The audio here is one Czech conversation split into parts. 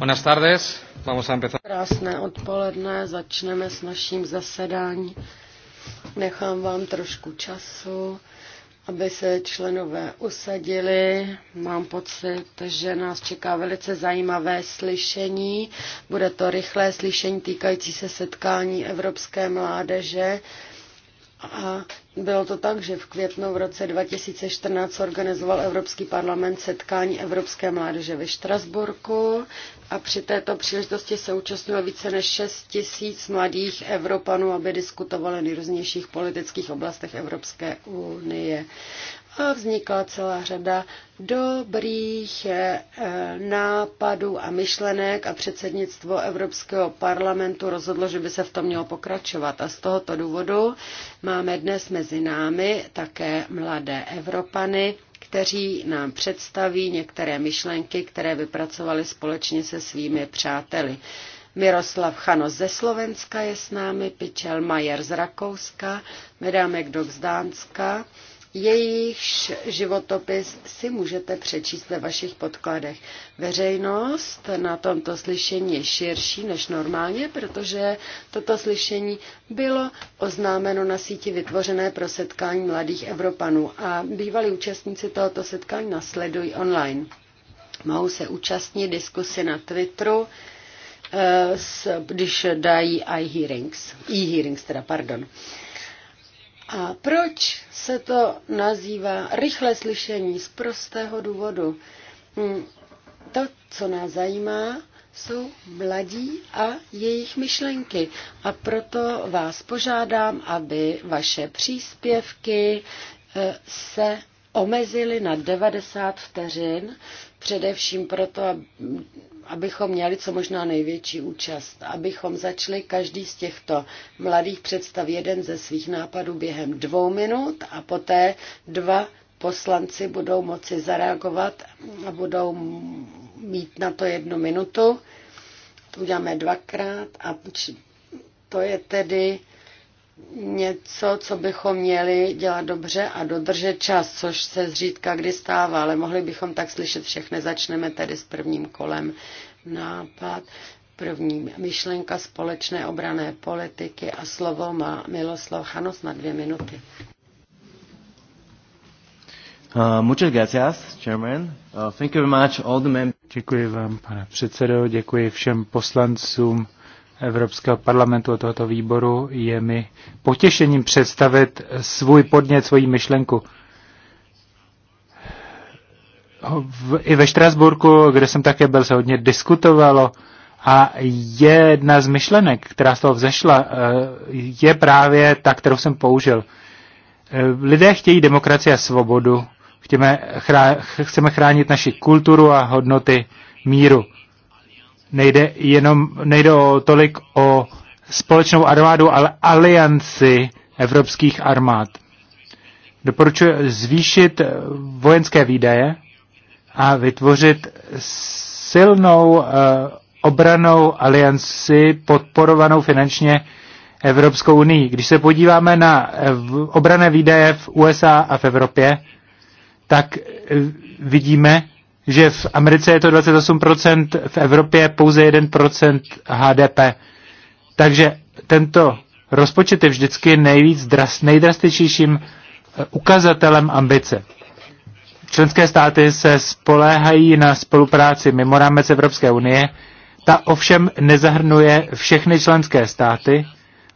Buenas tardes. Vamos a empezar. Krásné odpoledne, začneme s naším zasedání. Nechám vám trošku času, aby se členové usadili. Mám pocit, že nás čeká velice zajímavé slyšení. Bude to rychlé slyšení týkající se setkání evropské mládeže a bylo to tak, že v květnu v roce 2014 organizoval Evropský parlament setkání Evropské mládeže ve Štrasburku a při této příležitosti se účastnilo více než 6 tisíc mladých Evropanů, aby diskutovali o nejrůznějších politických oblastech Evropské unie. A vznikla celá řada dobrých eh, nápadů a myšlenek a předsednictvo Evropského parlamentu rozhodlo, že by se v tom mělo pokračovat. A z tohoto důvodu máme dnes mezi mezi námi také mladé Evropany, kteří nám představí některé myšlenky, které vypracovali společně se svými přáteli. Miroslav Chano ze Slovenska je s námi, Pičel Majer z Rakouska, Medámek Dok z Dánska, jejichž životopis si můžete přečíst ve vašich podkladech. Veřejnost na tomto slyšení je širší než normálně, protože toto slyšení bylo oznámeno na síti vytvořené pro setkání mladých Evropanů a bývalí účastníci tohoto setkání nasledují online. Mohou se účastnit diskusy na Twitteru, eh, když dají e-hearings, e-hearings teda, pardon. A proč se to nazývá rychlé slyšení? Z prostého důvodu. Mm, to, co nás zajímá, jsou mladí a jejich myšlenky. A proto vás požádám, aby vaše příspěvky eh, se omezily na 90 vteřin, především proto, abychom měli co možná největší účast, abychom začali každý z těchto mladých představ jeden ze svých nápadů během dvou minut a poté dva poslanci budou moci zareagovat a budou mít na to jednu minutu. To uděláme dvakrát a to je tedy něco, co bychom měli dělat dobře a dodržet čas, což se zřídka kdy stává, ale mohli bychom tak slyšet všechny. Začneme tedy s prvním kolem nápad. První myšlenka společné obrané politiky a slovo má Miloslav Hanos na dvě minuty. Uh, uh, thank you very much all the Děkuji vám, pane předsedo, děkuji všem poslancům Evropského parlamentu a tohoto výboru je mi potěšením představit svůj podnět, svoji myšlenku. V, I ve Štrasburku, kde jsem také byl, se hodně diskutovalo a jedna z myšlenek, která z toho vzešla, eh, je právě ta, kterou jsem použil. Eh, lidé chtějí demokracii a svobodu, chceme, chránit naši kulturu a hodnoty míru nejde jenom, nejde o tolik o společnou armádu, ale alianci evropských armád. Doporučuje zvýšit vojenské výdaje a vytvořit silnou uh, obranou alianci podporovanou finančně Evropskou unii. Když se podíváme na eh, obrané výdaje v USA a v Evropě, tak eh, vidíme, že v Americe je to 28%, v Evropě pouze 1% HDP. Takže tento rozpočet je vždycky nejvíc dras, nejdrastičnějším eh, ukazatelem ambice. Členské státy se spoléhají na spolupráci mimo rámec Evropské unie, ta ovšem nezahrnuje všechny členské státy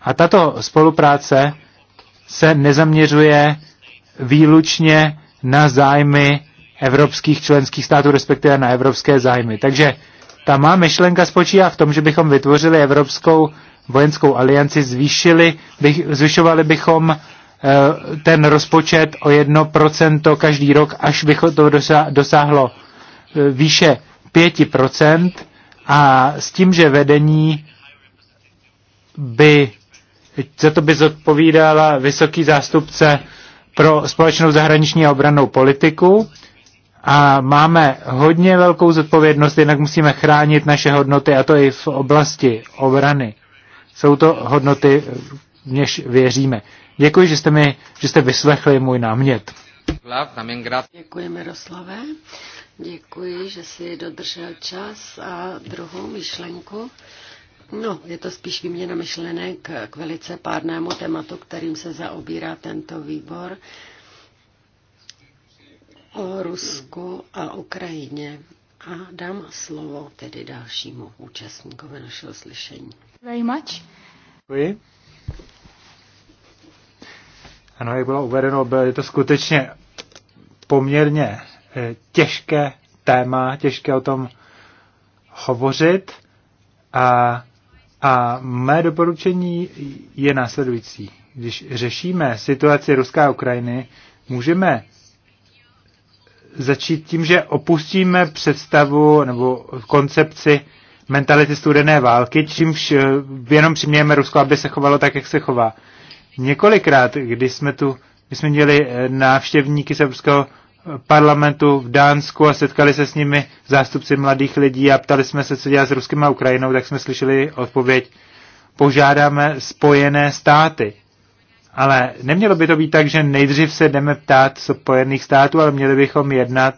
a tato spolupráce se nezaměřuje výlučně na zájmy evropských členských států, respektive na evropské zájmy. Takže ta má myšlenka spočívá v tom, že bychom vytvořili Evropskou vojenskou alianci, zvýšili, bych, zvyšovali bychom eh, ten rozpočet o 1% každý rok, až by to dosáhlo eh, výše 5% a s tím, že vedení by, za to by zodpovídala vysoký zástupce pro společnou zahraniční a obranou politiku a máme hodně velkou zodpovědnost, jinak musíme chránit naše hodnoty, a to i v oblasti obrany. Jsou to hodnoty, v něž věříme. Děkuji, že jste, mi, že jste vyslechli můj námět. Děkuji, Miroslave. Děkuji, že jsi dodržel čas a druhou myšlenku. No, je to spíš výměna myšlenek k velice párnému tématu, kterým se zaobírá tento výbor o Rusku a Ukrajině a dám slovo tedy dalšímu účastníkovi našeho slyšení. Very much. Děkuji. Ano, jak bylo uvedeno, je to skutečně poměrně eh, těžké téma, těžké o tom hovořit. A, a mé doporučení je následující. Když řešíme situaci Ruska a Ukrajiny, můžeme začít tím, že opustíme představu nebo koncepci mentality studené války, čímž jenom přimějeme Rusko, aby se chovalo tak, jak se chová. Několikrát, když jsme tu, my jsme měli eh, návštěvníky z Evropského eh, parlamentu v Dánsku a setkali se s nimi zástupci mladých lidí a ptali jsme se, co dělá s Ruskem a Ukrajinou, tak jsme slyšeli odpověď, požádáme spojené státy. Ale nemělo by to být tak, že nejdřív se jdeme ptát Spojených států, ale měli bychom jednat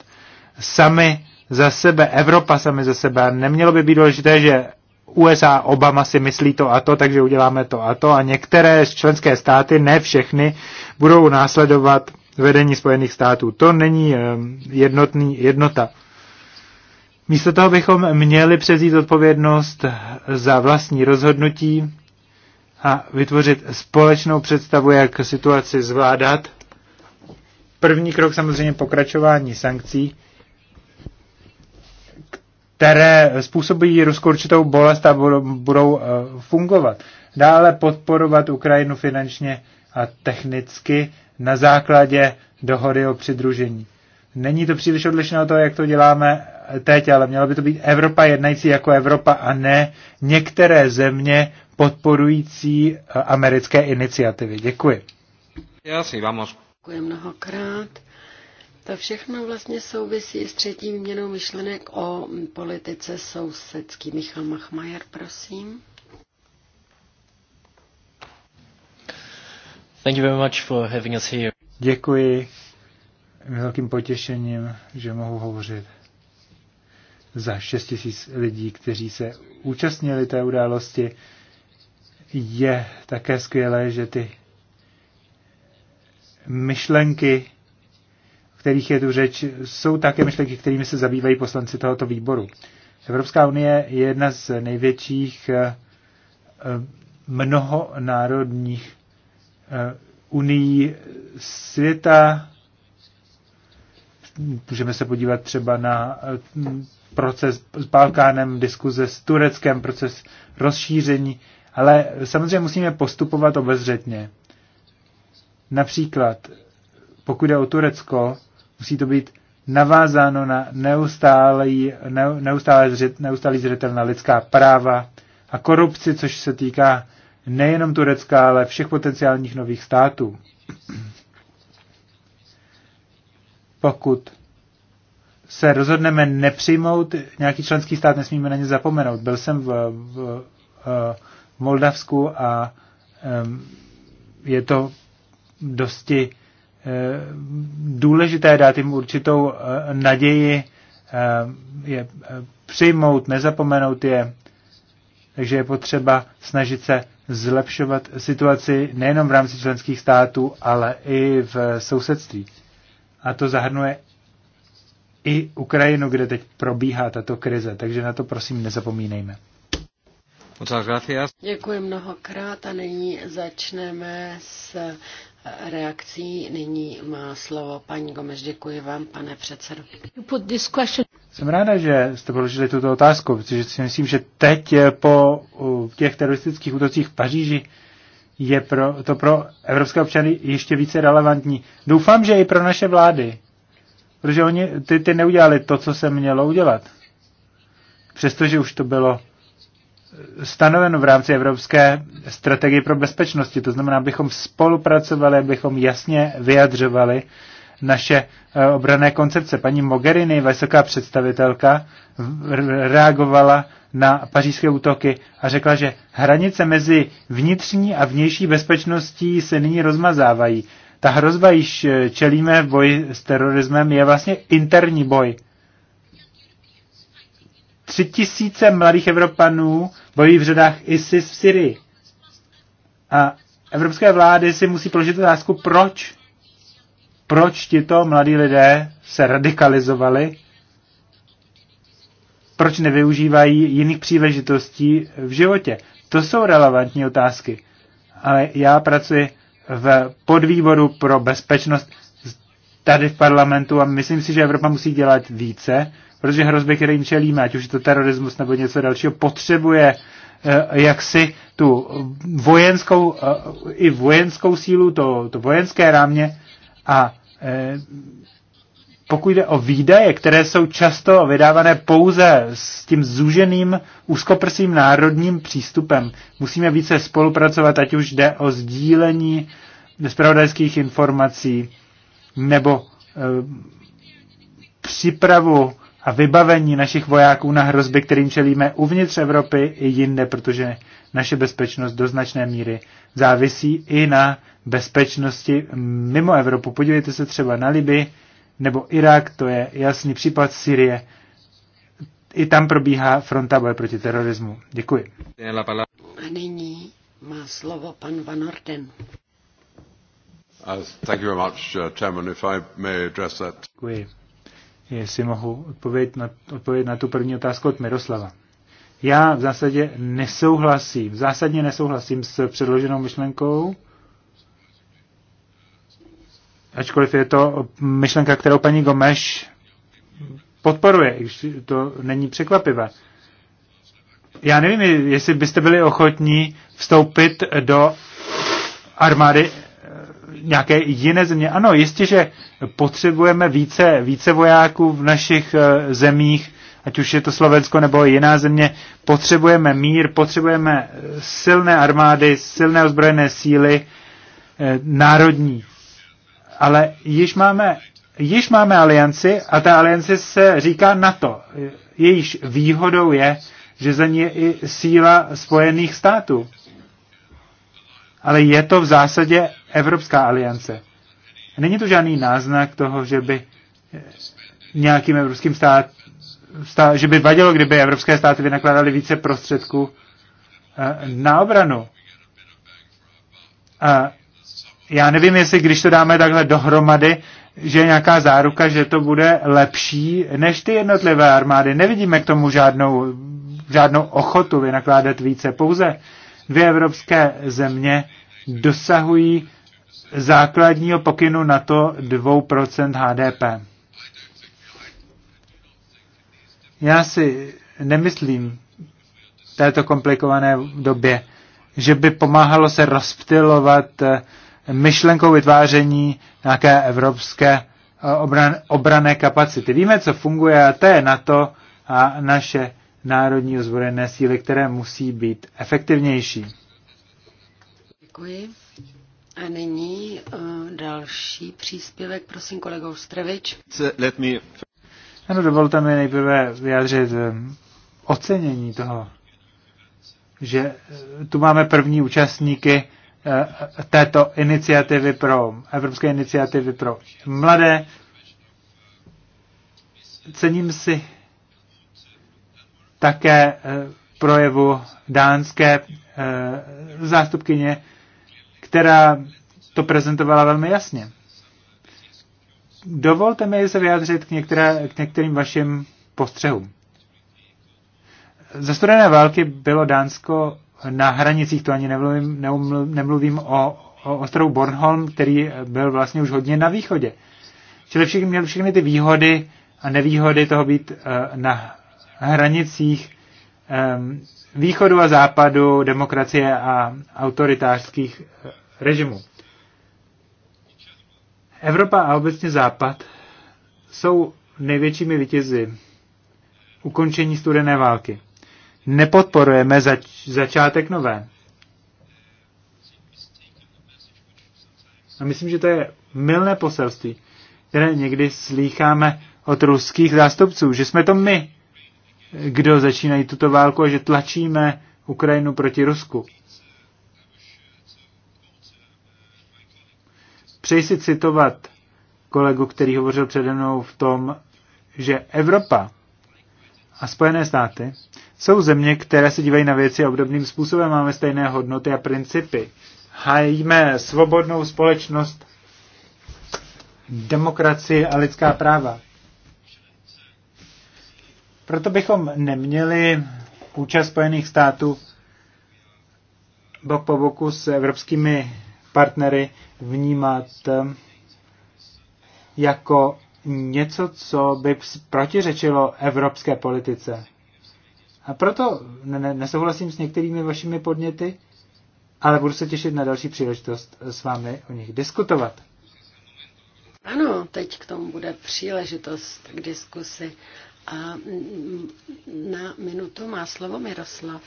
sami za sebe, Evropa sami za sebe. A nemělo by být důležité, že USA Obama si myslí to a to, takže uděláme to a to a některé členské státy, ne všechny, budou následovat vedení Spojených států. To není eh, jednotný, jednota. Místo toho bychom měli přezít odpovědnost za vlastní rozhodnutí a vytvořit společnou představu, jak situaci zvládat. První krok samozřejmě pokračování sankcí, které způsobují Rusku určitou bolest a budou eh, fungovat. Dále podporovat Ukrajinu finančně a technicky na základě dohody o přidružení. Není to příliš odlišné od toho, jak to děláme teď, ale měla by to být Evropa jednající jako Evropa a ne některé země podporující eh, americké iniciativy. Děkuji. Já si vám Děkuji mnohokrát. To všechno vlastně souvisí s třetí měnou myšlenek o politice sousedský. Michal Machmajer, prosím. Thank you very much for having us here. Děkuji. Velkým potěšením, že mohu hovořit za 6 tisíc lidí, kteří se účastnili té události je také skvělé, že ty myšlenky, o kterých je tu řeč, jsou také myšlenky, kterými se zabývají poslanci tohoto výboru. Evropská unie je jedna z největších eh, eh, mnohonárodních eh, unii světa. Můžeme se podívat třeba na proces s Balkánem, diskuze s Tureckem, proces rozšíření. Ale samozřejmě musíme postupovat obezřetně. Například, pokud je o Turecko, musí to být navázáno na neustálý, neustálý, zřetel na lidská práva a korupci, což se týká nejenom Turecka, ale všech potenciálních nových států. Pokud se rozhodneme nepřijmout nějaký členský stát, nesmíme na ně zapomenout. Byl jsem v, v, v Moldavsku a je to dosti důležité dát jim určitou eh, naději, je eh, přijmout, nezapomenout je. Takže je potřeba snažit se zlepšovat situaci nejenom v rámci členských států, ale i v sousedství. A to zahrnuje i Ukrajinu, kde teď probíhá tato krize. Takže na to prosím nezapomínejme. Děkuji mnohokrát a nyní začneme s reakcí. Nyní má slovo paní Gomez. Děkuji vám, pane předsedo. Jsem ráda, že jste položili tuto otázku, protože si myslím, že teď po těch teroristických útocích v Paříži je pro, to pro evropské občany ještě více relevantní. Doufám, že i pro naše vlády, protože oni ty, ty neudělali to, co se mělo udělat. Přestože už to bylo stanoveno v rámci Evropské strategie pro bezpečnosti. To znamená, abychom spolupracovali, abychom jasně vyjadřovali naše eh, obrané koncepce. Paní Mogherini, vysoká představitelka, reagovala na pařížské útoky a řekla, že hranice mezi vnitřní a vnější bezpečností se nyní rozmazávají. Ta hrozba, již eh, čelíme v boji s terorismem, je vlastně interní boj tři tisíce mladých Evropanů bojí v řadách ISIS v Syrii. A evropské vlády si musí položit otázku, proč? Proč tito mladí lidé se radikalizovali? Proč nevyužívají jiných příležitostí v životě? To jsou relevantní otázky. Ale já pracuji v podvýboru pro bezpečnost tady v parlamentu a myslím si, že Evropa musí dělat více, protože hrozby, kterým čelíme, ať už je to terorismus nebo něco dalšího, potřebuje eh, jaksi tu vojenskou, eh, i vojenskou sílu, to, to vojenské rámě a eh, pokud jde o výdaje, které jsou často vydávané pouze s tím zúženým úzkoprsým národním přístupem, musíme více spolupracovat, ať už jde o sdílení zpravodajských informací nebo e, přípravu a vybavení našich vojáků na hrozby, kterým čelíme uvnitř Evropy i jinde, protože naše bezpečnost do značné míry závisí i na bezpečnosti mimo Evropu. Podívejte se třeba na Liby nebo Irák, to je jasný případ Syrie. I tam probíhá fronta boje proti terorismu. Děkuji. A nyní má slovo pan Van Orden. Uh, thank you very much, uh, Chairman. If I may address that. Děkuji jestli mohu odpovědět na, odpovědět na tu první otázku od Miroslava. Já v zásadě nesouhlasím, zásadně nesouhlasím s předloženou myšlenkou, ačkoliv je to myšlenka, kterou paní Gomeš podporuje, i když to není překvapivé. Já nevím, jestli byste byli ochotní vstoupit do armády nějaké jiné země. Ano, jistě, že potřebujeme více, více vojáků v našich eh, zemích, ať už je to Slovensko nebo jiná země. Potřebujeme mír, potřebujeme eh, silné armády, silné ozbrojené síly, eh, národní. Ale již máme, již máme alianci a ta alianci se říká NATO. Jejíž výhodou je, že za ní je i síla Spojených států. Ale je to v zásadě Evropská aliance. Není to žádný náznak toho, že by eh, nějakým evropským stát, stát že by vadilo, kdyby evropské státy vynakládaly více prostředků eh, na obranu. A já nevím, jestli když to dáme takhle dohromady, že je nějaká záruka, že to bude lepší než ty jednotlivé armády. Nevidíme k tomu žádnou, žádnou ochotu vynakládat více. Pouze dvě evropské země dosahují základního pokynu na to 2% HDP. Já si nemyslím v této komplikované době, že by pomáhalo se rozptilovat eh, myšlenkou vytváření nějaké evropské eh, obran, obrané kapacity. Víme, co funguje a to je NATO a naše národní ozbrojené síly, které musí být efektivnější. Děkuji. A nyní eh, další příspěvek, prosím kolegou Strevič. Let me... Ano, dovolte mi nejprve vyjádřit eh, ocenění toho, že eh, tu máme první účastníky této iniciativy pro, Evropské iniciativy pro mladé. Cením si také projevu dánské zástupkyně, která to prezentovala velmi jasně. Dovolte mi se vyjádřit k, některé, k některým vašim postřehům. Za studené války bylo Dánsko na hranicích, to ani nemluvím, nemluvím o, o ostrovu Bornholm, který byl vlastně už hodně na východě. Čili všichni měli všechny ty výhody a nevýhody toho být eh, na hranicích ehm, východu a západu demokracie a autoritářských eh, režimů. Evropa a obecně západ jsou největšími vítězi ukončení studené války. Nepodporujeme zač- začátek nové. A myslím, že to je milné poselství, které někdy slýcháme od ruských zástupců, že jsme to my, kdo začínají tuto válku a že tlačíme Ukrajinu proti Rusku. Přeji si citovat kolegu, který hovořil přede mnou v tom, že Evropa a Spojené státy jsou země, které se dívají na věci obdobným způsobem, máme stejné hodnoty a principy. Hájíme svobodnou společnost, demokracii a lidská práva. Proto bychom neměli účast Spojených států bok po boku s evropskými partnery vnímat eh, jako něco, co by protiřečilo evropské politice. A proto nesouhlasím s některými vašimi podněty, ale budu se těšit na další příležitost eh, s vámi o nich diskutovat. Ano, teď k tomu bude příležitost k diskusi. A na minutu má slovo Miroslav.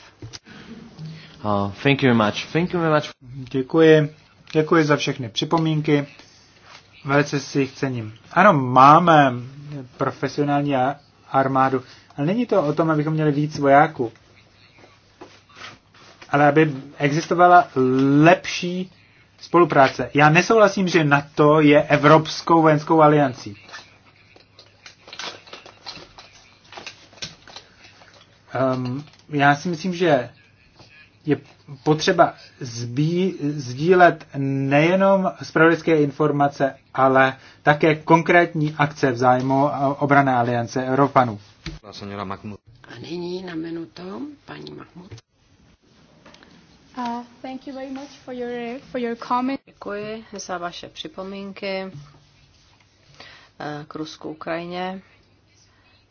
Uh, thank you very much. Thank you very much. Děkuji. Děkuji za všechny připomínky. Velice si jich cením. Ano, máme profesionální armádu, ale není to o tom, abychom měli víc vojáků. Ale aby existovala lepší spolupráce. Já nesouhlasím, že NATO je Evropskou vojenskou aliancí. um, já si myslím, že je potřeba zbí, sdílet nejenom zpravodajské informace, ale také konkrétní akce v zájmu eh, obrané aliance Evropanů. A nyní na minutu paní Mahmud. Uh, Děkuji za vaše připomínky eh, k Rusku Ukrajině.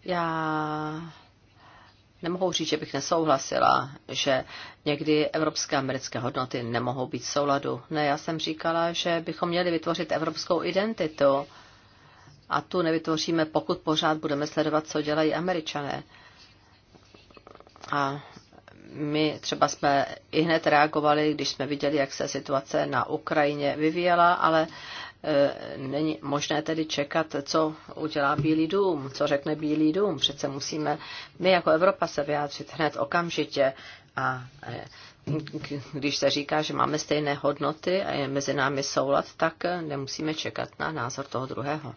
Já nemohu říct, že bych nesouhlasila, že někdy evropské a americké hodnoty nemohou být v souladu. Ne, já jsem říkala, že bychom měli vytvořit evropskou identitu a tu nevytvoříme, pokud pořád budeme sledovat, co dělají američané. A my třeba jsme i hned reagovali, když jsme viděli, jak se situace na Ukrajině vyvíjela, ale E, není možné tedy čekat, co udělá Bílý dům, co řekne Bílý dům. Přece musíme my jako Evropa se vyjádřit hned okamžitě a e, když se říká, že máme stejné hodnoty a je mezi námi soulad, tak nemusíme čekat na názor toho druhého.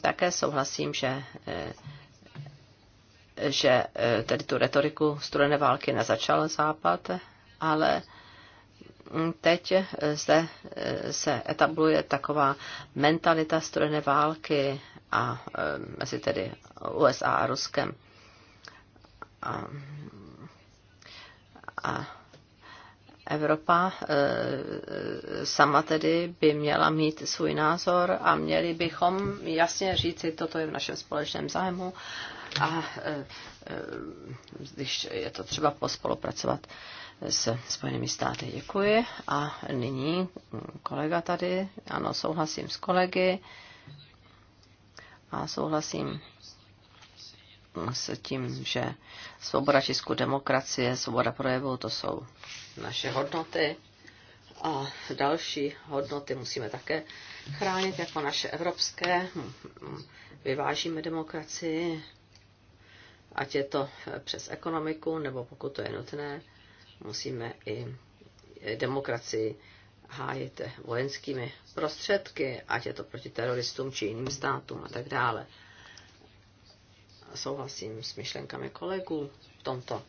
Také souhlasím, že e, že tedy tu retoriku studené války nezačal Západ, ale teď eh, zde eh, se etabluje taková mentalita studené války a eh, mezi tedy USA a Ruskem. A, a Evropa sama tedy by měla mít svůj názor a měli bychom jasně říci, toto je v našem společném zájmu a když je to třeba pospolupracovat se Spojenými státy. Děkuji. A nyní kolega tady. Ano, souhlasím s kolegy a souhlasím s tím, že svoboda českou demokracie, svoboda projevu, to jsou naše hodnoty. A další hodnoty musíme také chránit jako naše evropské. Vyvážíme demokracii, ať je to přes ekonomiku, nebo pokud to je nutné, musíme i demokracii hájit vojenskými prostředky, ať je to proti teroristům či jiným státům a tak dále. Souhlasím s myšlenkami kolegů v tomto.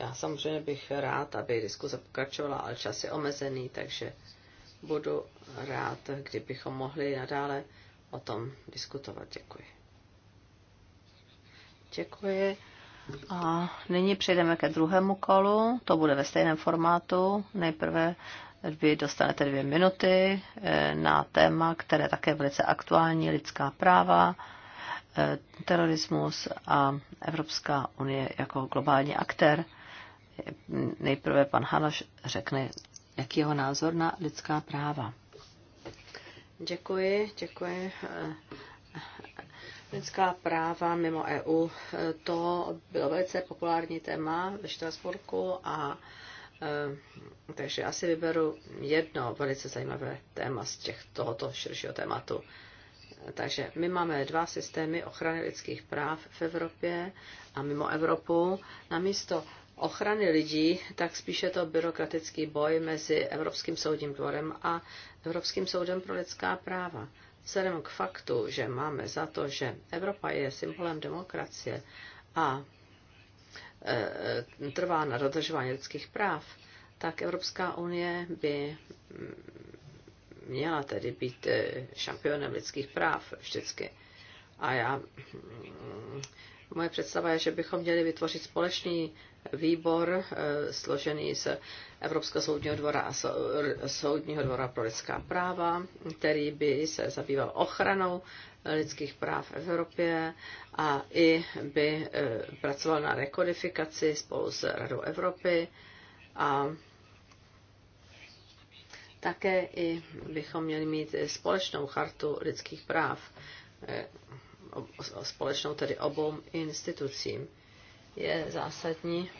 Já samozřejmě bych rád, aby diskuze pokračovala, ale čas je omezený, takže budu rád, kdybychom mohli nadále o tom diskutovat. Děkuji. Děkuji. A nyní přejdeme ke druhému kolu, to bude ve stejném formátu. Nejprve vy dostanete dvě minuty eh, na téma, které také velice aktuální, lidská práva, eh, terorismus a Evropská unie jako globální aktér. Nejprve pan Hanoš řekne, jaký jeho názor na lidská práva. Děkuji, děkuji eh, Lidská práva mimo EU, to bylo velice populární téma ve Štrasburku a eh, takže asi vyberu jedno velice zajímavé téma z těch, tohoto širšího tématu. Takže my máme dva systémy ochrany lidských práv v Evropě a mimo Evropu. Namísto ochrany lidí, tak spíše to byrokratický boj mezi Evropským soudním dvorem a Evropským soudem pro lidská práva vzhledem k faktu, že máme za to, že Evropa je symbolem demokracie a e, e, trvá na dodržování lidských práv, tak Evropská unie by mm, měla tedy být e, šampionem lidských práv vždycky. A já mm, Moje představa je, že bychom měli vytvořit společný výbor eh, složený z Evropského soudního dvora a Soudního dvora pro lidská práva, který by se zabýval ochranou lidských práv v Evropě a i by eh, pracoval na rekodifikaci spolu s Radou Evropy a také i bychom měli mít společnou chartu lidských práv, eh, společnou tedy obou institucím. Je zásadní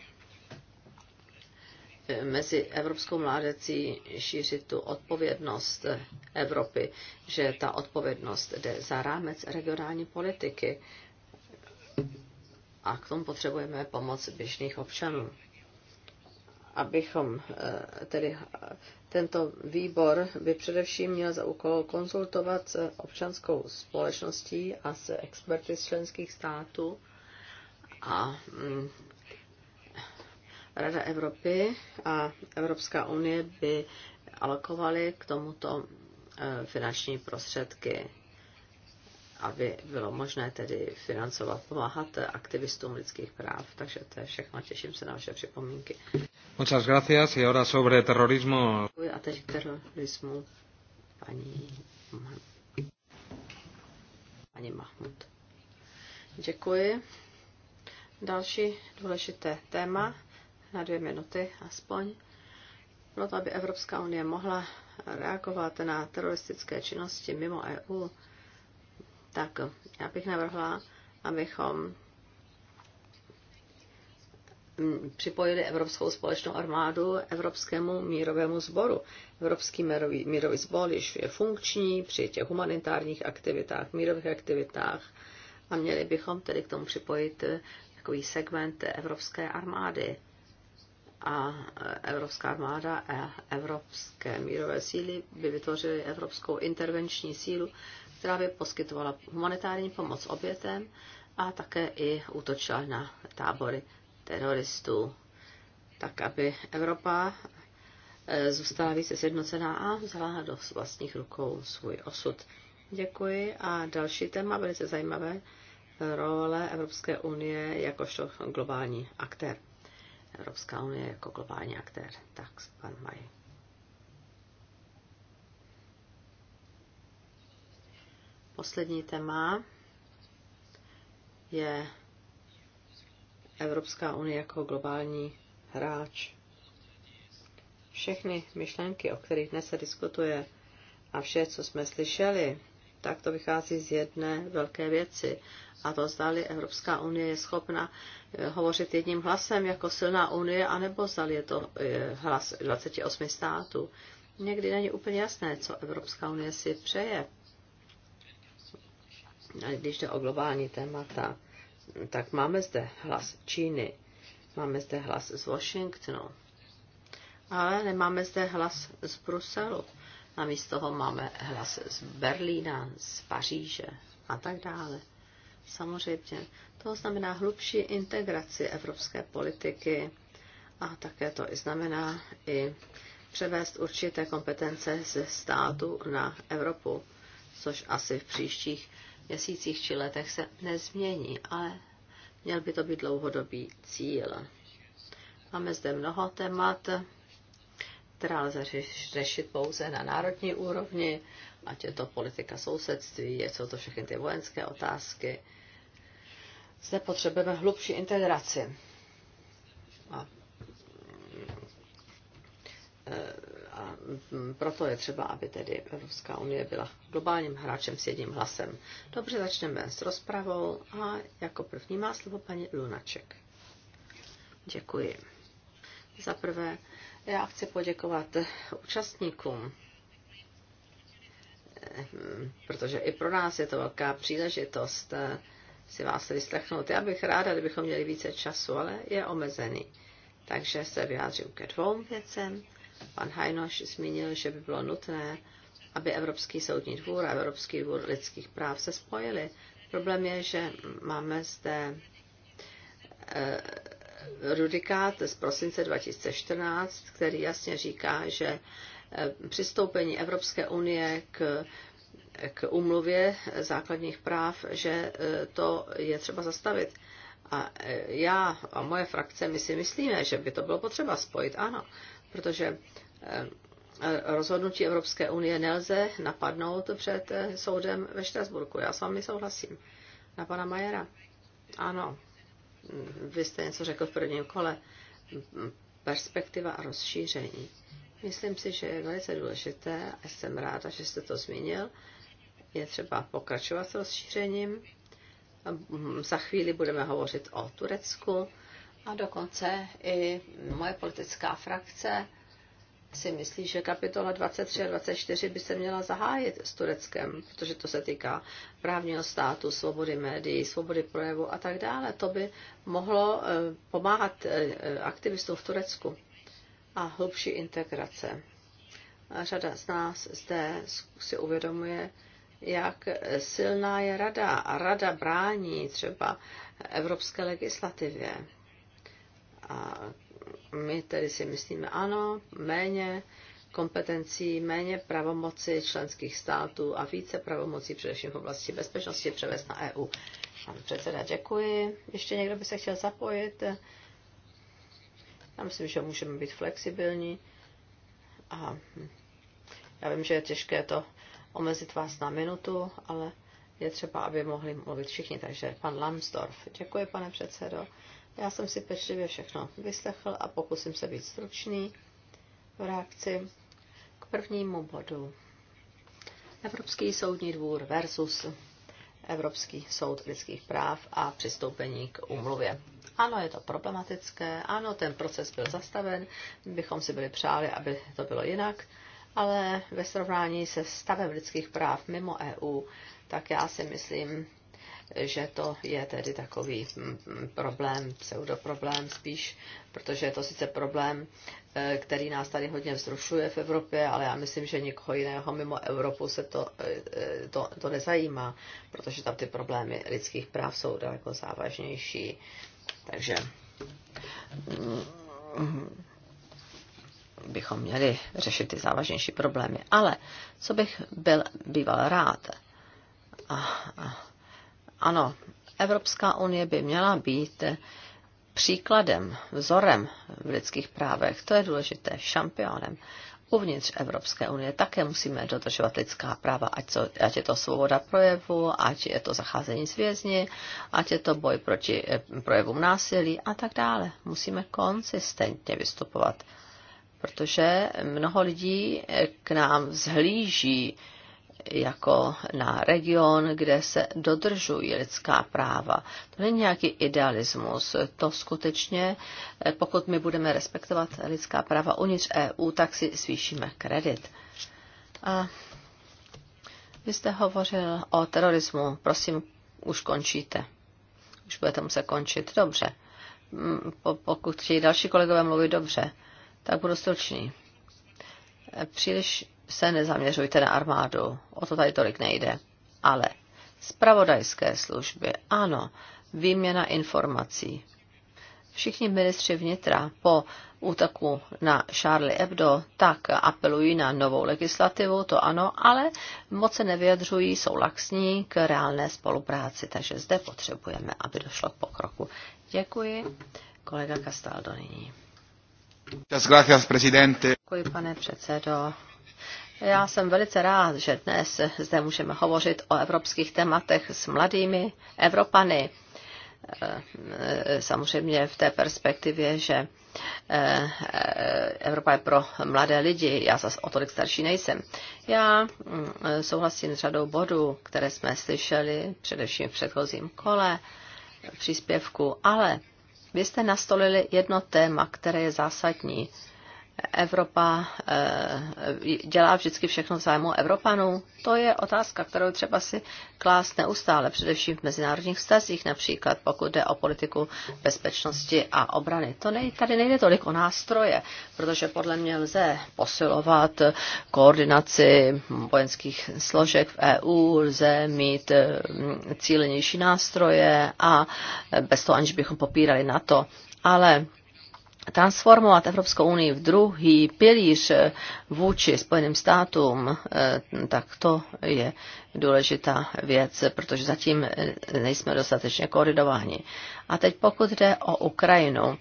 eh, mezi evropskou mládecí šířit tu odpovědnost Evropy, že ta odpovědnost jde za rámec regionální politiky a k tomu potřebujeme pomoc běžných občanů abychom eh, tedy tento výbor by především měl za úkol konzultovat s občanskou společností a s experty z členských států a mm, Rada Evropy a Evropská unie by alokovaly k tomuto eh, finanční prostředky aby bylo možné tedy financovat, pomáhat aktivistům lidských práv. Takže to je všechno, těším se na vaše připomínky. Muchas gracias. Y ahora sobre terrorismo. A teď k terorismu paní, paní Mahmud. Děkuji. Další důležité téma na dvě minuty aspoň. Proto, aby Evropská unie mohla reagovat na teroristické činnosti mimo EU, tak já bych navrhla, abychom připojili Evropskou společnou armádu Evropskému mírovému sboru. Evropský mírový, mírový sbor již je funkční při těch humanitárních aktivitách, mírových aktivitách a měli bychom tedy k tomu připojit takový segment Evropské armády. A Evropská armáda a Evropské mírové síly by vytvořily Evropskou intervenční sílu, která by poskytovala humanitární pomoc obětem a také i útočila na tábory teroristů, tak aby Evropa eh, zůstala více sjednocená a vzala do vlastních rukou svůj osud. Děkuji a další téma, velice zajímavé, role Evropské unie jakožto globální aktér. Evropská unie jako globální aktér. Tak, pan Maj. Poslední téma je Evropská unie jako globální hráč. Všechny myšlenky, o kterých dnes se diskutuje, a vše, co jsme slyšeli, tak to vychází z jedné velké věci. A to zdali Evropská unie je schopna eh, hovořit jedním hlasem jako silná unie, anebo zdali je to eh, hlas 28 států. Někdy není úplně jasné, co Evropská unie si přeje když jde o globální témata, tak máme zde hlas Číny, máme zde hlas z Washingtonu, ale nemáme zde hlas z Bruselu. Namísto toho máme hlas z Berlína, z Paříže a tak dále. Samozřejmě, to znamená hlubší integraci evropské politiky a také to i znamená i převést určité kompetence ze státu na Evropu, což asi v příštích měsících či letech se nezmění, ale měl by to být dlouhodobý cíl. Máme zde mnoho témat, která lze řešit pouze na národní úrovni, ať je to politika sousedství, jsou to všechny ty vojenské otázky. Zde potřebujeme hlubší integraci. A e, a proto je třeba, aby tedy Evropská unie byla globálním hráčem s jedním hlasem. Dobře, začneme s rozpravou a jako první má slovo paní Lunaček. Děkuji. Za prvé, já chci poděkovat účastníkům, protože i pro nás je to velká příležitost si vás vyslechnout. Já bych ráda, kdybychom měli více času, ale je omezený. Takže se vyjádřím ke dvou věcem. Pan Hajnoš zmínil, že by bylo nutné, aby Evropský soudní dvůr a Evropský dvůr lidských práv se spojili. Problém je, že máme zde eh, rudikát z prosince 2014, který jasně říká, že eh, přistoupení Evropské unie k, k umluvě základních práv, že eh, to je třeba zastavit. A já a moje frakce, my si myslíme, že by to bylo potřeba spojit, ano protože eh, rozhodnutí Evropské unie nelze napadnout před eh, soudem ve Štrasburku. Já s vámi souhlasím. Na pana Majera. Ano, vy jste něco řekl v prvním kole. Perspektiva a rozšíření. Myslím si, že je velice důležité a jsem ráda, že jste to zmínil. Je třeba pokračovat s rozšířením. Za chvíli budeme hovořit o Turecku a dokonce i moje politická frakce si myslí, že kapitola 23 a 24 by se měla zahájit s Tureckem, protože to se týká právního státu, svobody médií, svobody projevu a tak dále. To by mohlo eh, pomáhat eh, aktivistům v Turecku a hlubší integrace. Řada z nás zde si uvědomuje, jak silná je rada a rada brání třeba evropské legislativě a my tedy si myslíme, ano, méně kompetencí, méně pravomoci členských států a více pravomocí především v oblasti bezpečnosti převést na EU. Pan předseda, děkuji. Ještě někdo by se chtěl zapojit? Já myslím, že můžeme být flexibilní. A já vím, že je těžké to omezit vás na minutu, ale je třeba, aby mohli mluvit všichni. Takže pan Lambsdorff. Děkuji, pane předsedo. Já jsem si pečlivě všechno vyslechl a pokusím se být stručný v reakci k prvnímu bodu. Evropský soudní dvůr versus Evropský soud lidských práv a přistoupení k úmluvě. Ano, je to problematické, ano, ten proces byl zastaven, bychom si byli přáli, aby to bylo jinak, ale ve srovnání se stavem lidských práv mimo EU, tak já si myslím, že to je tedy takový mm, mm, problém, pseudoproblém spíš, protože je to sice problém, eh, který nás tady hodně vzrušuje v Evropě, ale já myslím, že nikoho jiného mimo Evropu se to, eh, eh, to, to nezajímá, protože tam ty problémy lidských práv jsou daleko závažnější. Takže mm, bychom měli řešit ty závažnější problémy. Ale co bych byl býval rád, a, a, ano, Evropská unie by měla být příkladem, vzorem v lidských právech, to je důležité, šampionem. Uvnitř Evropské unie také musíme dodržovat lidská práva, ať, co, ať je to svoboda projevu, ať je to zacházení s vězni, ať je to boj proti eh, projevům násilí a tak dále. Musíme konsistentně vystupovat, protože mnoho lidí eh, k nám vzhlíží, jako na region, kde se dodržují lidská práva. To není nějaký idealismus. To skutečně, eh, pokud my budeme respektovat lidská práva uvnitř EU, tak si zvýšíme kredit. A vy jste hovořil o terorismu. Prosím, už končíte. Už budete muset končit. Dobře. Mm, pokud chtějí další kolegové mluvit dobře, tak budu stručný. Eh, příliš se nezaměřujte na armádu, o to tady tolik nejde. Ale spravodajské služby, ano, výměna informací. Všichni ministři vnitra po útoku na Charlie Hebdo tak apelují na novou legislativu, to ano, ale moc se nevyjadřují, jsou laxní k reálné spolupráci, takže zde potřebujeme, aby došlo k pokroku. Děkuji. Kolega Castaldo nyní. Děkuji, pane předsedo. Já jsem velice rád, že dnes zde můžeme hovořit o evropských tématech s mladými Evropany. Eh, eh, samozřejmě v té perspektivě, že eh, Evropa je pro mladé lidi, já zase o tolik starší nejsem. Já mm, souhlasím s řadou bodů, které jsme slyšeli, především v předchozím kole příspěvku, ale vy jste nastolili jedno téma, které je zásadní Evropa eh, dělá vždycky všechno v zájmu Evropanů? To je otázka, kterou třeba si klást neustále, především v mezinárodních vztazích, například pokud jde o politiku bezpečnosti a obrany. To nej, tady nejde tolik o nástroje, protože podle mě lze posilovat koordinaci vojenských složek v EU, lze mít eh, cílenější nástroje a bez toho, aniž bychom popírali na to. Ale transformovat Evropskou unii v druhý pilíř vůči Spojeným státům, eh, tak to je důležitá věc, protože zatím nejsme dostatečně koordinováni. A teď pokud jde o Ukrajinu,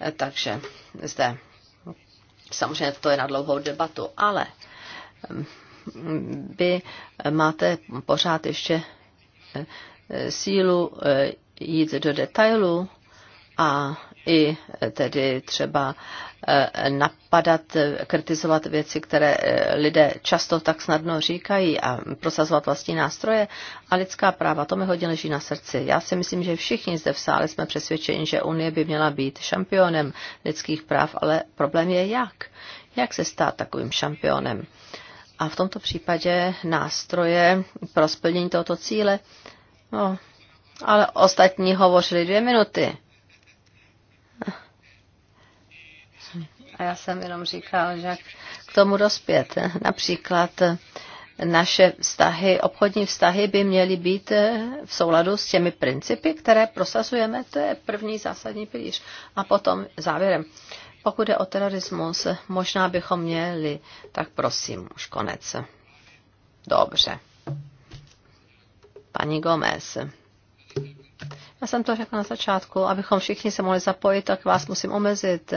eh, takže zde samozřejmě to je na dlouhou debatu, ale eh, vy máte pořád ještě sílu jít do detailu a i tedy třeba eh, napadat, kritizovat věci, které eh, lidé často tak snadno říkají a prosazovat vlastní nástroje a lidská práva. To mi hodně leží na srdci. Já si myslím, že všichni zde v sále jsme přesvědčeni, že Unie by měla být šampionem lidských práv, ale problém je jak. Jak se stát takovým šampionem? A v tomto případě nástroje pro splnění tohoto cíle, no, ale ostatní hovořili dvě minuty. A já jsem jenom říkal, že k tomu rozpět. Například naše vztahy, obchodní vztahy by měly být v souladu s těmi principy, které prosazujeme. To je první zásadní pilíř. A potom závěrem. Pokud je o terorismus, možná bychom měli, tak prosím, už konec. Dobře. Paní Gomez. Já jsem to řekla na začátku, abychom všichni se mohli zapojit, tak vás musím omezit.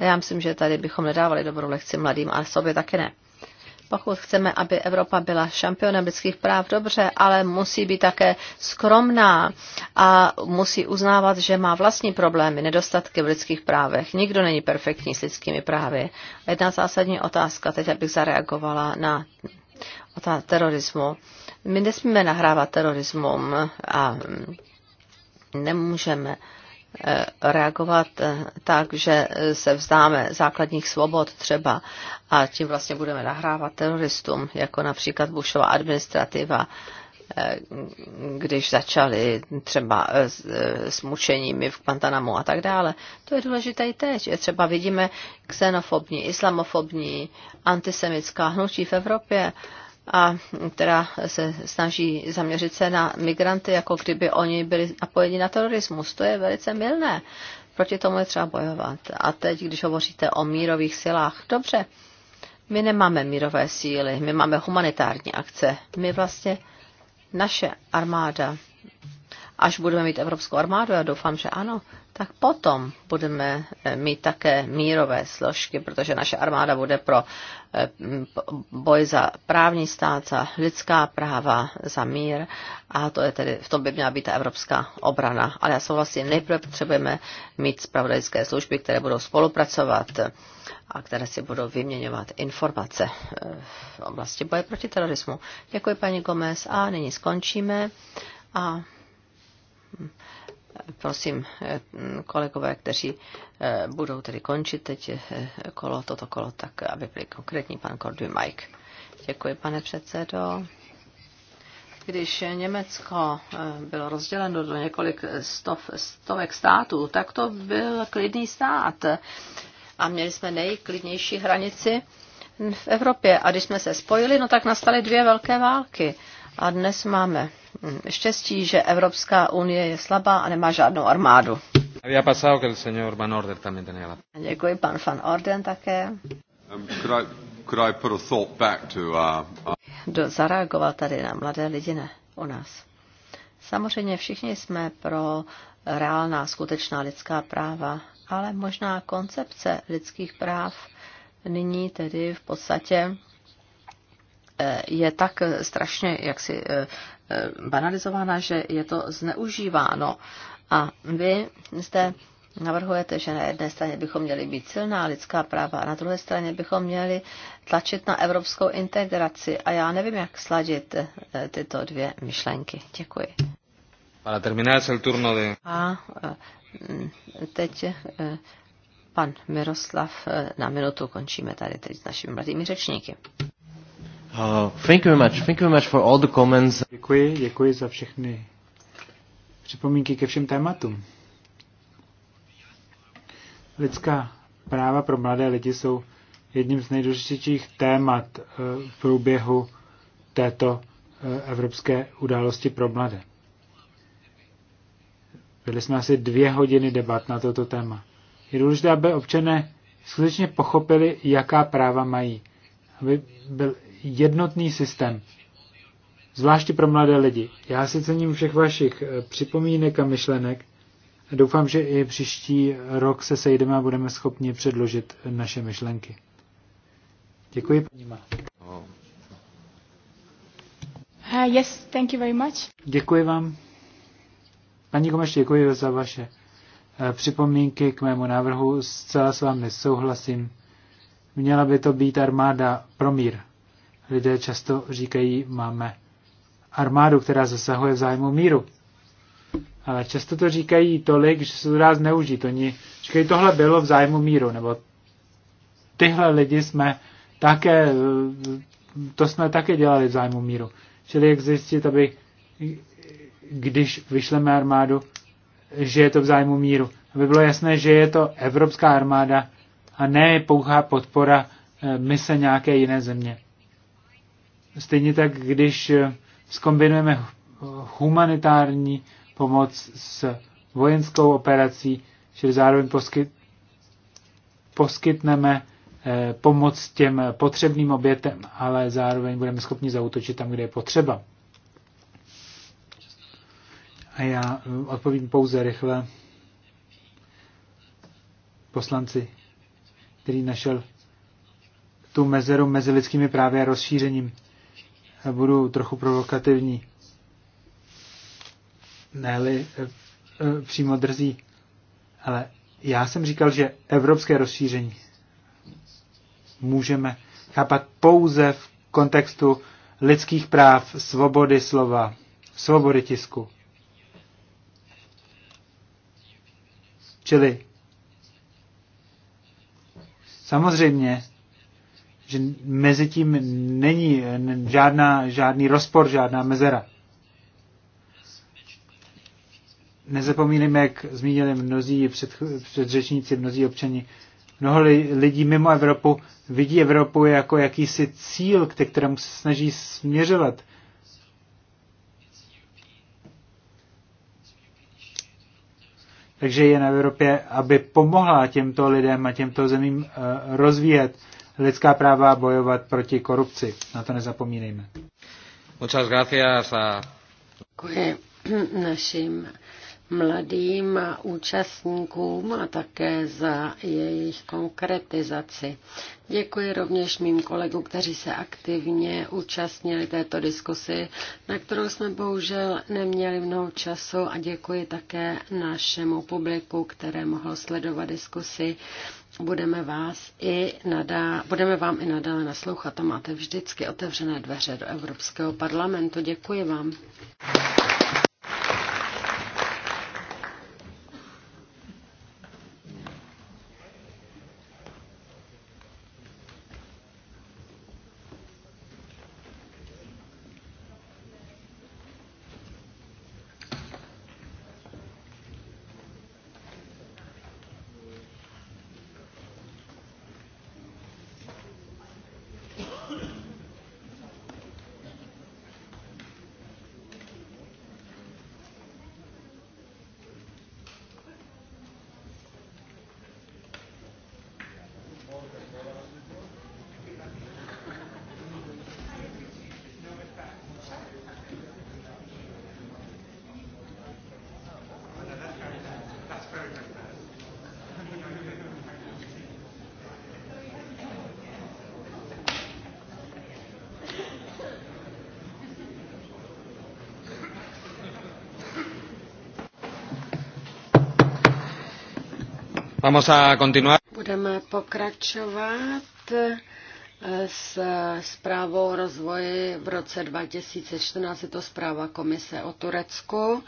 Já myslím, že tady bychom nedávali dobrou lekci mladým, ale sobě taky ne. Pokud chceme, aby Evropa byla šampionem lidských práv, dobře, ale musí být také skromná a musí uznávat, že má vlastní problémy, nedostatky v lidských právech. Nikdo není perfektní s lidskými právy. Jedna zásadní otázka, teď abych zareagovala na otázku terorismu. My nesmíme nahrávat terorismu a Nemůžeme eh, reagovat eh, tak, že eh, se vzdáme základních svobod třeba a tím vlastně budeme nahrávat teroristům, jako například Bushova administrativa, když začali třeba s, s mučeními v Guantanamu a tak dále. To je důležité i teď. Třeba vidíme xenofobní, islamofobní, antisemická hnutí v Evropě a která se snaží zaměřit se na migranty, jako kdyby oni byli napojeni na terorismus. To je velice milné. Proti tomu je třeba bojovat. A teď, když hovoříte o mírových silách, dobře, my nemáme mírové síly, my máme humanitární akce. My vlastně, naše armáda až budeme mít evropskou armádu, já doufám, že ano, tak potom budeme eh, mít také mírové složky, protože naše armáda bude pro eh, boj za právní stát, za lidská práva, za mír a to je tedy, v tom by měla být ta evropská obrana. Ale já souhlasím, nejprve potřebujeme mít spravodajské služby, které budou spolupracovat eh, a které si budou vyměňovat informace v oblasti boje proti terorismu. Děkuji paní Gomez a nyní skončíme. A prosím eh, kolegové, kteří eh, budou tedy končit teď eh, kolo, toto kolo, tak aby byli konkrétní pan Kordy Mike. Děkuji, pane předsedo. Když Německo bylo rozděleno do několik stov, stovek států, tak to byl klidný stát. A měli jsme nejklidnější hranici v Evropě. A když jsme se spojili, no tak nastaly dvě velké války. A dnes máme štěstí, že Evropská unie je slabá a nemá žádnou armádu. Había pasado que el señor Van Orden también tenía la... Děkuji, pan Van Orden také. Um, could I, could I put a thought back to, uh, uh... Do, zareagoval tady na mladé lidi, ne, u nás. Samozřejmě všichni jsme pro reálná, skutečná lidská práva, ale možná koncepce lidských práv nyní tedy v podstatě Eh, je tak eh, strašně jaksi eh, banalizována, že je to zneužíváno. A vy zde navrhujete, že na jedné straně bychom měli být silná lidská práva a na druhé straně bychom měli tlačit na evropskou integraci. A já nevím, jak sladit tyto dvě myšlenky. Děkuji. Para terminar el turno de... A teď pan Miroslav, na minutu končíme tady teď s našimi mladými řečníky. Uh, thank you very much. Thank you very much for all the comments. Děkuji, děkuji za všechny připomínky ke všem tématům. Lidská práva pro mladé lidi jsou jedním z nejdůležitějších témat uh, v průběhu této uh, evropské události pro mladé. Byli jsme asi dvě hodiny debat na toto téma. Je důležité, aby občané skutečně pochopili, jaká práva mají. Aby byl jednotný systém, zvláště pro mladé lidi. Já si cením všech vašich eh, připomínek a myšlenek doufám, že i příští rok se sejdeme a budeme schopni předložit naše myšlenky. Děkuji, paní Má. Uh, yes, thank you very much. Děkuji vám. Paní Komeš, děkuji za vaše eh, připomínky k mému návrhu. Zcela s vámi souhlasím. Měla by to být armáda pro mír. Lidé často říkají, máme armádu, která zasahuje v zájmu míru. Ale často to říkají tolik, že se to dá zneužít. Oni říkají, tohle bylo v zájmu míru, nebo tyhle lidi jsme také, to jsme také dělali v zájmu míru. Čili jak zjistit, aby když vyšleme armádu, že je to v zájmu míru. Aby bylo jasné, že je to evropská armáda a ne pouhá podpora eh, mise nějaké jiné země. Stejně tak, když skombinujeme eh, humanitární pomoc s vojenskou operací, že zároveň poskyt, poskytneme eh, pomoc těm potřebným obětem, ale zároveň budeme schopni zautočit tam, kde je potřeba. A já eh, odpovím pouze rychle poslanci, který našel tu mezeru mezi lidskými právy a rozšířením budu trochu provokativní. Ne, eh, eh, přímo drzí. Ale já jsem říkal, že evropské rozšíření můžeme chápat pouze v kontextu lidských práv, svobody slova, svobody tisku. Čili samozřejmě že mezi tím není žádná, žádný rozpor, žádná mezera. Nezapomínejme, jak zmínili mnozí před, předřečníci, mnozí občani, mnoho lidí mimo Evropu vidí Evropu jako jakýsi cíl, ke kterému se snaží směřovat. Takže je na Evropě, aby pomohla těmto lidem a těmto zemím eh, rozvíjet lidská práva a bojovat proti korupci. Na to nezapomínejme. Muchas gracias a... Děkuji našim mladým účastníkům a také za jejich konkretizaci. Děkuji rovněž mým kolegům, kteří se aktivně účastnili této diskusy, na kterou jsme bohužel neměli mnoho času a děkuji také našemu publiku, které mohlo sledovat diskusi. Budeme, vás i nadá, budeme vám i nadále naslouchat a máte vždycky otevřené dveře do Evropského parlamentu. Děkuji vám. Vamos a continuar. Budeme pokračovat eh, s zprávou o rozvoji v roce 2014, je to zpráva Komise o Turecku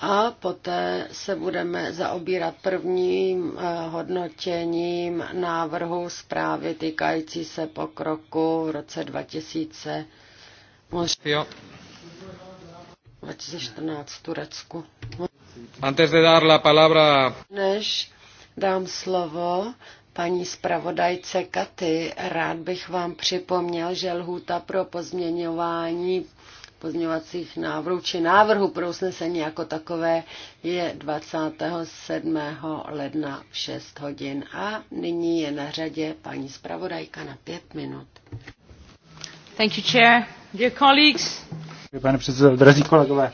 a poté se budeme zaobírat prvním eh, hodnotěním návrhu zprávy týkající se pokroku v roce 2000. Jo. 2014 v Turecku. Antes de dar la palabra... Než dám slovo paní zpravodajce Katy. Rád bych vám připomněl, že lhůta pro pozměňování pozměňovacích návrhů či návrhu pro usnesení jako takové je 27. ledna v 6 hodin. A nyní je na řadě paní zpravodajka na 5 minut. Thank you, chair. Dear colleagues. Pane předsedo, drazí kolegové,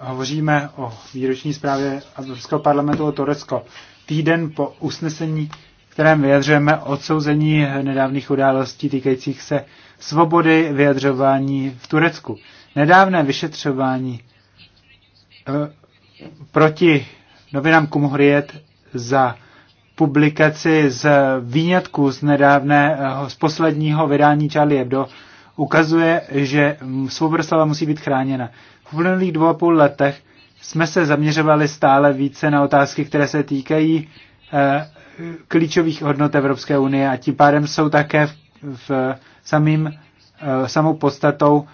hovoříme o výroční zprávě Evropského parlamentu o Turecko týden po usnesení, kterém vyjadřujeme odsouzení nedávných událostí týkajících se svobody vyjadřování v Turecku. Nedávné vyšetřování eh, proti novinám Kumhriet za publikaci z výňatku z nedávného, z posledního vydání Charlie Hebdo ukazuje, že svoboda slova musí být chráněna. V uplynulých dvou a půl letech jsme se zaměřovali stále více na otázky, které se týkají eh, klíčových hodnot Evropské unie a tím pádem jsou také v, v samým, eh, samou podstatou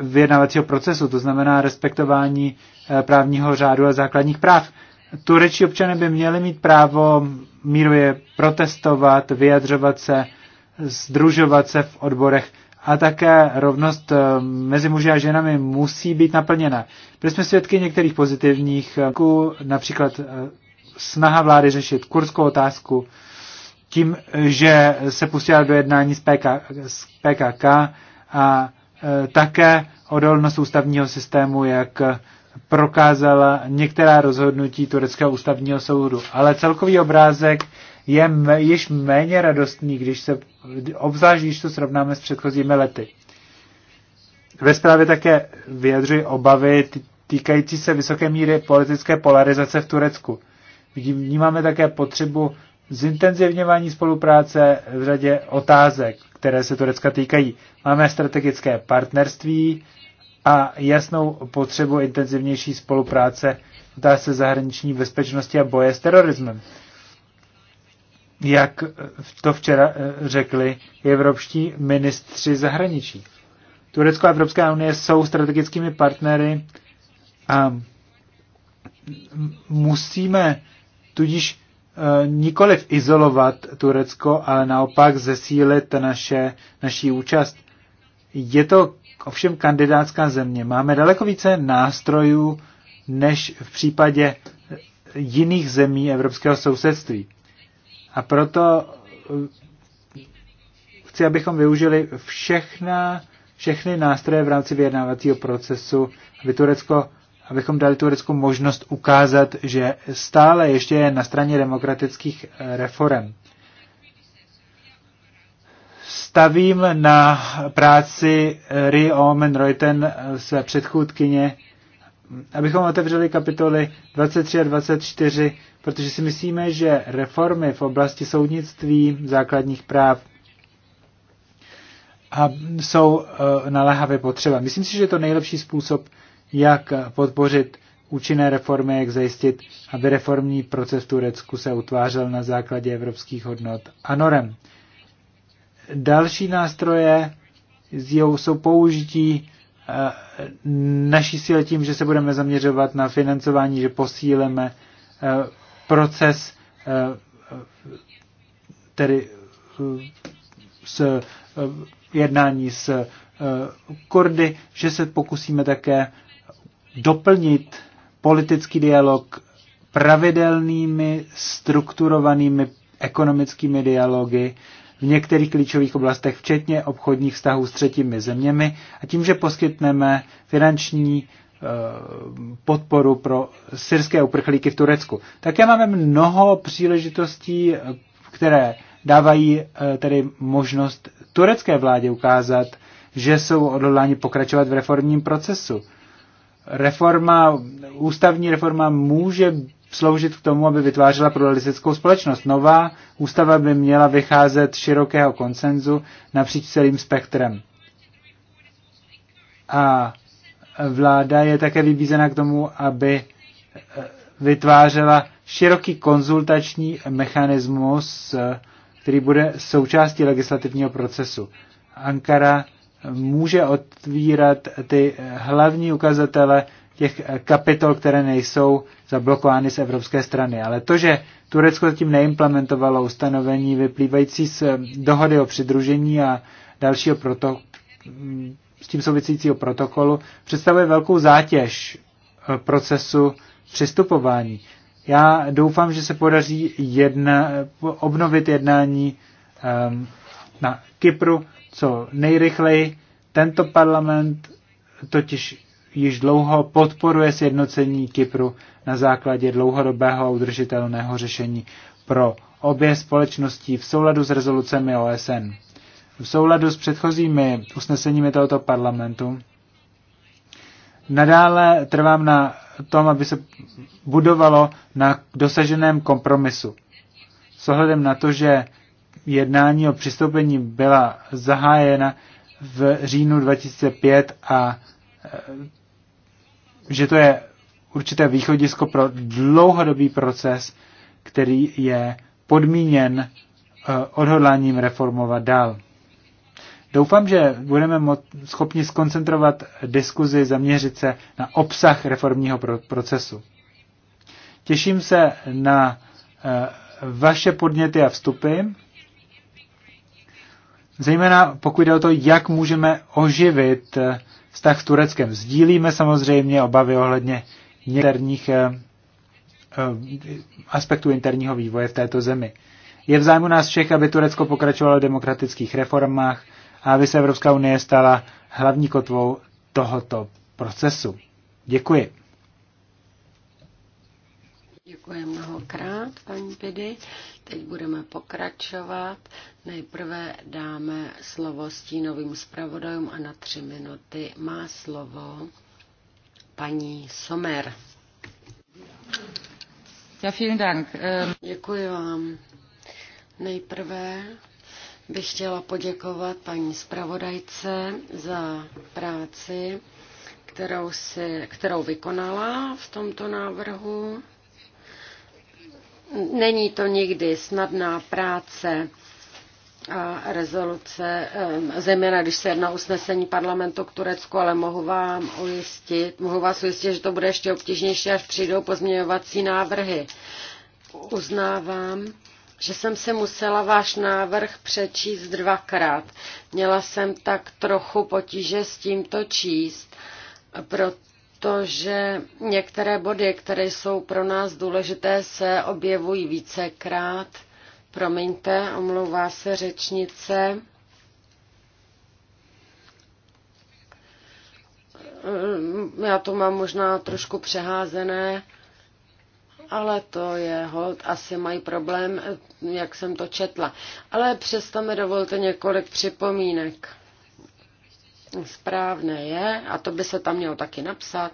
vyjednávacího procesu, to znamená respektování eh, právního řádu a základních práv. Turečtí občané by měli mít právo míruje protestovat, vyjadřovat se, združovat se v odborech a také rovnost eh, mezi muži a ženami musí být naplněna. Byli jsme svědky některých pozitivních, eh, například eh, snaha vlády řešit kurskou otázku tím, že se pustila do jednání s, PK, s PKK a také odolnost ústavního systému, jak prokázala některá rozhodnutí Tureckého ústavního soudu. Ale celkový obrázek je již méně radostný, když se, obzvlášť když to srovnáme s předchozími lety. Ve zprávě také vyjadřuji obavy týkající se vysoké míry politické polarizace v Turecku. Vnímáme také potřebu zintenzivňování spolupráce v řadě otázek, které se Turecka týkají. Máme strategické partnerství a jasnou potřebu intenzivnější spolupráce v otázce zahraniční bezpečnosti a boje s terorismem jak to včera eh, řekli evropští ministři zahraničí. Turecko a Evropská unie jsou strategickými partnery a musíme tudíž eh, nikoliv izolovat Turecko, ale naopak zesílit naše, naší účast. Je to ovšem kandidátská země. Máme daleko více nástrojů než v případě eh, jiných zemí evropského sousedství. A proto eh, chci, abychom využili všechna, všechny nástroje v rámci vyjednávacího procesu, aby Turecko, abychom dali Turecku možnost ukázat, že stále ještě je na straně demokratických eh, reform. Stavím na práci eh, Ri Omen Reuten své předchůdkyně, abychom otevřeli kapitoly 23 a 24, protože si myslíme, že reformy v oblasti soudnictví, základních práv a jsou e, naléhavě potřeba. Myslím si, že je to nejlepší způsob, jak podpořit účinné reformy, jak zajistit, aby reformní proces v Turecku se utvářel na základě evropských hodnot a norem. Další nástroje jsou použití Eh, naší síle tím, že se budeme zaměřovat na financování, že posíleme eh, proces eh, tedy s jednání s Kordy, že se pokusíme také doplnit politický dialog pravidelnými, strukturovanými ekonomickými dialogy v některých klíčových oblastech, včetně obchodních vztahů s třetími zeměmi a tím, že poskytneme finanční eh, podporu pro syrské uprchlíky v Turecku. Také máme mnoho příležitostí, eh, které dávají eh, tedy možnost turecké vládě ukázat, že jsou odhodláni pokračovat v reformním procesu reforma, ústavní reforma může sloužit k tomu, aby vytvářela pluralistickou společnost. Nová ústava by měla vycházet širokého konsenzu napříč celým spektrem. A vláda je také vybízena k tomu, aby eh, vytvářela široký konzultační mechanismus, eh, který bude součástí legislativního procesu. Ankara může otvírat ty hlavní ukazatele těch eh, kapitol, které nejsou zablokovány z evropské strany. Ale to, že Turecko zatím neimplementovalo ustanovení vyplývající z eh, dohody o přidružení a dalšího proto, mm, s tím souvisícího protokolu, představuje velkou zátěž eh, procesu přistupování. Já doufám, že se podaří jedna, obnovit jednání um, na Kypru co nejrychleji. Tento parlament totiž již dlouho podporuje sjednocení Kypru na základě dlouhodobého a udržitelného řešení pro obě společnosti v souladu s rezolucemi OSN. V souladu s předchozími usneseními tohoto parlamentu nadále trvám na tom, aby se budovalo na dosaženém kompromisu. S ohledem na to, že jednání o přistoupení byla zahájena v říjnu 2005 a že to je určité východisko pro dlouhodobý proces, který je podmíněn eh, odhodláním reformovat dál. Doufám, že budeme schopni skoncentrovat diskuzi, zaměřit se na obsah reformního procesu. Těším se na eh, vaše podněty a vstupy, zejména pokud jde o to, jak můžeme oživit eh, vztah s Tureckem. Sdílíme samozřejmě obavy ohledně interních eh, eh, aspektů interního vývoje v této zemi. Je v zájmu nás všech, aby Turecko pokračovalo v demokratických reformách a aby se Evropská unie stala hlavní kotvou tohoto procesu. Děkuji. Děkuji mnohokrát, paní Pedy. Teď budeme pokračovat. Nejprve dáme slovo stínovým zpravodajům a na tři minuty má slovo paní Somer. Ja, vielen Dank. Ähm, Děkuji vám. Nejprve bych chtěla poděkovat paní zpravodajce za práci, kterou, si, kterou vykonala v tomto návrhu. Není to nikdy snadná práce a rezoluce, zejména když se jedná usnesení parlamentu k Turecku, ale mohu, vám ujistit, mohu vás ujistit, že to bude ještě obtížnější, až přijdou pozměňovací návrhy. Uznávám, že jsem si musela váš návrh přečíst dvakrát. Měla jsem tak trochu potíže s tímto číst, proto to, že některé body, které jsou pro nás důležité, se objevují vícekrát. Promiňte, omlouvá se řečnice. Ehm, já to mám možná trošku přeházené, ale to je hod, asi mají problém, jak jsem to četla. Ale přesto mi dovolte několik připomínek. Správné je, a to by se tam mělo taky napsat,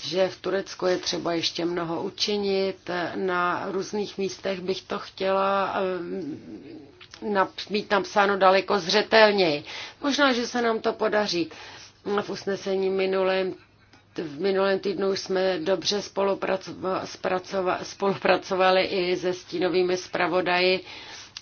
že v Turecku je třeba ještě mnoho učinit. Na různých místech bych to chtěla mít ehm, napsáno daleko zřetelněji. Možná, že se nám to podaří. V usnesení minulém v minulém týdnu jsme dobře spolupracovali i se stínovými zpravodaji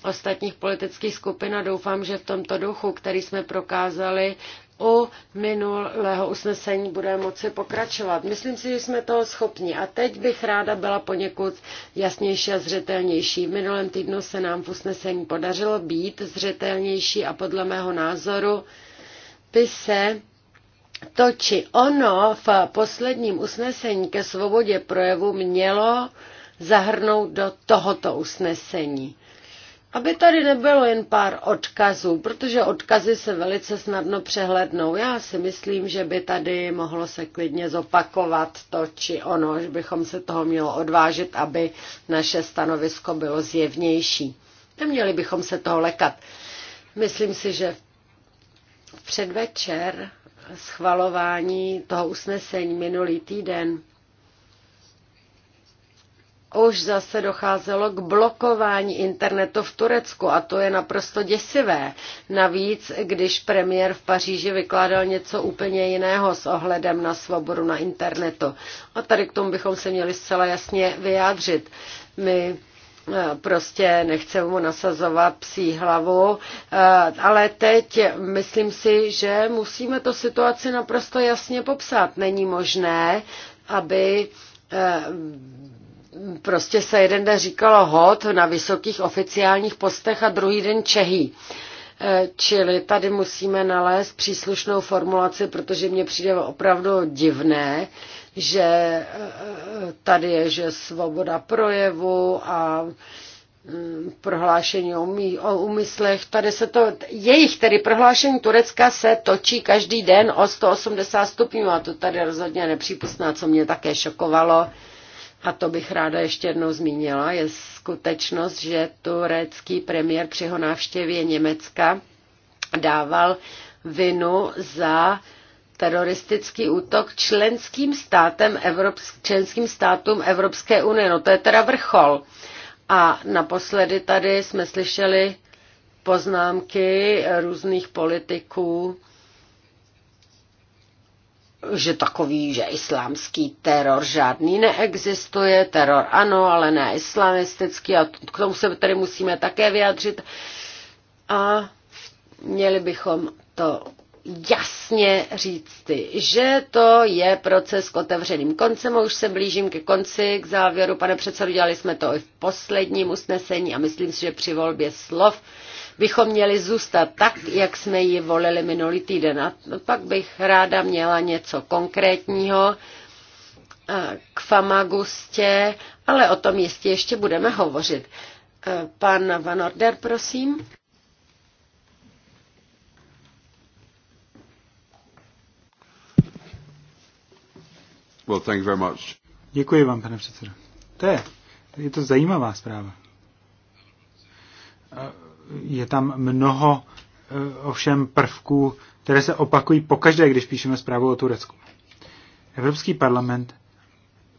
ostatních politických skupin a doufám, že v tomto duchu, který jsme prokázali u minulého usnesení bude moci pokračovat. Myslím si, že jsme toho schopni. A teď bych ráda byla poněkud jasnější a zřetelnější. V minulém týdnu se nám v usnesení podařilo být zřetelnější a podle mého názoru by se to či ono v posledním usnesení ke svobodě projevu mělo zahrnout do tohoto usnesení aby tady nebylo jen pár odkazů, protože odkazy se velice snadno přehlednou. Já si myslím, že by tady mohlo se klidně zopakovat to či ono, že bychom se toho mělo odvážit, aby naše stanovisko bylo zjevnější. Neměli bychom se toho lekat. Myslím si, že v předvečer schvalování toho usnesení minulý týden už zase docházelo k blokování internetu v Turecku a to je naprosto děsivé. Navíc, když premiér v Paříži vykládal něco úplně jiného s ohledem na svobodu na internetu. A tady k tomu bychom se měli zcela jasně vyjádřit. My eh, prostě nechce mu nasazovat psí hlavu, eh, ale teď myslím si, že musíme to situaci naprosto jasně popsat. Není možné, aby eh, prostě se jeden den říkalo hot na vysokých oficiálních postech a druhý den Čehý. E, čili tady musíme nalézt příslušnou formulaci, protože mně přijde opravdu divné, že e, e, tady je, že svoboda projevu a mm, prohlášení o, mý, o úmyslech. Tady se to, jejich tedy prohlášení Turecka se točí každý den o 180 stupňů a to tady rozhodně nepřípustná, co mě také šokovalo a to bych ráda ještě jednou zmínila, je skutečnost, že turecký premiér při jeho návštěvě Německa dával vinu za teroristický útok členským, státem Evropsk- členským státům Evropské unie. No to je teda vrchol. A naposledy tady jsme slyšeli poznámky různých politiků, že takový, že islámský teror žádný neexistuje, teror ano, ale ne islamistický a k tomu se tady musíme také vyjádřit. A měli bychom to jasně říct, že to je proces k otevřeným koncem. Už se blížím ke konci, k závěru. Pane předsedu, dělali jsme to i v posledním usnesení a myslím si, že při volbě slov bychom měli zůstat tak, jak jsme ji volili minulý týden. A pak bych ráda měla něco konkrétního eh, k Famagustě, ale o tom jistě ještě budeme hovořit. Eh, pan Van Order, prosím. Well, thank you very much. Děkuji vám, pane předsedo. To je, je to zajímavá zpráva je tam mnoho eh, ovšem prvků, které se opakují pokaždé, když píšeme zprávu o Turecku. Evropský parlament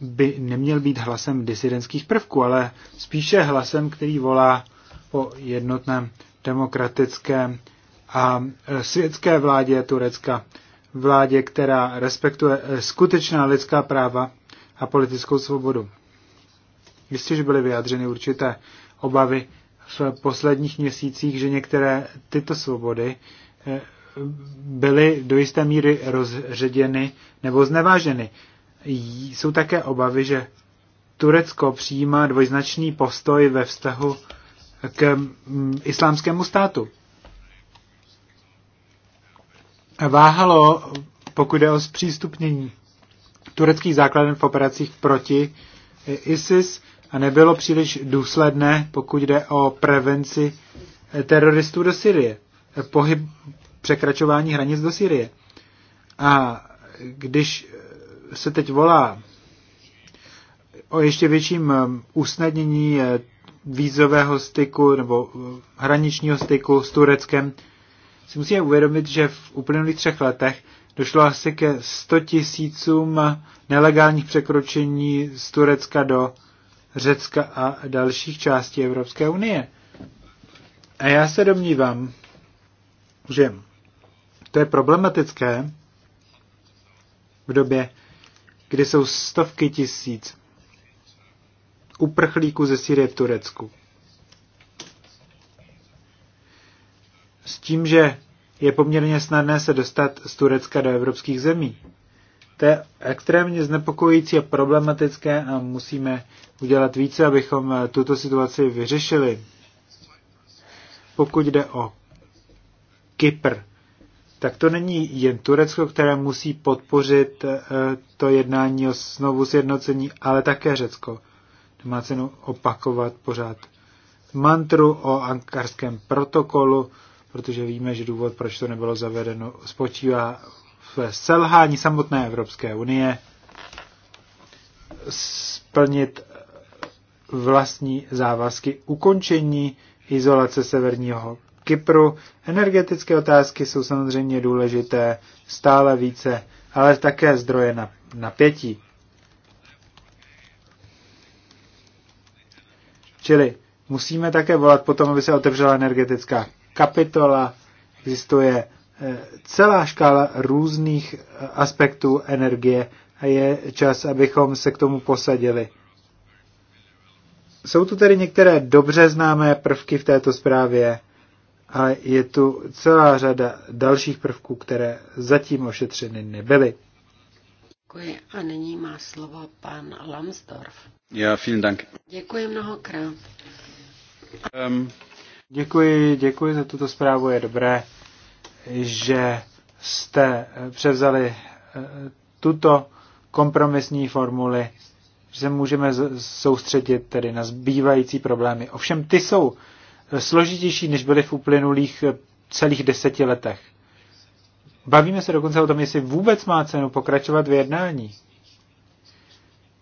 by neměl být hlasem disidentských prvků, ale spíše hlasem, který volá po jednotném demokratickém a eh, světské vládě Turecka, vládě, která respektuje eh, skutečná lidská práva a politickou svobodu. Jistě, že byly vyjádřeny určité obavy v posledních měsících, že některé tyto svobody eh, byly do jisté míry rozředěny nebo zneváženy. Jsou také obavy, že Turecko přijímá dvojznačný postoj ve vztahu k mm, islámskému státu. Váhalo, pokud je o zpřístupnění tureckých základen v operacích proti eh, ISIS, a nebylo příliš důsledné, pokud jde o prevenci teroristů do Syrie, pohyb překračování hranic do Syrie. A když se teď volá o ještě větším um, usnadnění eh, vízového styku nebo eh, hraničního styku s Tureckem, si musíme uvědomit, že v uplynulých třech letech došlo asi ke 100 tisícům nelegálních překročení z Turecka do Řecka a dalších částí Evropské unie. A já se domnívám, že to je problematické v době, kdy jsou stovky tisíc uprchlíků ze Syrie v Turecku. S tím, že je poměrně snadné se dostat z Turecka do evropských zemí. To je extrémně znepokojící a problematické a musíme udělat více, abychom eh, tuto situaci vyřešili. Pokud jde o Kypr, tak to není jen Turecko, které musí podpořit eh, to jednání o znovu sjednocení, ale také Řecko. má cenu opakovat pořád mantru o ankarském protokolu, protože víme, že důvod, proč to nebylo zavedeno, spočívá selhání samotné Evropské unie splnit vlastní závazky ukončení izolace severního Kypru. Energetické otázky jsou samozřejmě důležité stále více, ale také zdroje na napětí. Čili musíme také volat potom, aby se otevřela energetická kapitola. Existuje celá škála různých aspektů energie a je čas, abychom se k tomu posadili. Jsou tu tedy některé dobře známé prvky v této zprávě, ale je tu celá řada dalších prvků, které zatím ošetřeny nebyly. Děkuji a nyní má slovo pan Lambsdorff. Já, vielen Dank. Děkuji mnohokrát. Um. Děkuji, děkuji za tuto zprávu, je dobré, že jste eh, převzali eh, tuto kompromisní formuli, že se můžeme soustředit tedy na zbývající problémy. Ovšem ty jsou eh, složitější, než byly v uplynulých celých deseti letech. Bavíme se dokonce o tom, jestli vůbec má cenu pokračovat v jednání.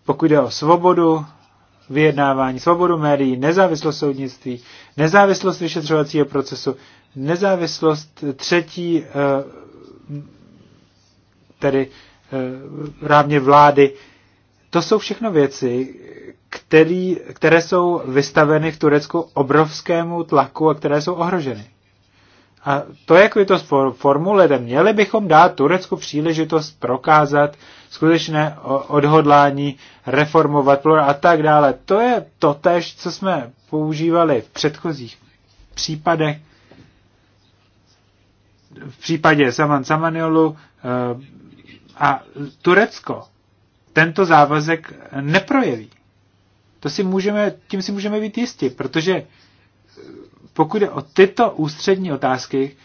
Pokud jde o svobodu vyjednávání, svobodu médií, nezávislost soudnictví, nezávislost vyšetřovacího procesu, nezávislost třetí eh, tedy eh, rávně vlády. To jsou všechno věci, který, které jsou vystaveny v Turecku obrovskému tlaku a které jsou ohroženy. A to, jak vy to formulujete, měli bychom dát Turecku příležitost prokázat skutečné odhodlání, reformovat plur a tak dále. To je to tež, co jsme používali v předchozích případech v případě Saman Samaniolu eh, a Turecko tento závazek neprojeví. To si můžeme, tím si můžeme být jisti, protože eh, pokud je o tyto ústřední otázky,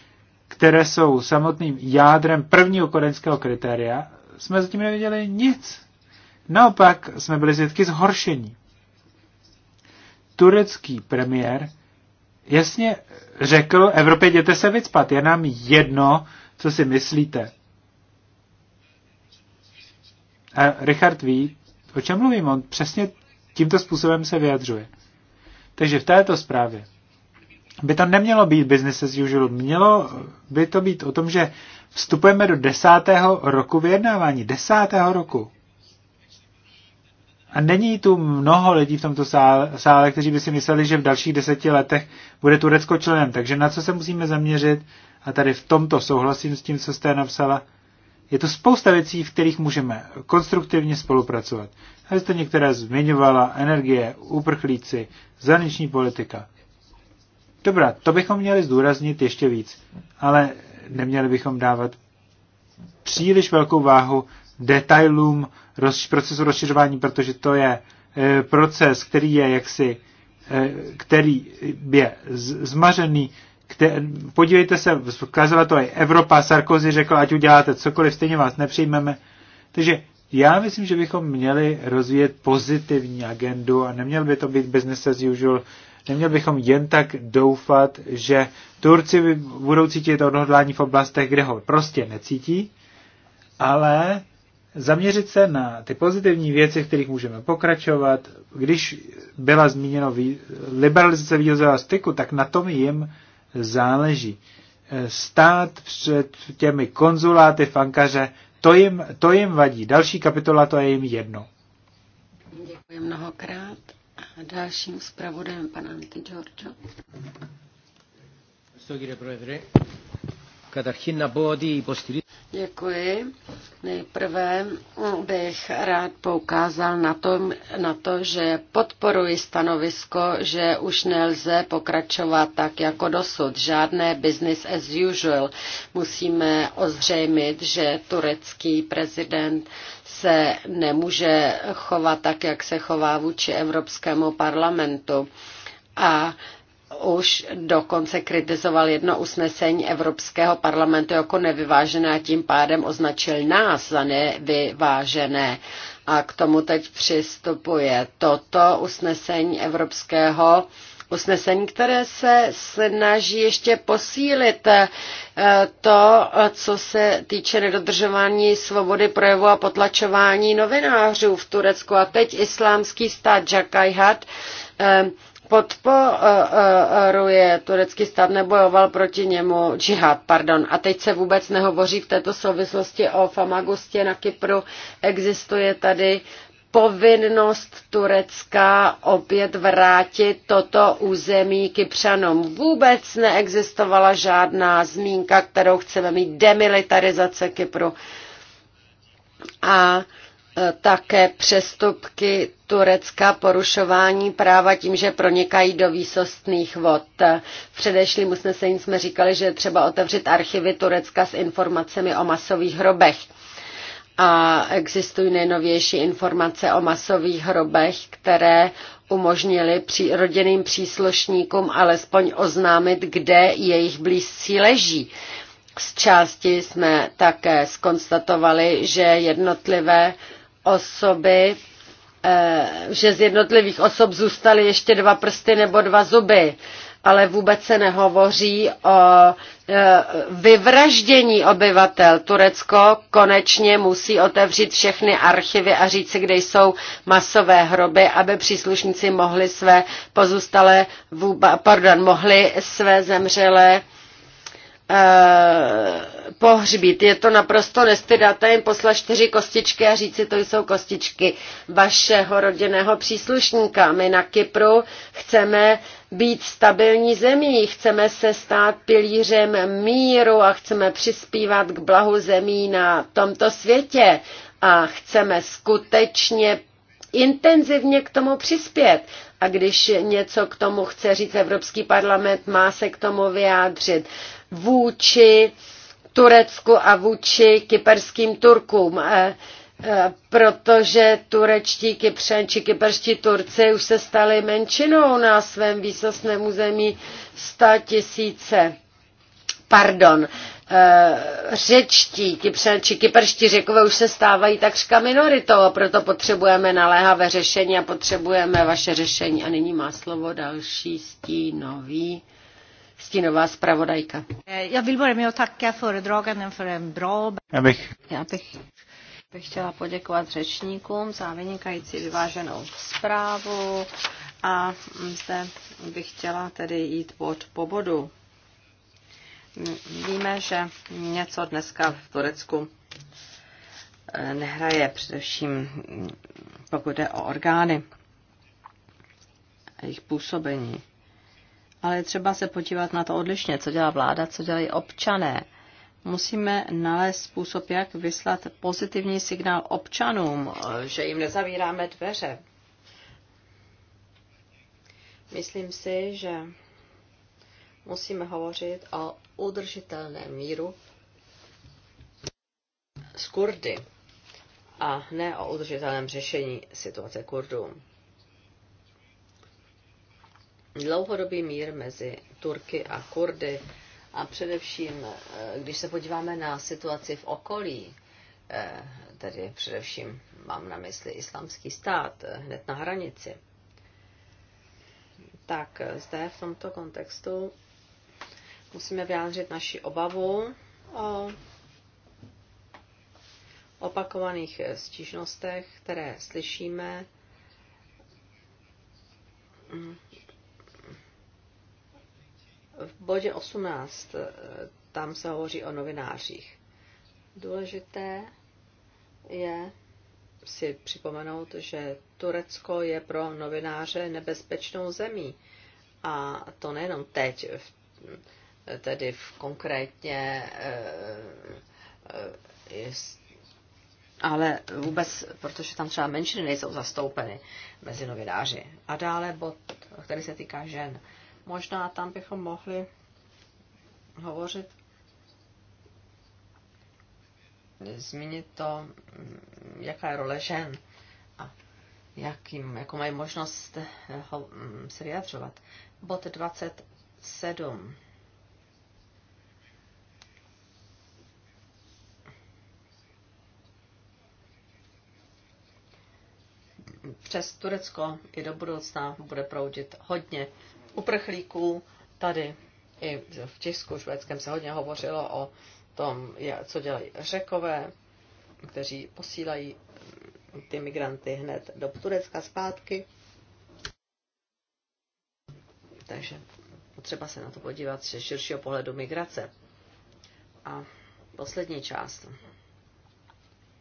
které jsou samotným jádrem prvního koreňského kritéria, jsme zatím neviděli nic. Naopak jsme byli svědky zhoršení. Turecký premiér jasně řekl Evropě, jděte se vycpat, je nám jedno, co si myslíte. A Richard ví, o čem mluvím, on přesně tímto způsobem se vyjadřuje. Takže v této zprávě by to nemělo být business as usual, mělo by to být o tom, že vstupujeme do desátého roku vyjednávání, desátého roku. A není tu mnoho lidí v tomto sále, sále, kteří by si mysleli, že v dalších deseti letech bude Turecko členem. Takže na co se musíme zaměřit, a tady v tomto souhlasím s tím, co jste napsala, je to spousta věcí, v kterých můžeme konstruktivně spolupracovat. A jste některé zmiňovala, energie, uprchlíci, zahraniční politika. Dobrá, to bychom měli zdůraznit ještě víc, ale neměli bychom dávat příliš velkou váhu detailům roz, procesu rozšiřování, protože to je eh, proces, který je jaksi, eh, který je zmařený. Kte, podívejte se, ukázala to i Evropa, Sarkozy řekl, ať uděláte cokoliv, stejně vás nepřijmeme. Takže já myslím, že bychom měli rozvíjet pozitivní agendu a neměl by to být business as usual. Neměl bychom jen tak doufat, že Turci budou cítit odhodlání v oblastech, kde ho prostě necítí, ale zaměřit se na ty pozitivní věci, v kterých můžeme pokračovat. Když byla zmíněno liberalizace výhozového styku, tak na tom jim záleží. Eh, stát před těmi konzuláty fankaře to jim, to jim vadí. Další kapitola, to je jim jedno. Děkuji mnohokrát. A dalším zpravodajem pan Anti Giorgio. Děkuji. Nejprve bych rád poukázal na to, na to, že podporuji stanovisko, že už nelze pokračovat tak jako dosud. Žádné business as usual. Musíme ozřejmit, že turecký prezident se nemůže chovat tak, jak se chová vůči Evropskému parlamentu. A už dokonce kritizoval jedno usnesení Evropského parlamentu jako nevyvážené a tím pádem označil nás za nevyvážené. A k tomu teď přistupuje toto usnesení Evropského usnesení, které se snaží ještě posílit eh, to, co se týče nedodržování svobody projevu a potlačování novinářů v Turecku. A teď islámský stát Jakajhat podporuje turecký stát, nebojoval proti němu džihad, pardon. A teď se vůbec nehovoří v této souvislosti o Famagustě na Kypru. Existuje tady povinnost Turecka opět vrátit toto území Kypřanům. Vůbec neexistovala žádná zmínka, kterou chceme mít demilitarizace Kypru. A také přestupky Turecka, porušování práva tím, že pronikají do výsostných vod. V předešlým usnesení jsme říkali, že je třeba otevřít archivy Turecka s informacemi o masových hrobech. A existují nejnovější informace o masových hrobech, které umožnili při rodinným příslušníkům alespoň oznámit, kde jejich blízcí leží. Z části jsme také skonstatovali, že jednotlivé osoby, eh, že z jednotlivých osob zůstaly ještě dva prsty nebo dva zuby, ale vůbec se nehovoří o eh, vyvraždění obyvatel. Turecko konečně musí otevřít všechny archivy a říci, kde jsou masové hroby, aby příslušníci mohli své pozůstalé, pardon, mohli své zemřelé eh, pohřbít. Je to naprosto nestydaté jim poslat čtyři kostičky a říci, to jsou kostičky vašeho rodinného příslušníka. My na Kypru chceme být stabilní zemí, chceme se stát pilířem míru a chceme přispívat k blahu zemí na tomto světě a chceme skutečně intenzivně k tomu přispět. A když něco k tomu chce říct Evropský parlament, má se k tomu vyjádřit vůči uh, Turecku a vůči kyperským Turkům eh, eh, protože turečtí či kyperští Turci už se stali menšinou na svém výsostném území 100 tisíce. Pardon, eh, řečtí či kyperští řekové už se stávají takřka minoritou a proto potřebujeme naléhavé řešení a potřebujeme vaše řešení. A nyní má slovo další stínový stínová zpravodajka. Já bych en bra... Já bych... Já bych bych chtěla poděkovat řečníkům za vynikající vyváženou zprávu a zde bych chtěla tedy jít pod pobodu. Víme, že něco dneska v Turecku eh, nehraje především mm, pokud jde o orgány a jejich působení ale třeba se podívat na to odlišně, co dělá vláda, co dělají občané. Musíme nalézt způsob, jak vyslat pozitivní signál občanům, že jim nezavíráme dveře. Myslím si, že musíme hovořit o udržitelném míru s Kurdy a ne o udržitelném řešení situace Kurdům dlouhodobý mír mezi Turky a Kurdy a především, eh, když se podíváme na situaci v okolí, eh, tedy především mám na mysli islamský stát eh, hned na hranici, tak zde v tomto kontextu musíme vyjádřit naši obavu o opakovaných stížnostech, které slyšíme mm bodě 18 eh, tam se hovoří o novinářích. Důležité je si připomenout, že Turecko je pro novináře nebezpečnou zemí. A to nejenom teď, tedy v konkrétně, eh, eh, ale vůbec, protože tam třeba menšiny nejsou zastoupeny mezi novináři. A dále bod, který se týká žen. Možná tam bychom mohli hovořit, zmínit to, mm, jaká je role žen a jakým, jakou mají možnost eh, ho, mm, se vyjadřovat. Bod 27. přes Turecko i do budoucna bude proudit hodně uprchlíků tady i v Česku, Švédském se hodně hovořilo o tom, co dělají řekové, kteří posílají ty migranty hned do Turecka zpátky. Takže potřeba se na to podívat z širšího pohledu migrace. A poslední část,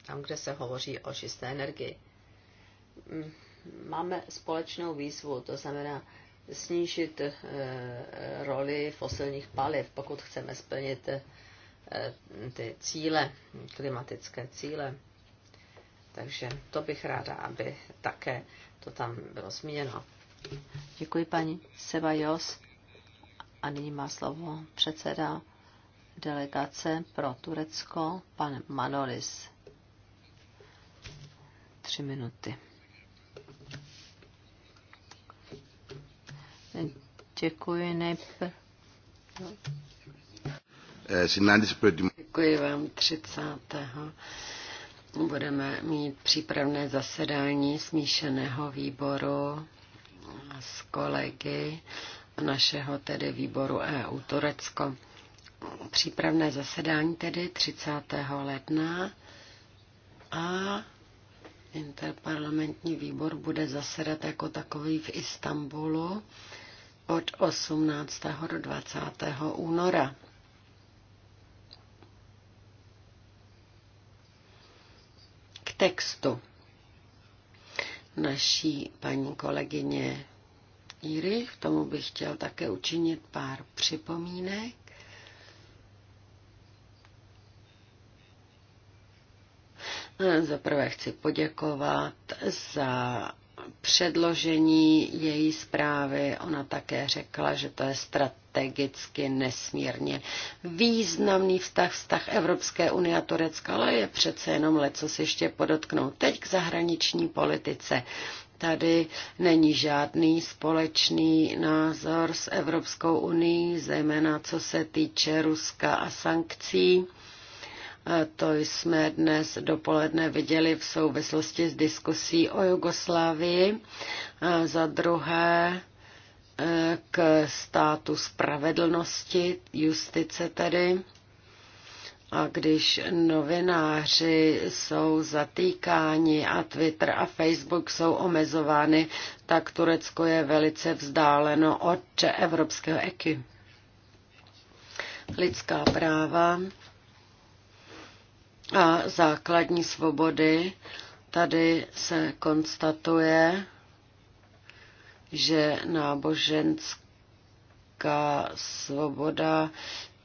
tam, kde se hovoří o čisté energii. Máme společnou výzvu, to znamená snížit eh, roli fosilních paliv, pokud chceme splnit eh, ty cíle, klimatické cíle. Takže to bych ráda, aby také to tam bylo zmíněno. Děkuji paní Jos. A nyní má slovo předseda delegace pro Turecko, pan Manolis. Tři minuty. Děkuji NEP. Eh, Děkuji vám 30. Budeme mít přípravné zasedání smíšeného výboru s kolegy našeho tedy výboru EU Turecko. Přípravné zasedání tedy 30. ledna a interparlamentní výbor bude zasedat jako takový v Istanbulu od 18. do 20. února. K textu naší paní kolegyně Jiry, k tomu bych chtěl také učinit pár připomínek. Za prvé chci poděkovat za předložení její zprávy ona také řekla, že to je strategicky nesmírně významný vztah, vztah Evropské unie a Turecka, ale je přece jenom leco si ještě podotknout. Teď k zahraniční politice. Tady není žádný společný názor s Evropskou unii, zejména co se týče Ruska a sankcí to jsme dnes dopoledne viděli v souvislosti s diskusí o Jugoslávii. za druhé e, k státu spravedlnosti, justice tedy. A když novináři jsou zatýkáni a Twitter a Facebook jsou omezovány, tak Turecko je velice vzdáleno od evropského EKY. Lidská práva a základní svobody. Tady se konstatuje, že náboženská svoboda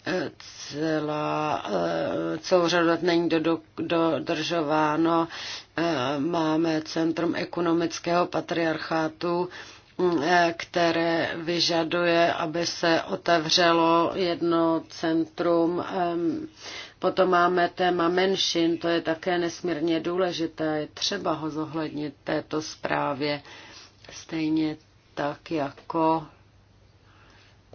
eh, celá, eh, celou řadu let není dodržováno. Eh, máme Centrum ekonomického patriarchátu, které vyžaduje, aby se otevřelo jedno centrum Potom máme téma menšin, to je také nesmírně důležité, je třeba ho zohlednit této zprávě, stejně tak jako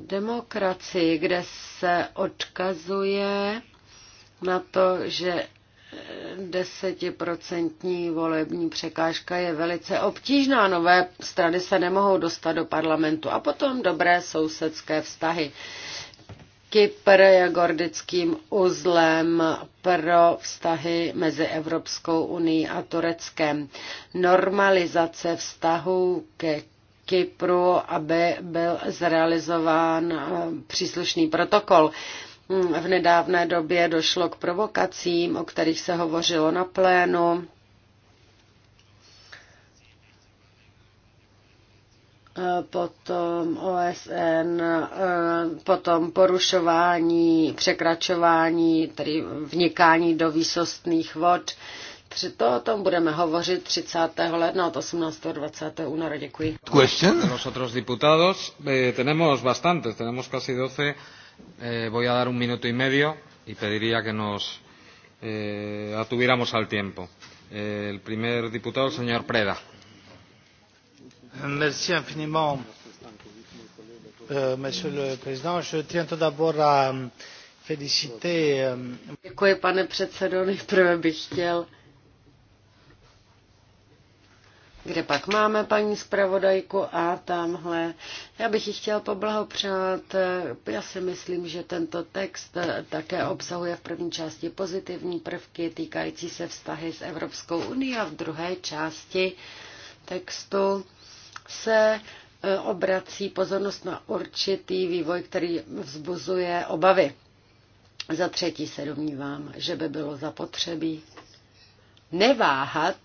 demokracii, kde se odkazuje na to, že desetiprocentní volební překážka je velice obtížná. Nové strany se nemohou dostat do parlamentu. A potom dobré sousedské vztahy. Kypr je gordickým uzlem pro vztahy mezi Evropskou unii a Tureckem. Normalizace vztahů ke Kypru, aby byl zrealizován eh, příslušný protokol. V nedávné době došlo k provokacím, o kterých se hovořilo na plénu potom OSN, eh, potom porušování, překračování, tedy vnikání do výsostných vod. Při to o tom budeme hovořit 30. ledna od 18. 20. února. Děkuji. Question? Nosotros diputados eh, tenemos bastantes, tenemos casi 12. Eh, voy a dar un minuto y medio y pediría que nos eh, atuviéramos al tiempo. Eh, el primer diputado, el señor Preda. Euh, Monsieur le Président. Je tiens tout d'abord à euh, féliciter. Euh, Děkuji, pane předsedo. Nejprve bych chtěl. Kde pak máme paní zpravodajku a tamhle. Já bych ji chtěl poblahopřát. Já si myslím, že tento text také obsahuje v první části pozitivní prvky týkající se vztahy s Evropskou unii a v druhé části textu se e, obrací pozornost na určitý vývoj, který vzbuzuje obavy. Za třetí se domnívám, že by bylo zapotřebí neváhat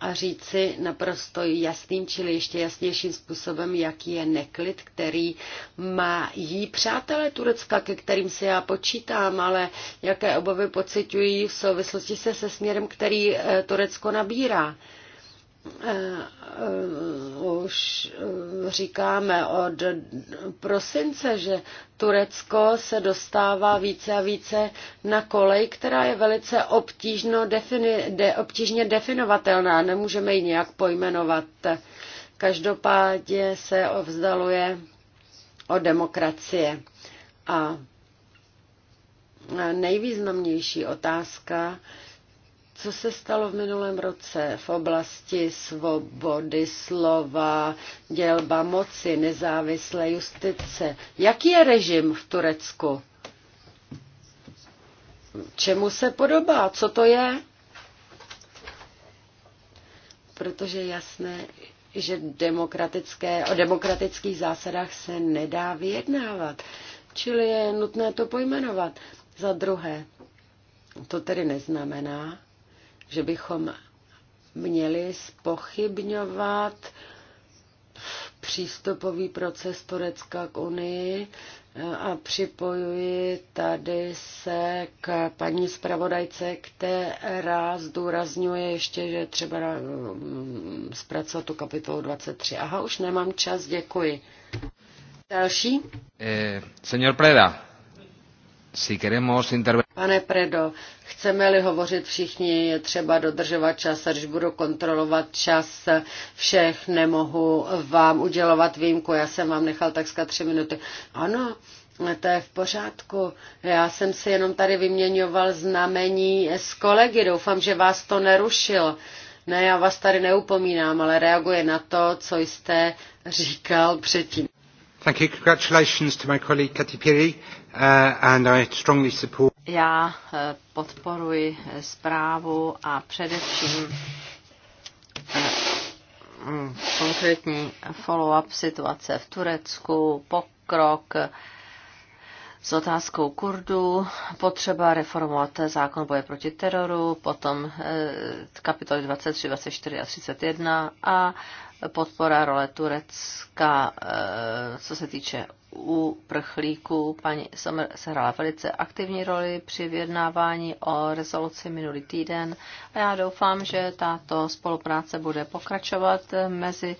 a říci naprosto jasným, čili ještě jasnějším způsobem, jaký je neklid, který má jí přátelé Turecka, ke kterým se já počítám, ale jaké obavy pociťují v souvislosti se se směrem, který e, Turecko nabírá. Eh, eh, už eh, říkáme od prosince, že Turecko se dostává více a více na kolej, která je velice obtížno defini- de- obtížně definovatelná. Nemůžeme ji nějak pojmenovat. Každopádně se ovzdaluje o demokracie. A nejvýznamnější otázka, co se stalo v minulém roce v oblasti svobody slova, dělba moci, nezávislé justice. Jaký je režim v Turecku? Čemu se podobá? Co to je? Protože jasné, že demokratické, o demokratických zásadách se nedá vyjednávat. Čili je nutné to pojmenovat. Za druhé, to tedy neznamená, že bychom měli spochybňovat přístupový proces Turecka k Unii eh, a připojuji tady se k paní zpravodajce, která zdůrazňuje ještě, že třeba eh, zpracovat tu kapitolu 23. Aha, už nemám čas, děkuji. Další? Eh, señor Preda, si queremos intervenir... Pane Predo, chceme-li hovořit všichni, je třeba dodržovat čas, až budu kontrolovat čas všech, nemohu vám udělovat výjimku, já jsem vám nechal takzka tři minuty. Ano, to je v pořádku. Já jsem si jenom tady vyměňoval znamení s kolegy, doufám, že vás to nerušilo. Ne, já vás tady neupomínám, ale reaguje na to, co jste říkal předtím. Thank you. Congratulations to my colleague Kati Piri, uh, and I strongly support já eh, podporuji eh, zprávu a především eh, mm, konkrétní follow-up situace v Turecku, pokrok s otázkou Kurdů, potřeba reformovat zákon boje proti teroru, potom kapitoly 23, 24 a 31 a podpora role Turecka, co se týče u prchlíků. Paní Sommer sehrála velice aktivní roli při vyjednávání o rezoluci minulý týden a já doufám, že tato spolupráce bude pokračovat mezi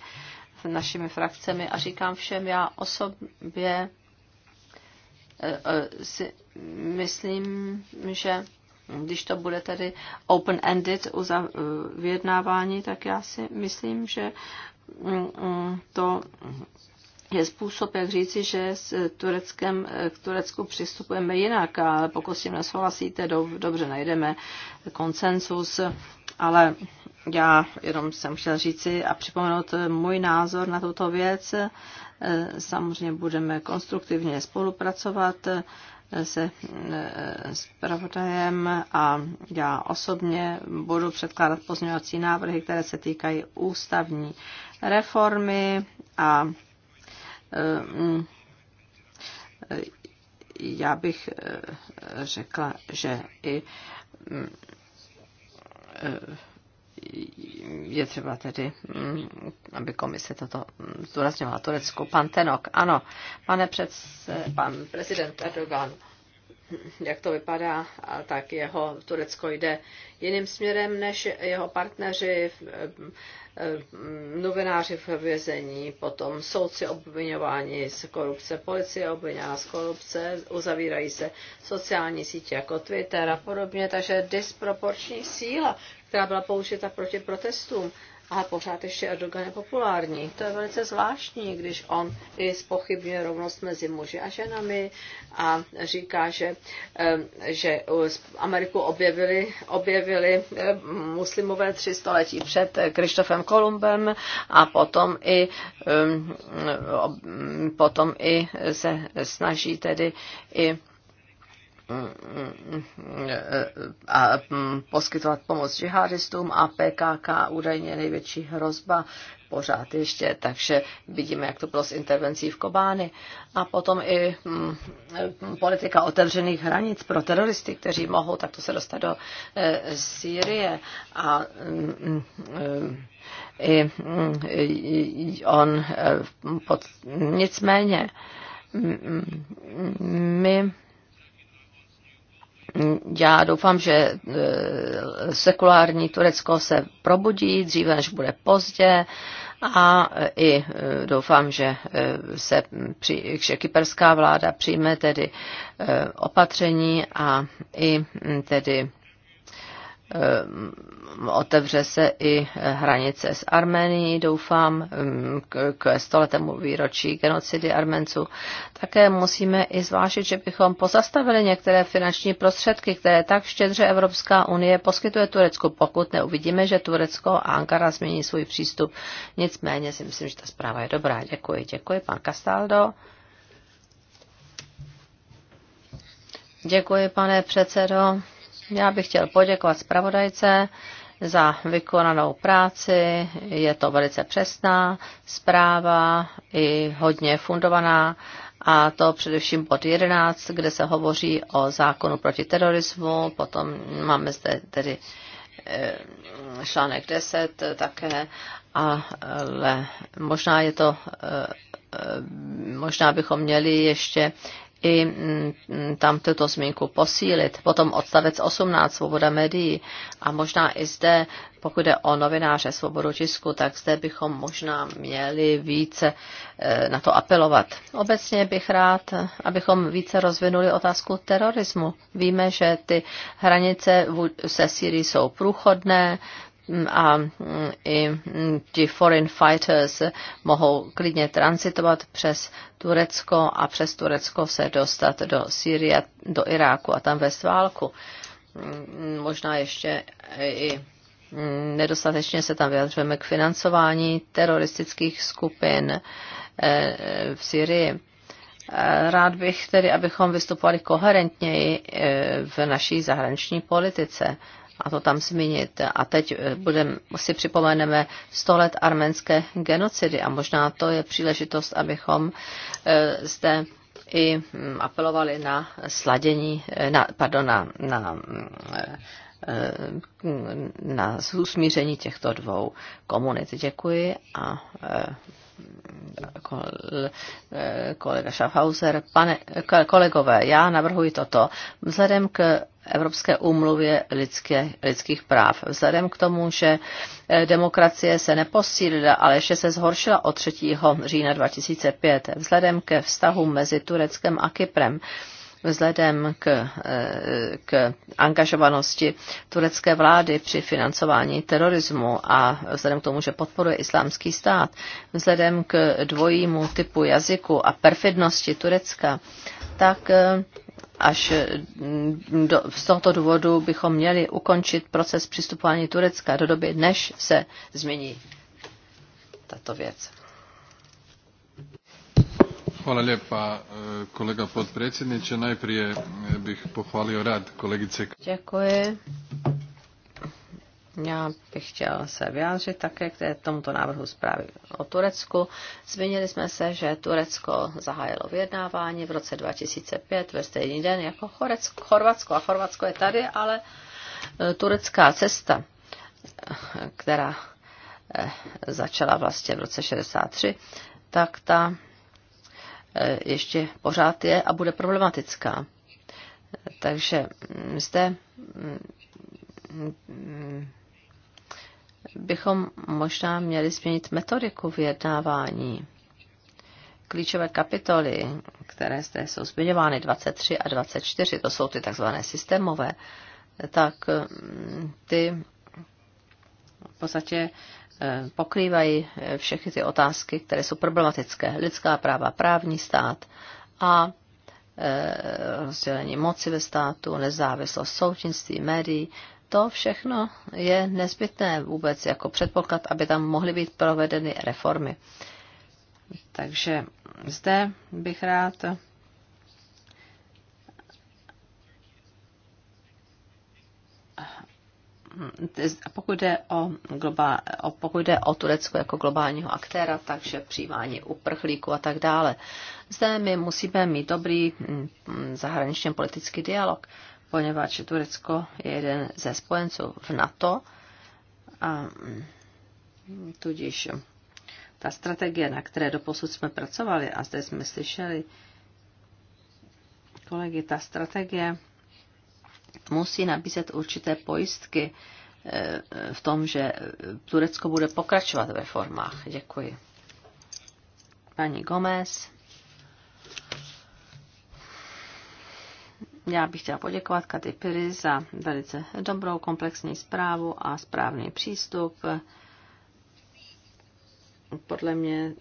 našimi frakcemi a říkám všem, já osobně eh, eh, si myslím, že když to bude tedy open-ended u eh, vyjednávání, tak já si myslím, že mm, mm, to je způsob, jak říci, že s Tureckem, k Turecku přistupujeme jinak, ale pokud s tím nesouhlasíte, do, dobře, najdeme konsensus, ale já jenom jsem chtěl říci a připomenout můj názor na tuto věc. Samozřejmě budeme konstruktivně spolupracovat se eh, zpravodajem a já osobně budu předkládat pozměňovací návrhy, které se týkají ústavní reformy a Eh, mm, eh, já bych eh, řekla, že i mm, je třeba tedy, mm, aby komise toto zdůrazňovala Turecku. Pan Tenok, ano, pane předse, pan prezident Erdogan jak to vypadá, a tak jeho Turecko jde jiným směrem než jeho partneři, eh, eh, novináři v vězení, potom soudci obvinování z korupce, policie obviněná z korupce, uzavírají se sociální sítě jako Twitter a podobně, takže disproporční síla, která byla použita proti protestům, ale pořád ještě Erdogan je populární. To je velice zvláštní, když on i spochybňuje rovnost mezi muži a ženami a říká, že, že Ameriku objevili, objevili muslimové tři století před Krištofem Kolumbem a potom i, potom i se snaží tedy i a poskytovat pomoc džihadistům a PKK údajně největší hrozba pořád ještě, takže vidíme, jak to bylo s intervencí v Kobány. A potom i mm, politika otevřených hranic pro teroristy, kteří mohou takto se dostat do e, Sýrie. A mm, i, i on pod, nicméně my já doufám, že e, sekulární Turecko se probudí dříve, než bude pozdě a e, i e, doufám, že se při, že kyperská vláda přijme tedy opatření a i tedy Ehm, otevře se i eh, hranice s Armenií, doufám, ehm, k stoletému výročí genocidy Armenců. Také musíme i zvážit, že bychom pozastavili některé finanční prostředky, které tak štědře Evropská unie poskytuje Turecku, pokud neuvidíme, že Turecko a Ankara změní svůj přístup. Nicméně si myslím, že ta zpráva je dobrá. Děkuji. Děkuji, pan Castaldo. Děkuji, pane předsedo. Já bych chtěl poděkovat zpravodajce za vykonanou práci. Je to velice přesná zpráva i hodně fundovaná a to především bod 11, kde se hovoří o zákonu proti terorismu. Potom máme zde tedy eh, článek 10 také, ale možná je to eh, eh, možná bychom měli ještě i mm, mm, tam tuto zmínku posílit. Potom odstavec 18, svoboda médií. A možná i zde, pokud jde o novináře svobodu tisku, tak zde bychom možná měli více e, na to apelovat. Obecně bych rád, abychom více rozvinuli otázku terorismu. Víme, že ty hranice se Syrii jsou průchodné, a i ti foreign fighters mohou klidně transitovat přes Turecko a přes Turecko se dostat do Sýrie, do Iráku a tam vést válku. Možná ještě i nedostatečně se tam vyjadřujeme k financování teroristických skupin eh, v Syrii. Rád bych tedy, abychom vystupovali koherentněji eh, v naší zahraniční politice a to tam zmínit. A teď eh, budem, si připomeneme 100 let arménské genocidy a možná to je příležitost, abychom eh, zde i hm, apelovali na sladění, eh, na, pardon, na, na, hm, na usmíření těchto dvou komunit. Děkuji a jako, eh, kolega Schaffhauser. Pane, kolegové, já navrhuji toto. Vzhledem k Evropské úmluvě lidské, lidských práv, vzhledem k tomu, že eh, demokracie se neposílila, ale ještě se zhoršila od 3. října 2005, vzhledem ke vztahu mezi Tureckem a Kyprem, vzhledem k, eh, k angažovanosti turecké vlády při financování terorismu a vzhledem k tomu, že podporuje islámský stát, vzhledem k dvojímu typu jazyku a perfidnosti Turecka, tak eh, až do, z tohoto důvodu bychom měli ukončit proces přistupování Turecka do doby, než se změní tato věc. Hvala lijepa e, kolega potpredsjedniče. Najprije e, bych pohvalio rad kolegice. Děkuji. Já bych chtěl se vyjádřit také k tomuto návrhu zprávy o Turecku. Zmínili jsme se, že Turecko zahájilo vyjednávání v roce 2005 ve stejný den jako Chorvatsko. A Chorvatsko je tady, ale e, turecká cesta, která začala vlastně v roce 63, tak ta E, ještě pořád je a bude problematická. Takže zde mm, bychom možná měli změnit metodiku vyjednávání. Klíčové kapitoly, které zde jsou zmiňovány, 23 a 24, to jsou ty takzvané systémové, tak mm, ty v podstatě Eh, pokrývají eh, všechny ty otázky, které jsou problematické. Lidská práva, právní stát a eh, rozdělení moci ve státu, nezávislost soudnictví, médií. To všechno je nezbytné vůbec jako předpoklad, aby tam mohly být provedeny reformy. Takže zde bych rád a pokud jde o, globál, o, pokud jde o Turecko jako globálního aktéra, takže přijímání uprchlíků a tak dále. Zde my musíme mít dobrý mm, mm, zahraničně politický dialog, poněvadž Turecko je jeden ze spojenců v NATO a mm, tudíž ta strategie, na které doposud jsme pracovali a zde jsme slyšeli kolegy, ta strategie musí nabízet určité pojistky eh, v tom, že Turecko bude pokračovat ve formách. Děkuji. Paní Gomez. Já bych chtěla poděkovat Katy Piri za velice dobrou komplexní zprávu a správný přístup. Podle mě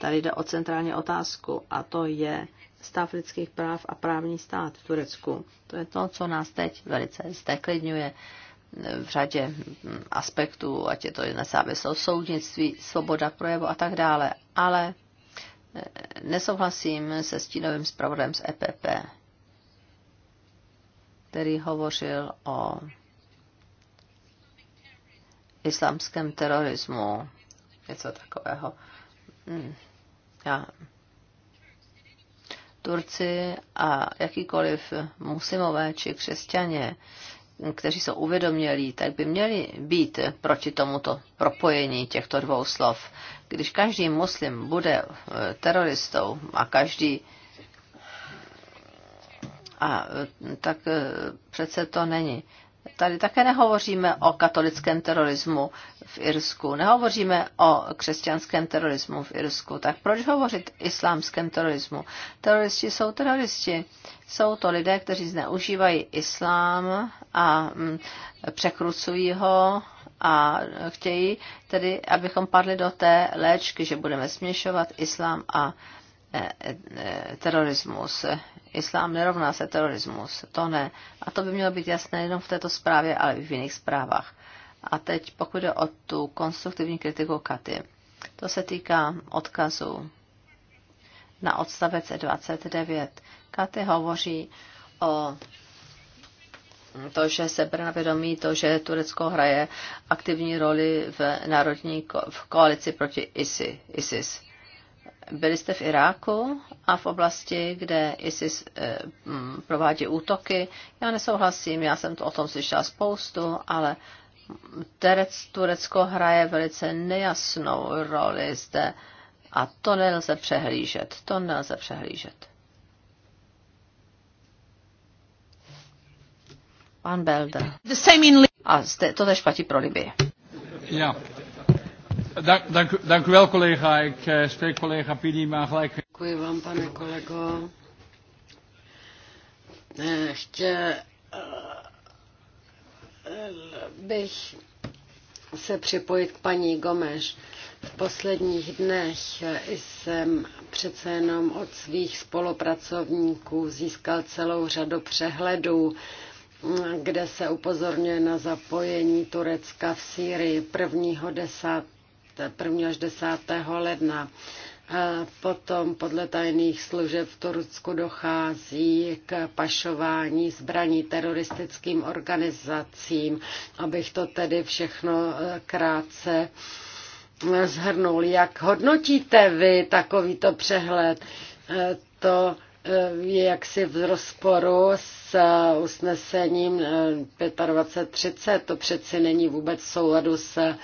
tady jde o centrální otázku a to je stav lidských práv a právní stát v Turecku. To je to, co nás teď velice zdeklidňuje v řadě aspektů, ať je to nezávislost soudnictví, svoboda projevu a tak dále. Ale eh, nesouhlasím se stínovým zpravodem z EPP, který hovořil o islámském terorismu, něco takového. Hmm. Já Turci a jakýkoliv muslimové či křesťané, kteří jsou uvědomělí, tak by měli být proti tomuto propojení těchto dvou slov. Když každý muslim bude eh, teroristou a každý a eh, tak eh, přece to není Tady také nehovoříme o katolickém terorismu v Irsku, nehovoříme o křesťanském terorismu v Irsku. Tak proč hovořit islámském terorismu? Teroristi jsou teroristi. Jsou to lidé, kteří zneužívají islám a mm, překrucují ho a chtějí tedy, abychom padli do té léčky, že budeme směšovat islám a e, e, e, terorismus islám nerovná se terorismus, to ne. A to by mělo být jasné jenom v této zprávě, ale i v jiných zprávách. A teď pokud jde o tu konstruktivní kritiku Katy, to se týká odkazu na odstavec 29. Katy hovoří o to, že se bere na vědomí to, že Turecko hraje aktivní roli v národní ko- v koalici proti ISI, ISIS. Byli jste v Iráku a v oblasti, kde ISIS eh, mm, provádí útoky. Já nesouhlasím, já jsem to o tom slyšela spoustu, ale Turecko hraje velice nejasnou roli zde a to nelze přehlížet. To nelze přehlížet. Pan Belder. A zde, to tež platí pro Libii. Yeah. Dank, dank, dank u wel, collega. Ik uh, spreek collega maar gelijk... Děkuji vám, pane kolego. Chtěl eh, eh, bych se připojit k paní Gomeš. V posledních dnech jsem přece jenom od svých spolupracovníků získal celou řadu přehledů, kde se upozorňuje na zapojení Turecka v Sýrii 1. 10. 1. až 10. ledna. A potom podle tajných služeb v Turecku dochází k pašování zbraní teroristickým organizacím. Abych to tedy všechno eh, krátce eh, zhrnul. Jak hodnotíte vy takovýto přehled? Eh, to Eh, je jaksi v rozporu s eh, usnesením 2530. Eh, to přeci není vůbec v souladu s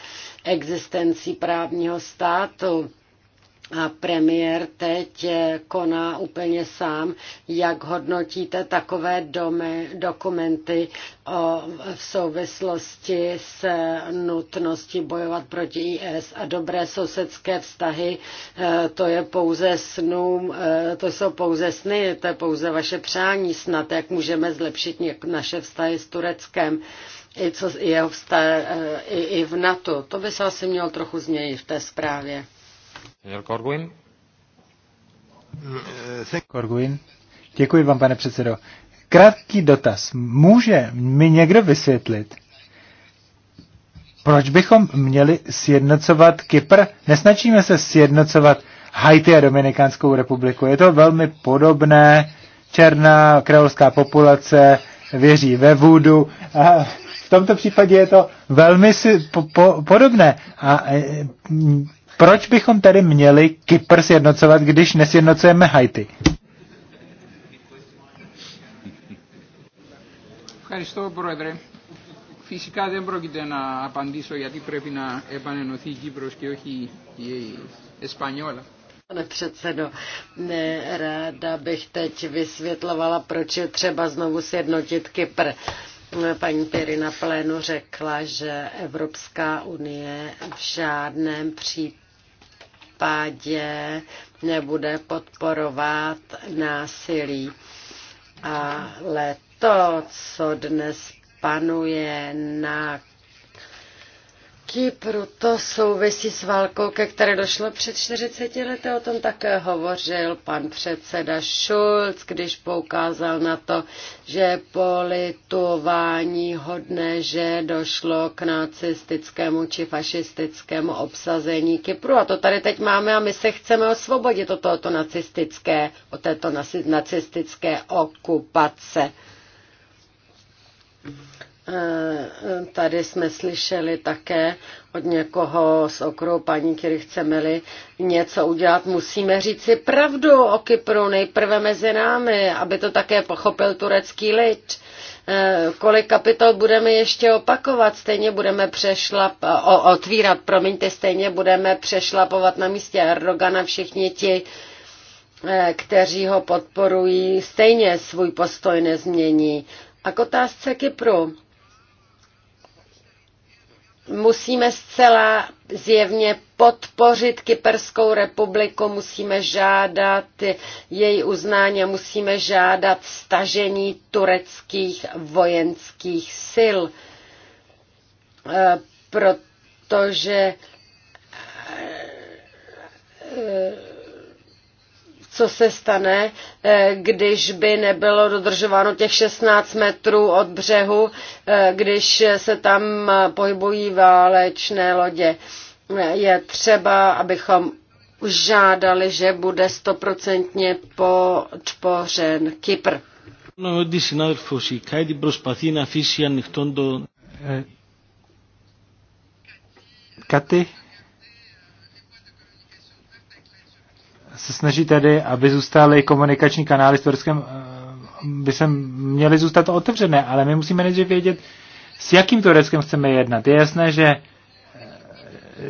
existencí právního státu a premiér teď eh, koná úplně sám. Jak hodnotíte takové domy, dokumenty o, v souvislosti s nutností bojovat proti IS a dobré sousedské vztahy? Eh, to je pouze e, to jsou pouze sny, to je pouze vaše přání snad, jak můžeme zlepšit naše vztahy s Tureckem i, co, jeho e, i, i v NATO. To by se asi mělo trochu změnit v té zprávě. Senior Corwin. Corwin. Děkuji vám, pane předsedo. Krátký dotaz. Může mi někdo vysvětlit, proč bychom měli sjednocovat Kypr? Nesnačíme se sjednocovat Haiti a Dominikánskou republiku. Je to velmi podobné. Černá kreolská populace věří ve vůdu. A v tomto případě je to velmi si po, po, podobné. A e, proč bychom tedy měli Kypr sjednocovat, když nesjednocujeme Haiti? Pane předsedo, ne, ráda bych teď vysvětlovala, proč je třeba znovu sjednotit Kypr. Paní Pěry na plénu řekla, že Evropská unie v žádném případě případě nebude podporovat násilí. Ale to, co dnes panuje na taky to souvisí s válkou, ke které došlo před 40 lety. O tom také hovořil pan předseda Schulz, když poukázal na to, že je politování hodné, že došlo k nacistickému či fašistickému obsazení Kypru. A to tady teď máme a my se chceme osvobodit od tohoto nacistické, od této nacistické okupace. Eh, tady jsme slyšeli také od někoho z okruhu paní, který chceme-li něco udělat, musíme říct si pravdu o Kypru nejprve mezi námi, aby to také pochopil turecký lid. Eh, kolik kapitol budeme ještě opakovat, stejně budeme přešlap, o, otvírat, promiňte, stejně budeme přešlapovat na místě Erdogana všichni ti, eh, kteří ho podporují, stejně svůj postoj nezmění. A k otázce Kypru musíme zcela zjevně podpořit Kyperskou republiku, musíme žádat její uznání a musíme žádat stažení tureckých vojenských sil, e, protože e, co se stane, eh, když by nebylo dodržováno těch 16 metrů od břehu, eh, když se tam pohybují válečné lodě. Je třeba, abychom žádali, že bude stoprocentně podpořen Kypr. No, když se snaží tedy, aby zůstaly komunikační kanály s Tureckem, eh, by se měly zůstat otevřené, ale my musíme nejdřív vědět, s jakým Tureckem chceme jednat. Je jasné, že eh,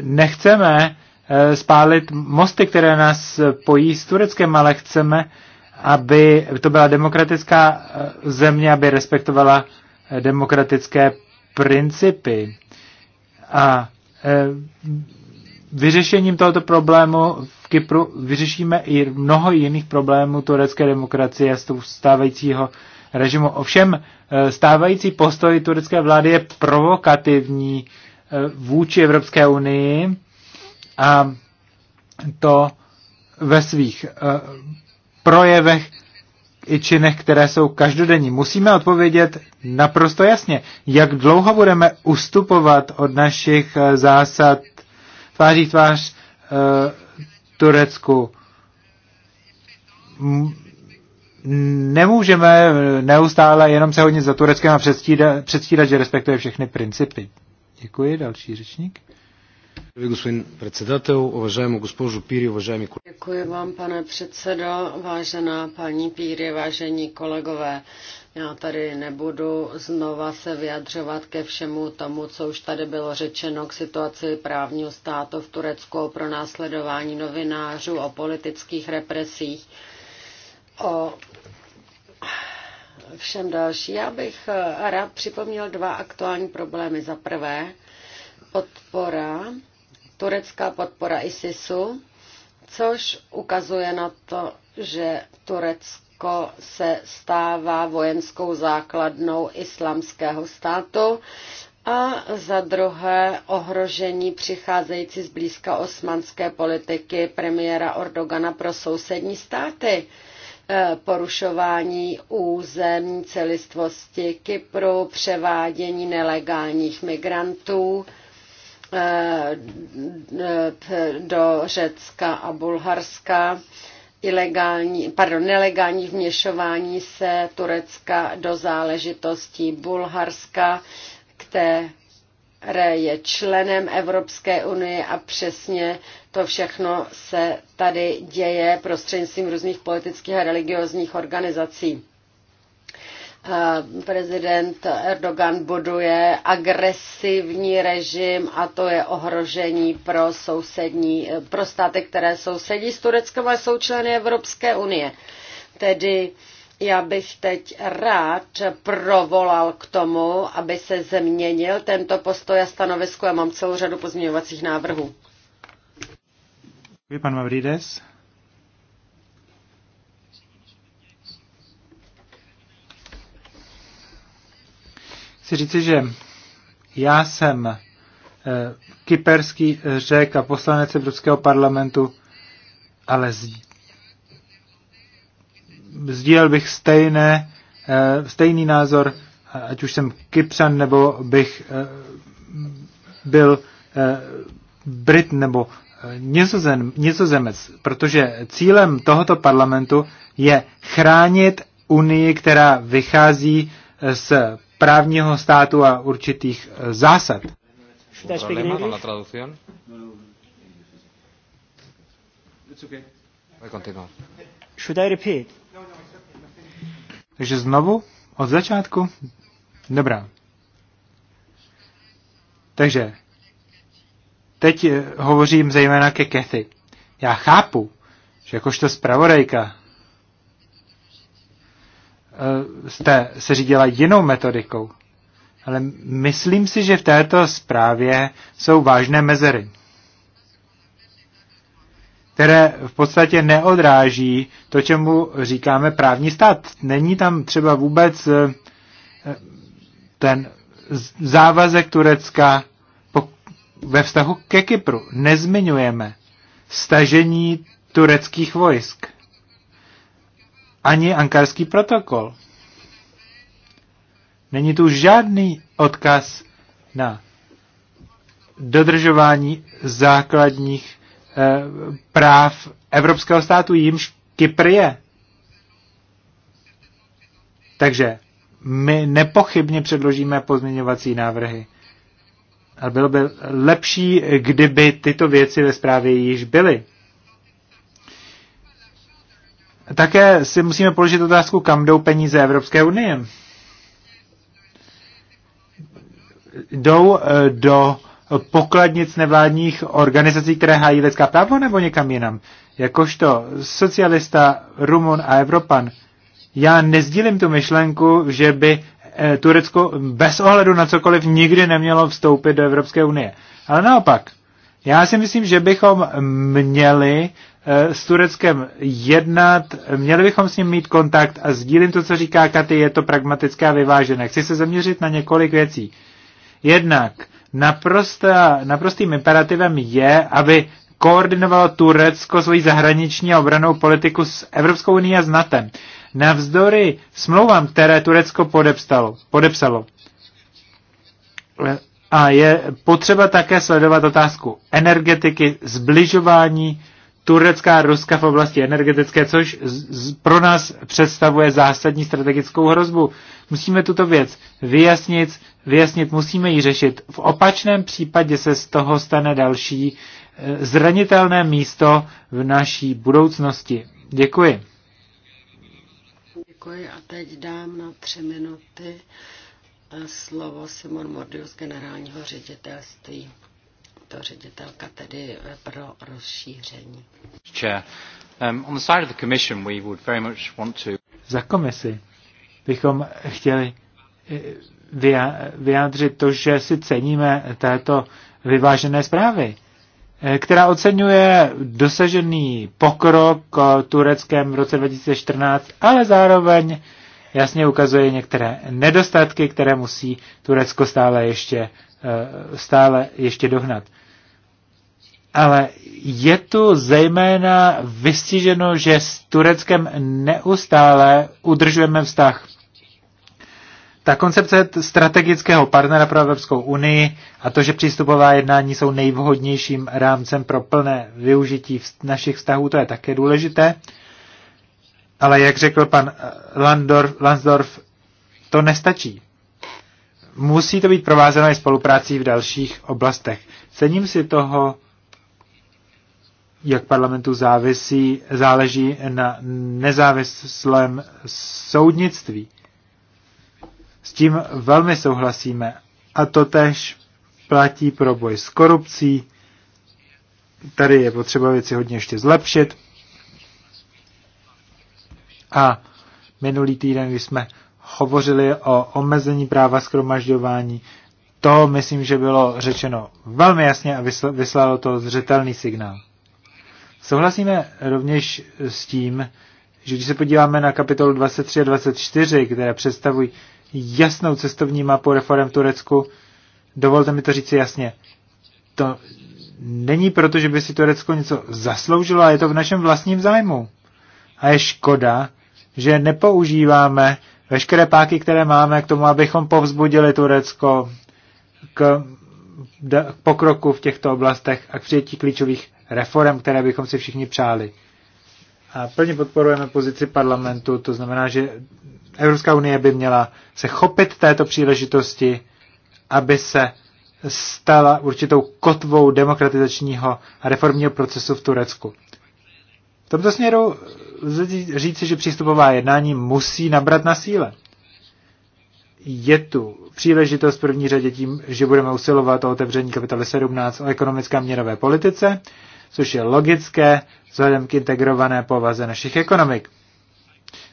nechceme eh, spálit mosty, které nás pojí s Tureckem, ale chceme, aby to byla demokratická země, aby respektovala demokratické principy. A vyřešením tohoto problému v Kypru vyřešíme i mnoho jiných problémů turecké demokracie z stávajícího režimu. Ovšem e, stávající postoj turecké vlády je provokativní e, vůči Evropské unii a to ve svých e, projevech i činech, které jsou každodenní. Musíme odpovědět naprosto jasně, jak dlouho budeme ustupovat od našich zásad tváří tvář Turecku. Nemůžeme neustále jenom se hodně za Tureckem a předstírat, předstírat že respektuje všechny principy. Děkuji, další řečník. Děkuji vám, pane předsedo, vážená paní Píry, vážení kolegové. Já tady nebudu znova se vyjadřovat ke všemu tomu, co už tady bylo řečeno k situaci právního státu v Turecku, o pronásledování novinářů, o politických represích, o všem další. Já bych rád připomněl dva aktuální problémy. Za prvé, podpora, turecká podpora ISISu, což ukazuje na to, že Turecko se stává vojenskou základnou islamského státu a za druhé ohrožení přicházející z blízka osmanské politiky premiéra Ordogana pro sousední státy e, porušování územní celistvosti Kypru, převádění nelegálních migrantů Eh, do Řecka a Bulharska, ilegální, pardon, nelegální vměšování se Turecka do záležitostí Bulharska, které je členem Evropské unie a přesně to všechno se tady děje prostřednictvím různých politických a religiozních organizací. Eh, prezident Erdogan buduje agresivní režim a to je ohrožení pro sousední, eh, pro státy, které sousedí s Tureckem a jsou členy Evropské unie. Tedy já bych teď rád provolal k tomu, aby se změnil tento postoj a stanovisko. Já mám celou řadu pozměňovacích návrhů. Děkuji, pan Mavrides. chci říci, že já jsem eh, kyperský eh, řek a poslanec Evropského parlamentu, ale sdílel bych stejné, eh, stejný názor, ať už jsem kypřan, nebo bych byl Brit nebo Nizozem, Nizozemec, protože cílem tohoto parlamentu je chránit Unii, která vychází z právního státu a určitých eh, zásad. Should I no, no, no. repeat? Takže znovu od začátku? Dobrá. Takže teď eh, hovořím zejména ke Kathy. Já chápu, že jakožto zpravodajka Eh, jste se řídila jinou metodikou. Ale myslím si, že v této zprávě jsou vážné mezery, které v podstatě neodráží to, čemu říkáme právní stát. Není tam třeba vůbec eh, ten závazek Turecka ve vztahu ke Kypru. Nezmiňujeme stažení tureckých vojsk ani ankarský protokol. Není tu žádný odkaz na dodržování základních eh, práv Evropského státu, jimž Kypr je. Takže my nepochybně předložíme pozměňovací návrhy. A bylo by lepší, kdyby tyto věci ve zprávě již byly. Také si musíme položit otázku, kam jdou peníze Evropské unie. Jdou eh, do pokladnic nevládních organizací, které hájí lidská práva, nebo někam jinam? Jakožto socialista, Rumun a Evropan, já nezdílím tu myšlenku, že by eh, Turecko bez ohledu na cokoliv nikdy nemělo vstoupit do Evropské unie. Ale naopak, já si myslím, že bychom měli Eh, s Tureckem jednat, měli bychom s ním mít kontakt a sdílím to, co říká Katy, je to pragmatické a vyvážené. Chci se zaměřit na několik věcí. Jednak naprosta, naprostým imperativem je, aby koordinovalo Turecko svoji zahraniční a obranou politiku s Evropskou unii a s NATO. Navzdory smlouvám, které Turecko podepsalo, podepsalo. Eh, a je potřeba také sledovat otázku energetiky, zbližování Turecka a Ruska v oblasti energetické, což z, z, pro nás představuje zásadní strategickou hrozbu. Musíme tuto věc vyjasnit, vyjasnit musíme ji řešit. V opačném případě se z toho stane další e, zranitelné místo v naší budoucnosti. Děkuji. Děkuji a teď dám na tři minuty eh, slovo Simon Mordius, generálního ředitelství to ředitelka tedy eh, pro rozšíření. Um, Za komisi bychom chtěli eh, vyjádřit to, že si ceníme této vyvážené zprávy, eh, která oceňuje dosažený pokrok tureckém v roce 2014, ale zároveň jasně ukazuje některé nedostatky, které musí Turecko stále ještě, eh, stále ještě dohnat. Ale je tu zejména vystiženo, že s Tureckem neustále udržujeme vztah. Ta koncepce strategického partnera pro Evropskou unii a to, že přístupová jednání jsou nejvhodnějším rámcem pro plné využití našich vztahů, to je také důležité. Ale jak řekl pan eh, Landorf, Lansdorf, to nestačí. Musí to být provázeno i spoluprácí v dalších oblastech. Cením si toho, jak parlamentu závisí, záleží na nezávislém soudnictví. S tím velmi souhlasíme. A to tež platí pro boj s korupcí. Tady je potřeba věci hodně ještě zlepšit. A minulý týden, když jsme hovořili o omezení práva skromažďování, to myslím, že bylo řečeno velmi jasně a vyslalo to zřetelný signál. Souhlasíme rovněž s tím, že když se podíváme na kapitolu 23 a 24, které představují jasnou cestovní mapu reform Turecku, dovolte mi to říci jasně. To není proto, že by si Turecko něco zasloužilo, ale je to v našem vlastním zájmu. A je škoda, že nepoužíváme veškeré páky, které máme k tomu, abychom povzbudili Turecko k pokroku v těchto oblastech a k přijetí klíčových reform, které bychom si všichni přáli. A plně podporujeme pozici parlamentu, to znamená, že Evropská unie by měla se chopit této příležitosti, aby se stala určitou kotvou demokratizačního a reformního procesu v Turecku. V tomto směru lze říci, že přístupová jednání musí nabrat na síle. Je tu příležitost v první řadě tím, že budeme usilovat o otevření kapitoly 17 o ekonomické měnové politice, což je logické vzhledem k integrované povaze našich ekonomik.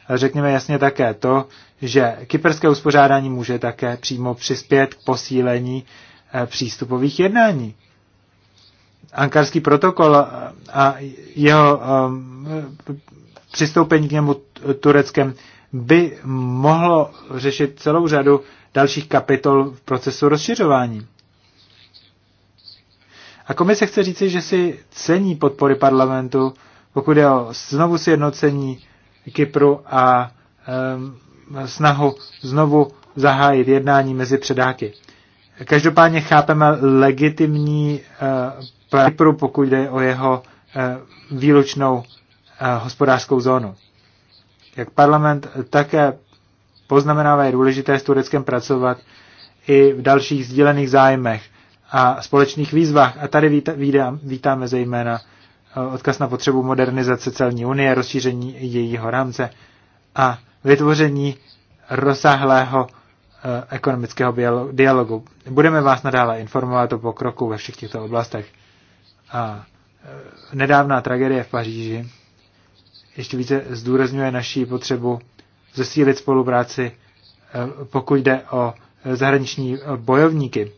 Ale řekněme jasně také to, že kyperské uspořádání může také přímo přispět k posílení eh, přístupových jednání. Ankarský protokol a jeho eh, přistoupení k němu Tureckem by mohlo řešit celou řadu dalších kapitol v procesu rozšiřování. A komise chce říci, že si cení podpory parlamentu, pokud je o znovu sjednocení Kypru a um, snahu znovu zahájit jednání mezi předáky. Každopádně chápeme legitimní uh, Kypru, pokud jde o jeho uh, výlučnou hospodářskou zónu. Jak parlament také poznamenává, je důležité s Tureckem pracovat i v dalších sdílených zájmech a společných výzvách. A tady vítáme zejména eh, odkaz na potřebu modernizace celní unie, rozšíření jejího rámce a vytvoření rozsáhlého eh, ekonomického dialogu. Budeme vás nadále informovat o pokroku ve všech těchto oblastech. A eh, nedávná tragédie v Paříži ještě více zdůrazňuje naší potřebu zesílit spolupráci, eh, pokud jde o eh, zahraniční eh, bojovníky.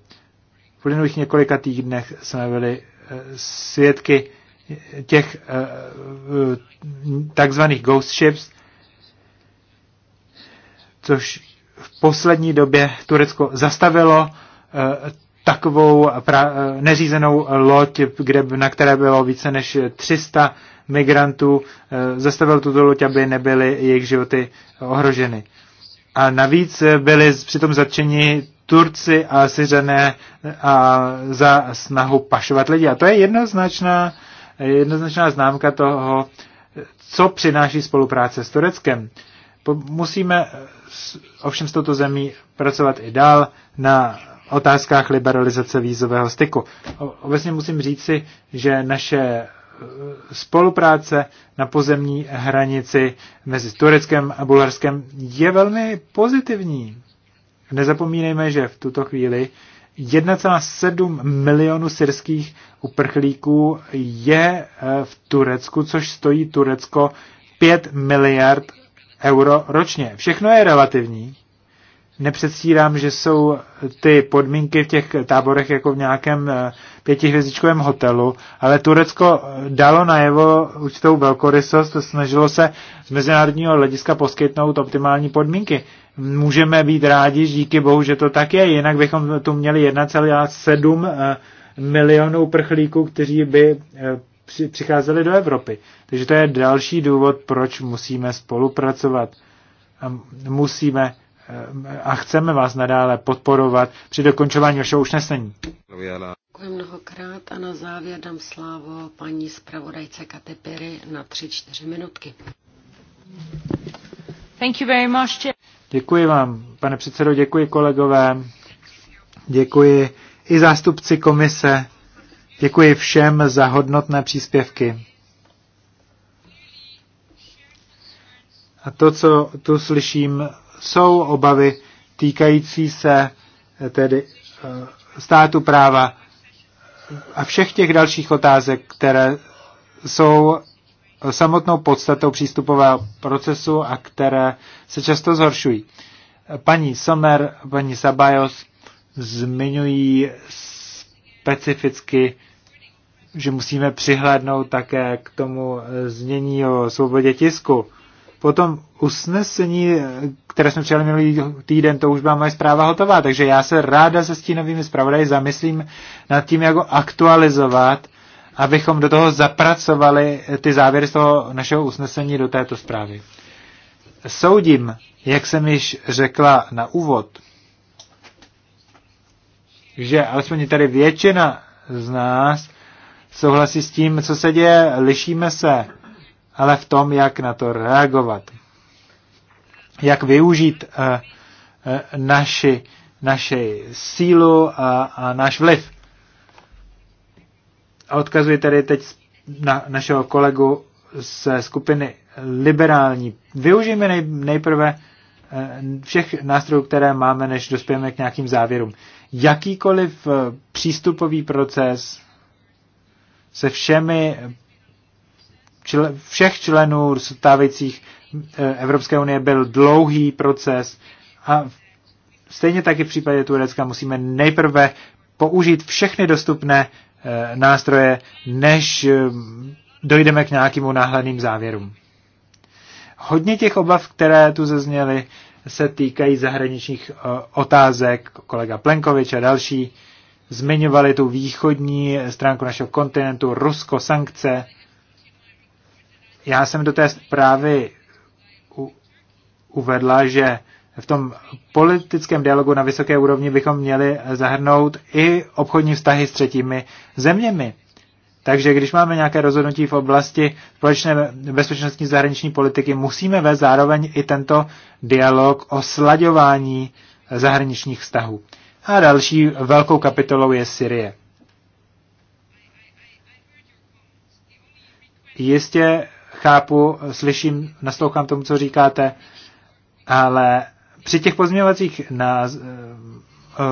V plynulých několika týdnech jsme byli svědky těch takzvaných ghost ships, což v poslední době Turecko zastavilo takovou pra, neřízenou loď, kde, na které bylo více než 300 migrantů, eh, zastavil tuto loď, aby nebyly jejich životy ohroženy. A navíc byli přitom zatčeni Turci a Syřané eh, a za snahu pašovat lidi. A to je jednoznačná, jednoznačná známka toho, co přináší spolupráce s Tureckem. Musíme ovšem s touto zemí pracovat i dál na otázkách liberalizace vízového styku. Obecně musím říci, že naše eh, spolupráce na pozemní hranici mezi Tureckem a Bulharskem je velmi pozitivní. Nezapomínejme, že v tuto chvíli 1,7 milionu syrských uprchlíků je eh, v Turecku, což stojí Turecko 5 miliard euro ročně. Všechno je relativní, nepředstírám, že jsou ty podmínky v těch táborech jako v nějakém eh, pětihvězdičkovém hotelu, ale Turecko dalo najevo určitou velkorysost, snažilo se z mezinárodního hlediska poskytnout optimální podmínky. Můžeme být rádi, díky bohu, že to tak je, jinak bychom tu měli 1,7 eh, milionů prchlíků, kteří by eh, přicházeli do Evropy. Takže to je další důvod, proč musíme spolupracovat. Musíme a chceme vás nadále podporovat při dokončování vašeho usnesení. Děkuji mnohokrát a na závěr dám slávo paní zpravodajce Katepiry na 3-4 minutky. Thank you very much. Děkuji vám, pane předsedo, děkuji kolegové, děkuji i zástupci komise, děkuji všem za hodnotné příspěvky. A to, co tu slyším, jsou obavy týkající se eh, tedy eh, státu práva eh, a všech těch dalších otázek, které jsou samotnou podstatou přístupového procesu a které se často zhoršují. Paní Sommer, paní Sabajos zmiňují specificky, že musíme přihlédnout také k tomu znění o svobodě tisku. Potom usnesení, které jsme přijali minulý týden, to už byla moje zpráva hotová, takže já se ráda se stínovými zpravodaji zamyslím nad tím, jak ho aktualizovat, abychom do toho zapracovali ty závěry z toho našeho usnesení do této zprávy. Soudím, jak jsem již řekla na úvod, že alespoň tady většina z nás souhlasí s tím, co se děje, lišíme se ale v tom, jak na to reagovat. Jak využít eh, eh, naši, naši sílu a, a náš vliv. A odkazuji tady teď na našeho kolegu ze skupiny liberální. Využijeme nejprve eh, všech nástrojů, které máme, než dospějeme k nějakým závěrům. Jakýkoliv přístupový proces se všemi čl- všech členů stávajících eh, Evropské unie byl dlouhý proces a stejně tak i v případě Turecka musíme nejprve použít všechny dostupné eh, nástroje, než eh, dojdeme k nějakému náhledným závěrům. Hodně těch obav, které tu zazněly, se týkají zahraničních otázek. Kolega Plenkovič a další zmiňovali tu východní stránku našeho kontinentu, Rusko, sankce já jsem do té zprávy uvedla, že v tom politickém dialogu na vysoké úrovni bychom měli zahrnout i obchodní vztahy s třetími zeměmi. Takže když máme nějaké rozhodnutí v oblasti společné bezpečnostní zahraniční politiky, musíme vést zároveň i tento dialog o slaďování zahraničních vztahů. A další velkou kapitolou je Syrie. Jistě chápu, slyším, naslouchám tomu, co říkáte, ale při těch pozměňovacích eh, eh,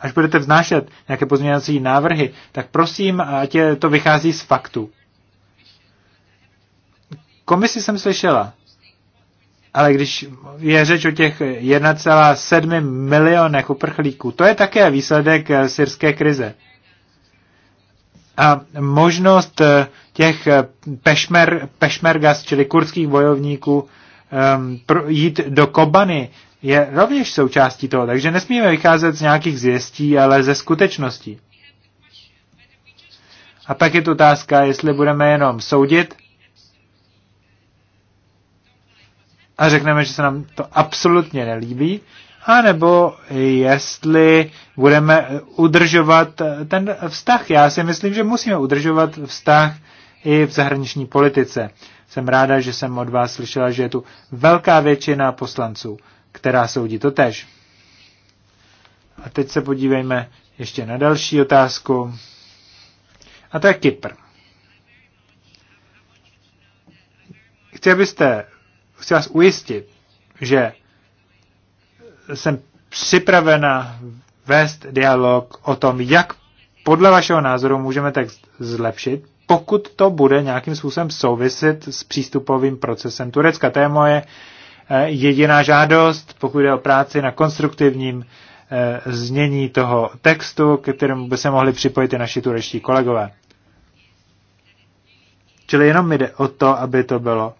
až budete vznášet nějaké pozměňovací návrhy, tak prosím, ať je, to vychází z faktu. Komisi jsem slyšela, ale když je řeč o těch 1,7 milionech uprchlíků, to je také výsledek eh, syrské krize. A možnost těch eh, pešmer, pešmergas, čili kurdských bojovníků, um, pro, jít do Kobany je rovněž součástí toho. Takže nesmíme vycházet z nějakých zvěstí, ale ze skutečností. A pak je to otázka, jestli budeme jenom soudit a řekneme, že se nám to absolutně nelíbí, anebo jestli budeme udržovat ten vztah. Já si myslím, že musíme udržovat vztah i v zahraniční politice. Jsem ráda, že jsem od vás slyšela, že je tu velká většina poslanců, která soudí to tež. A teď se podívejme ještě na další otázku. A to je Kypr. Chci, abyste, chci vás ujistit, že jsem připravena vést dialog o tom, jak podle vašeho názoru můžeme text zlepšit pokud to bude nějakým způsobem souviset s přístupovým procesem Turecka. To je moje eh, jediná žádost, pokud jde o práci na konstruktivním eh, znění toho textu, k kterému by se mohli připojit i naši turečtí kolegové. Čili jenom jde o to, aby to bylo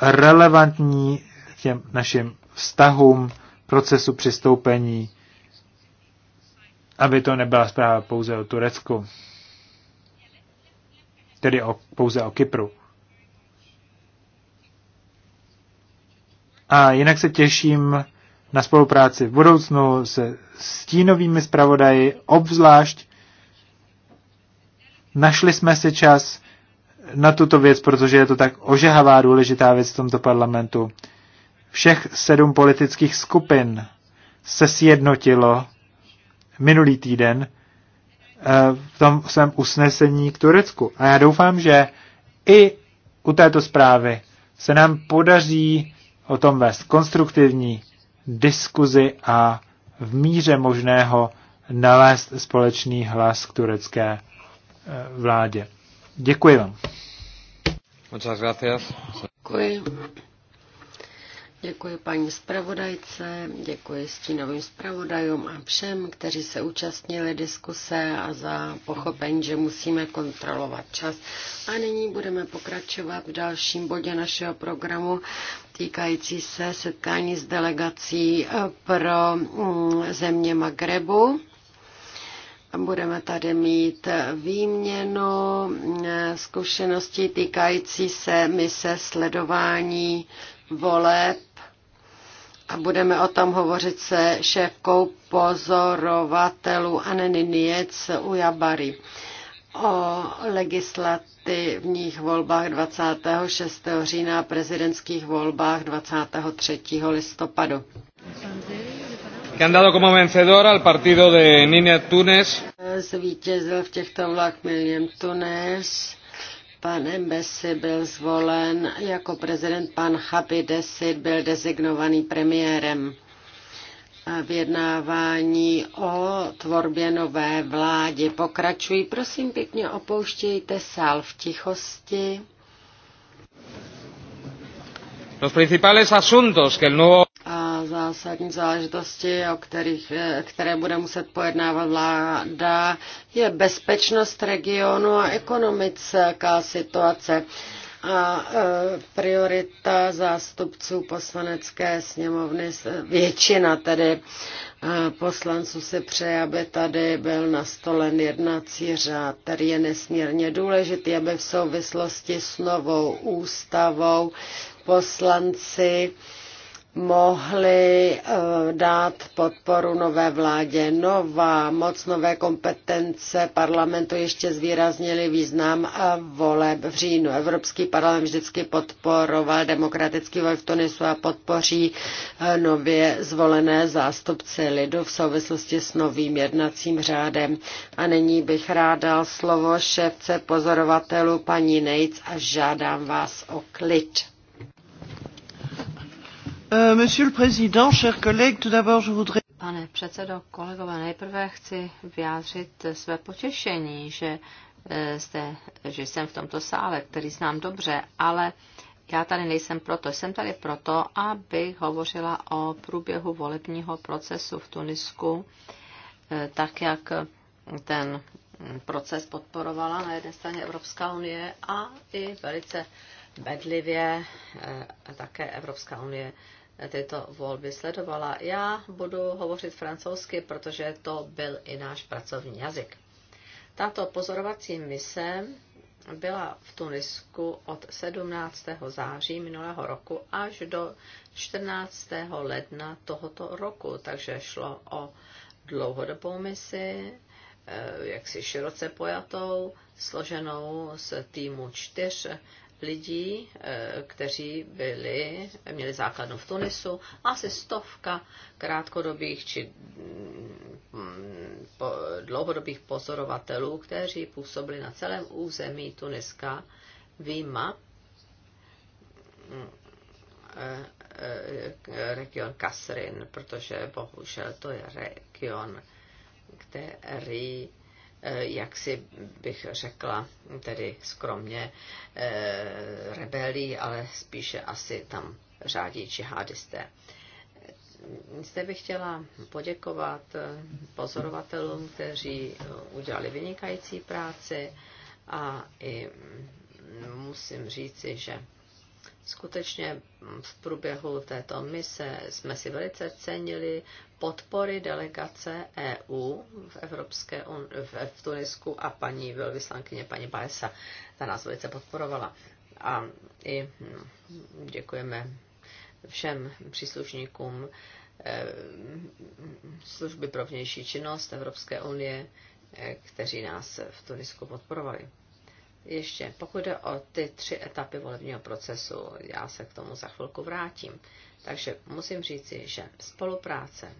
relevantní k těm našim vztahům, procesu přistoupení, aby to nebyla zpráva pouze o Turecku tedy o, pouze o Kypru. A jinak se těším na spolupráci v budoucnu se stínovými zpravodaji, obzvlášť našli jsme si čas na tuto věc, protože je to tak ožehavá důležitá věc v tomto parlamentu. Všech sedm politických skupin se sjednotilo minulý týden Eh, v tom svém usnesení k Turecku. A já doufám, že i u této zprávy se nám podaří o tom vést konstruktivní diskuzi a v míře možného nalézt společný hlas k turecké eh, vládě. Děkuji vám. Děkuji. Děkuji paní zpravodajce, děkuji stínovým zpravodajům a všem, kteří se účastnili diskuse a za pochopení, že musíme kontrolovat čas. A nyní budeme pokračovat v dalším bodě našeho programu týkající se setkání s delegací eh, pro mm, země Magrebu. Budeme tady mít výměnu eh, zkušeností týkající se mise sledování voleb a budeme o tom hovořit se šéfkou pozorovatelů Aneny Niec u Jabary o legislativních volbách 26. října a prezidentských volbách 23. listopadu. Que han dado como vencedor al partido de Nina Tunes. Eh, zvítězil v těchto volbách Milliam Tunes Pan Mbesi byl zvolen jako prezident, pan Chabi Desit byl designovaný premiérem vyjednávání o tvorbě nové vládě pokračují. Prosím pěkně, opouštějte sál v tichosti. Los principales asuntos que el nuevo zásadní záležitosti, o kterých, eh, které bude muset pojednávat vláda, je bezpečnost regionu a ekonomická situace a eh, priorita zástupců poslanecké sněmovny, eh, většina tedy poslanců si přeje, aby tady byl nastolen jednací řád, který je nesmírně důležitý, aby v souvislosti s novou ústavou poslanci mohli eh, dát podporu nové vládě. Nová moc nové kompetence parlamentu ještě zvýraznili význam a eh, voleb v říjnu. Evropský parlament vždycky podporoval demokratický voj v Tunisu a podpoří eh, nově zvolené zástupce lidu v souvislosti s novým jednacím řádem. A nyní bych rád dal slovo šéfce pozorovatelů paní Nejc a žádám vás o klid. Euh, Pane předsedo, kolegové, nejprve chci vyjádřit své potěšení, že, eh, jste, že jsem v tomto sále, který znám dobře, ale já tady nejsem proto. Jsem tady proto, abych hovořila o průběhu volebního procesu v Tunisku, eh, tak jak ten proces podporovala na jedné straně Evropská unie a i velice bedlivě eh, také Evropská unie tyto volby sledovala. Já budu hovořit francouzsky, protože to byl i náš pracovní jazyk. Tato pozorovací mise byla v Tunisku od 17. září minulého roku až do 14. ledna tohoto roku, takže šlo o dlouhodobou misi, eh, jaksi široce pojatou, složenou z týmu čtyř lidí, eh, kteří byli, měli základnu v Tunisu, asi stovka krátkodobých či mm, mm, dlouhodobých pozorovatelů, kteří působili na celém území Tuniska výjima mm, eh, eh, region Kasrin, protože bohužel to je region, který Eh, jak si bych řekla, tedy skromně eh, rebelí, ale spíše asi tam řádí čihadisté. Zde bych chtěla poděkovat eh, pozorovatelům, kteří udělali vynikající práci a i mm, musím říci, že Skutečně v průběhu této mise jsme si velice cenili podpory delegace EU v, Evropské, v, v Tunisku a paní velvyslankyně paní Baesa ta nás velice podporovala. A i hm, děkujeme všem příslušníkům eh, služby pro vnější činnost Evropské unie, eh, kteří nás v Tunisku podporovali ještě, pokud jde o ty tři etapy volebního procesu, já se k tomu za chvilku vrátím. Takže musím říci, že spolupráce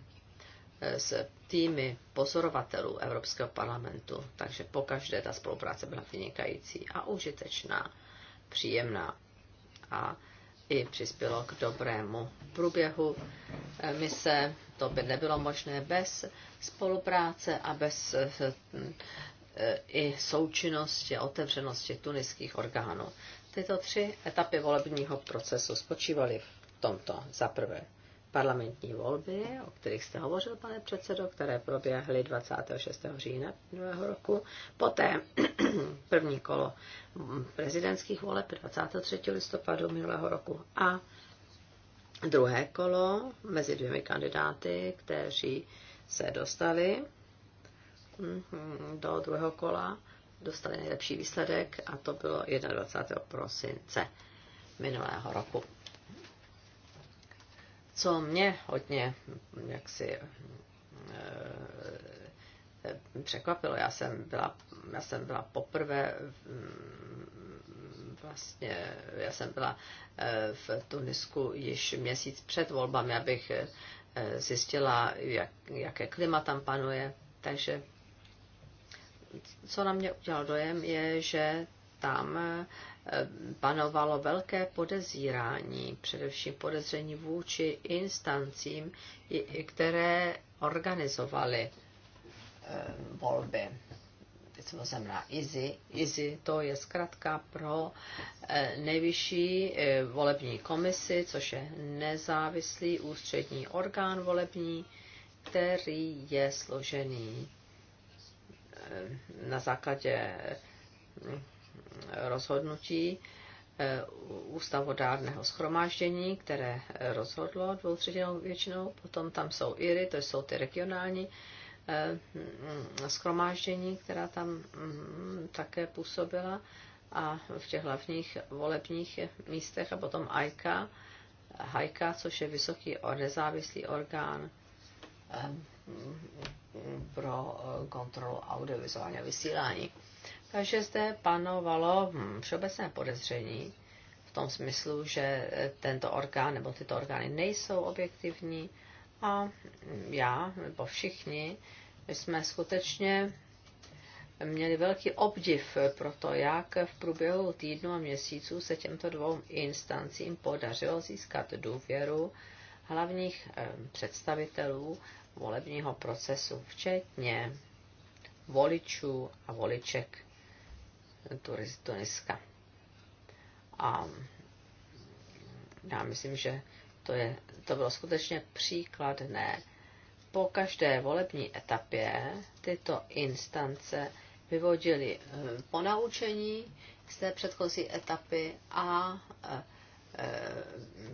eh, s týmy pozorovatelů Evropského parlamentu, takže pokaždé ta spolupráce byla vynikající a užitečná, příjemná a i přispělo k dobrému průběhu eh, mise. To by nebylo možné bez spolupráce a bez eh, i součinnosti a otevřenosti tuniských orgánů. Tyto tři etapy volebního procesu spočívaly v tomto. Za prvé parlamentní volby, o kterých jste hovořil, pane předsedo, které proběhly 26. října minulého roku. Poté první kolo prezidentských voleb 23. listopadu minulého roku a druhé kolo mezi dvěmi kandidáty, kteří se dostali Mhm, do druhého kola dostali nejlepší výsledek a to bylo 21. prosince minulého roku. Co mě hodně jaksi eh, překvapilo. Já jsem byla, já jsem byla poprvé vlastně, já jsem byla eh, v Tunisku již měsíc před volbami, abych eh, zjistila, jak, jaké klima tam panuje. Takže co na mě udělal dojem, je, že tam eh, panovalo velké podezírání, především podezření vůči instancím, které organizovaly eh, volby. To znamená IZI? IZI to je zkrátka pro eh, nejvyšší volební komisi, což je nezávislý ústřední orgán volební, který je složený na základě rozhodnutí eh, ústavodárného schromáždění, které rozhodlo dvoutřetinovou většinou. Potom tam jsou IRY, to jsou ty regionální eh, mm, schromáždění, která tam mm, také působila a v těch hlavních volebních místech a potom AIKA, HAJKA, což je vysoký nezávislý orgán eh, pro eh, kontrolu audiovizuálního vysílání. Takže zde panovalo hm, všeobecné podezření v tom smyslu, že eh, tento orgán nebo tyto orgány nejsou objektivní a hm, já nebo všichni jsme skutečně měli velký obdiv pro to, jak v průběhu týdnu a měsíců se těmto dvou instancím podařilo získat důvěru hlavních eh, představitelů volebního procesu, včetně voličů a voliček Tuniska. A já myslím, že to, je, to bylo skutečně příkladné. Po každé volební etapě tyto instance vyvodili eh, ponaučení z té předchozí etapy a eh, eh,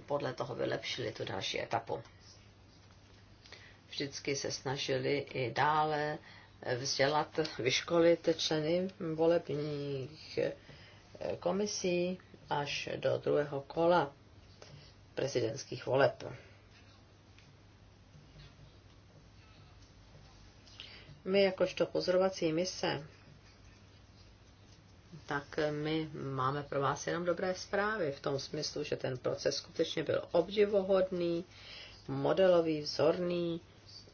podle toho vylepšili tu další etapu vždycky se snažili i dále vzdělat, vyškolit členy volebních eh, komisí až do druhého kola prezidentských voleb. My jakožto pozorovací mise, tak my máme pro vás jenom dobré zprávy v tom smyslu, že ten proces skutečně byl obdivohodný, modelový, vzorný,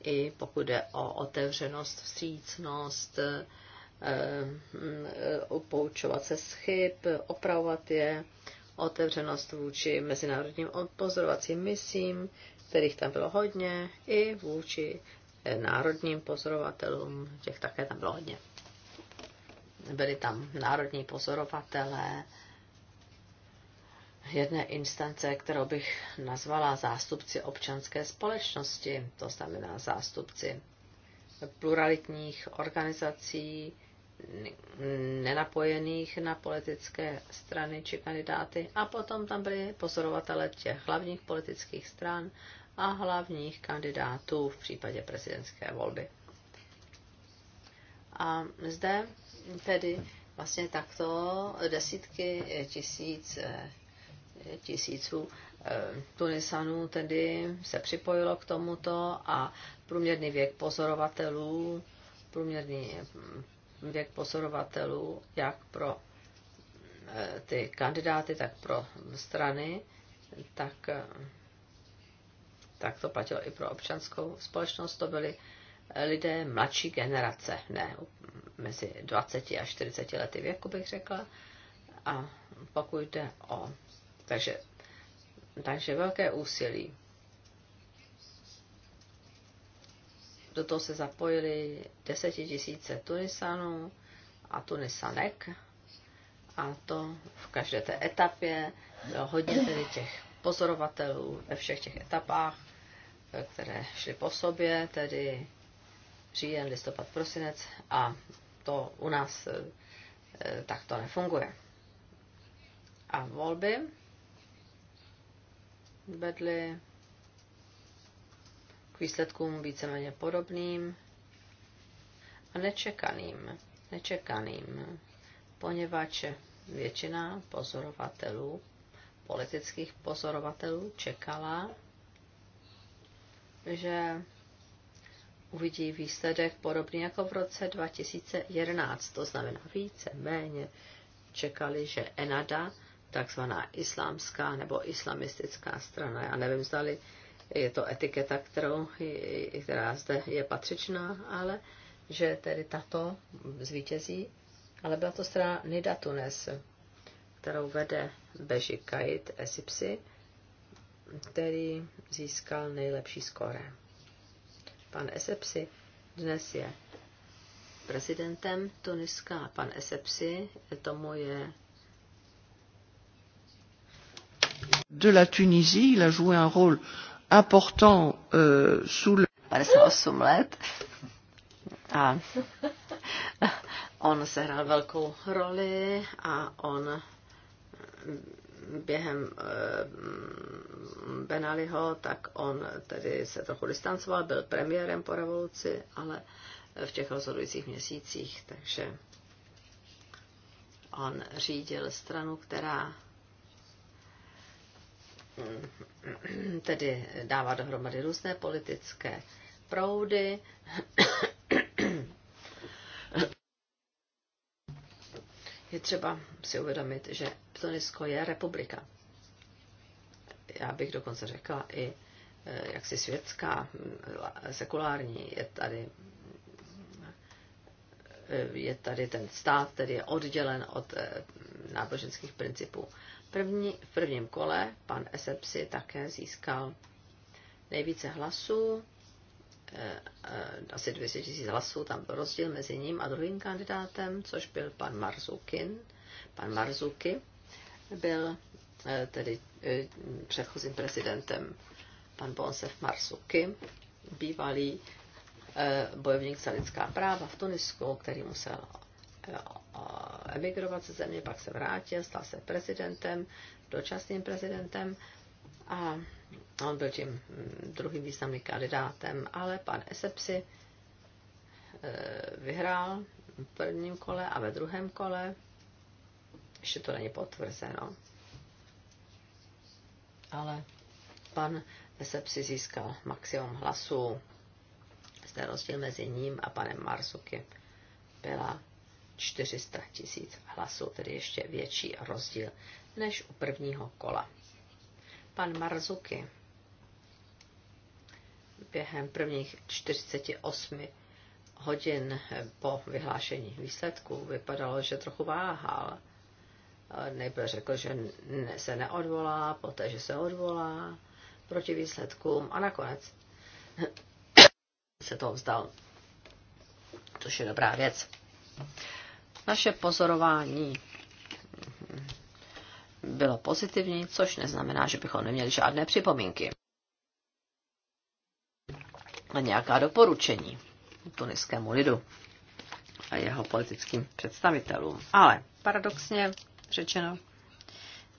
i pokud jde o otevřenost, vstřícnost, eh, eh, poučovat se z chyb, opravovat je, otevřenost vůči mezinárodním pozorovacím misím, kterých tam bylo hodně, i vůči eh, národním pozorovatelům, těch také tam bylo hodně. Byli tam národní pozorovatelé, jedné instance, kterou bych nazvala zástupci občanské společnosti, to znamená zástupci pluralitních organizací, nenapojených na politické strany či kandidáty. A potom tam byly pozorovatele těch hlavních politických stran a hlavních kandidátů v případě prezidentské volby. A zde tedy vlastně takto desítky tisíc eh, tisíců eh, Tunisanů tedy se připojilo k tomuto a průměrný věk pozorovatelů, průměrný mm, věk pozorovatelů, jak pro eh, ty kandidáty, tak pro strany, tak, tak to platilo i pro občanskou společnost. To byly eh, lidé mladší generace, ne mezi 20 a 40 lety věku, bych řekla. A pokud jde o takže, takže velké úsilí. Do toho se zapojili desetitisíce Tunisanů a Tunisanek. A to v každé té etapě bylo hodně tedy těch pozorovatelů ve všech těch etapách, které šly po sobě, tedy říjen, listopad, prosinec a to u nás eh, tak to nefunguje. A volby vedly k výsledkům víceméně podobným a nečekaným, nečekaným, poněvadž většina pozorovatelů, politických pozorovatelů čekala, že uvidí výsledek podobný jako v roce 2011, to znamená více, méně čekali, že Enada takzvaná islámská nebo islamistická strana. Já nevím, zdali je to etiketa, kterou, která zde je patřičná, ale že tedy tato zvítězí. Ale byla to strana Nida Tunes, kterou vede Beži Kajit Esipsi, který získal nejlepší skóre. Pan Esepsi dnes je prezidentem Tuniska a pan Esepsi, tomu je de la Tunisie. Il a joué un rôle important euh, sous le... A on sehrál velkou roli a on mm, během eh, Benaliho, tak on tedy se trochu distancoval, byl premiérem po revoluci, ale v těch rozhodujících měsících, takže on řídil stranu, která tedy dává dohromady různé politické proudy. Je třeba si uvědomit, že Tunisko je republika. Já bych dokonce řekla i eh, jaksi světská, eh, sekulární. Je tady, eh, je tady ten stát, který je oddělen od náboženských principů. První, v prvním kole pan Esepsi také získal nejvíce hlasů, eh, eh, asi 200 tisíc hlasů, tam byl rozdíl mezi ním a druhým kandidátem, což byl pan Marzukin. Pan Marzuki byl eh, tedy eh, předchozím prezidentem pan Bonsef Marzuki, bývalý eh, bojovník za lidská práva v Tunisku, který musel Eh, emigrovat ze země, pak se vrátil, stal se prezidentem, dočasným prezidentem a on byl tím mm, druhým významným kandidátem, ale pan Esepsi eh, vyhrál v prvním kole a ve druhém kole, ještě to není potvrzeno, ale pan Esepsi získal maximum hlasů, zde rozdíl mezi ním a panem Marsuky byla 400 tisíc hlasů, tedy ještě větší rozdíl než u prvního kola. Pan Marzuki během prvních 48 hodin po vyhlášení výsledků vypadalo, že trochu váhal. Nejprve řekl, že se neodvolá, poté, že se odvolá proti výsledkům a nakonec se toho vzdal, což je dobrá věc. Naše pozorování bylo pozitivní, což neznamená, že bychom neměli žádné připomínky a nějaká doporučení tuniskému lidu a jeho politickým představitelům. Ale paradoxně řečeno,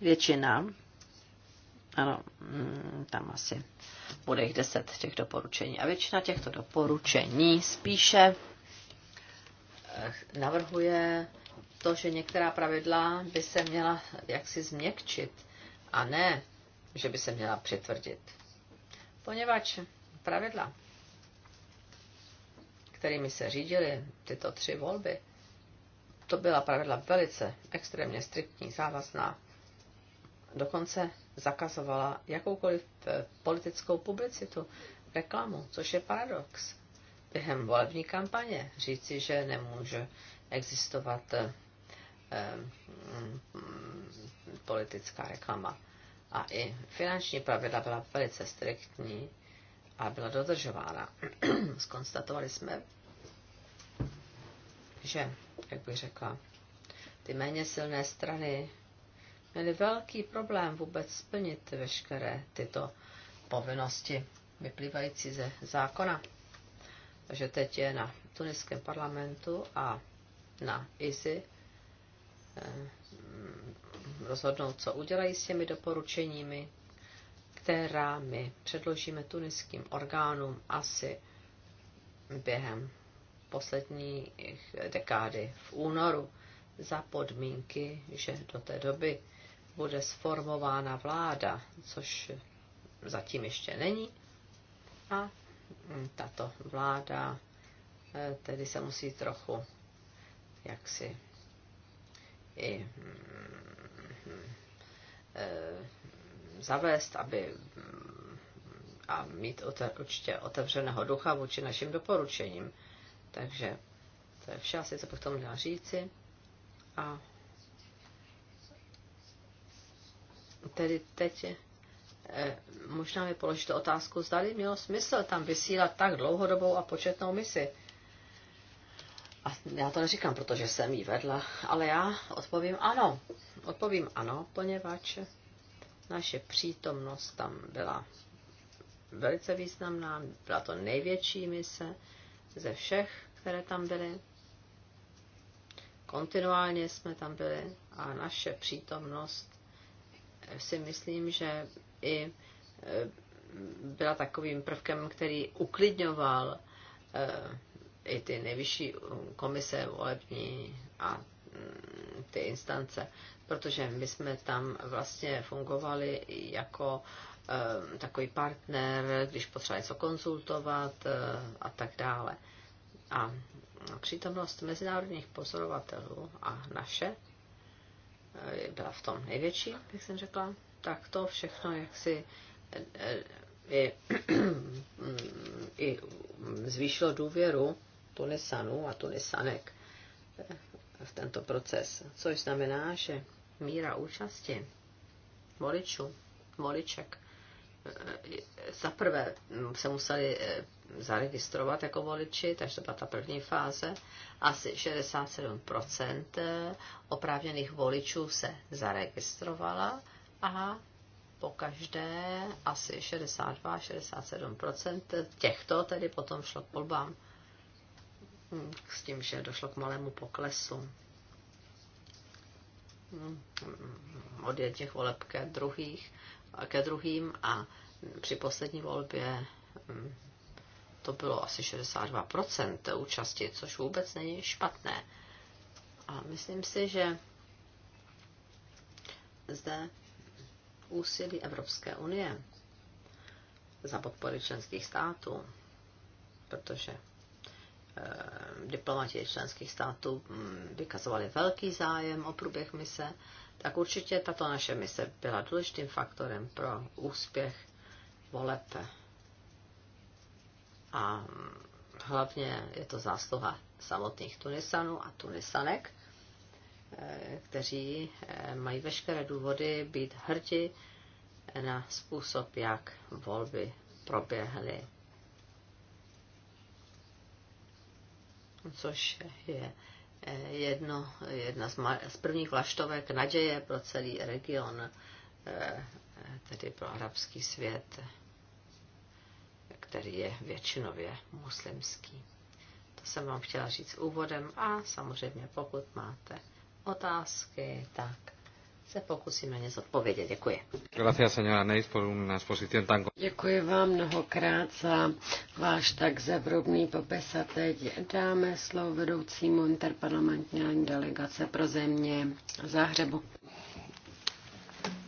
většina, ano, mm, tam asi bude jich deset těch doporučení, a většina těchto doporučení spíše Eh, navrhuje to, že některá pravidla by se měla jaksi změkčit a ne, že by se měla přitvrdit. Poněvadž pravidla, kterými se řídily tyto tři volby, to byla pravidla velice extrémně striktní, závazná. Dokonce zakazovala jakoukoliv eh, politickou publicitu, reklamu, což je paradox během volební kampaně říci, že nemůže existovat eh, eh, politická reklama. A i finanční pravidla byla velice striktní a byla dodržována. Skonstatovali jsme, že, jak bych řekla, ty méně silné strany měly velký problém vůbec splnit veškeré tyto povinnosti vyplývající ze zákona. Takže teď je na tuniském parlamentu a na ISI eh, rozhodnout, co udělají s těmi doporučeními, která my předložíme tuniským orgánům asi během poslední dekády v únoru za podmínky, že do té doby bude sformována vláda, což zatím ještě není. A tato vláda eh, tedy se musí trochu jaksi i mm, eh, zavést, aby mm, a mít určitě otevřeného ducha vůči našim doporučením. Takže to je vše asi, co bych tomu měla říci. A tedy teď Eh, možná mi položíte otázku, zda mělo smysl tam vysílat tak dlouhodobou a početnou misi. A já to neříkám, protože jsem jí vedla, ale já odpovím ano. Odpovím ano, poněvadž naše přítomnost tam byla velice významná, byla to největší mise ze všech, které tam byly. Kontinuálně jsme tam byli a naše přítomnost si myslím, že i e, byla takovým prvkem, který uklidňoval e, i ty nejvyšší komise volební a mm, ty instance, protože my jsme tam vlastně fungovali jako e, takový partner, když potřeba něco konzultovat a tak dále. A přítomnost mezinárodních pozorovatelů a naše Eh, byla v tom největší, jak jsem řekla, tak to všechno jaksi eh, eh, i, i mm, zvýšilo důvěru Tunisanů a Tunisanek v tento proces, což znamená, že míra účasti voličů, voliček za prvé se museli eh, zaregistrovat jako voliči, takže to byla ta první fáze. Asi 67% eh, oprávněných voličů se zaregistrovala a po každé asi 62-67% těchto tedy potom šlo k volbám hm, s tím, že došlo k malému poklesu hm, hm, od jedných voleb ke druhých ke druhým a při poslední volbě mm, to bylo asi 62% účasti, což vůbec není špatné. A myslím si, že zde úsilí Evropské unie za podpory členských států, protože eh, diplomati členských států mm, vykazovali velký zájem o průběh mise tak určitě tato naše mise byla důležitým faktorem pro úspěch voleb. A hlavně je to zásluha samotných Tunisanů a Tunisanek, eh, kteří eh, mají veškeré důvody být hrdi na způsob, jak volby proběhly. Což je jedno, jedna z, ma, z prvních vlaštovek naděje pro celý region, eh, tedy pro arabský svět, který je většinově muslimský. To jsem vám chtěla říct úvodem a samozřejmě pokud máte otázky, tak se pokusím na ně zodpovědět. Děkuji. Děkuji vám mnohokrát za váš tak zevrubný popis a teď dáme slovo vedoucímu interparlamentní delegace pro země Záhřebu.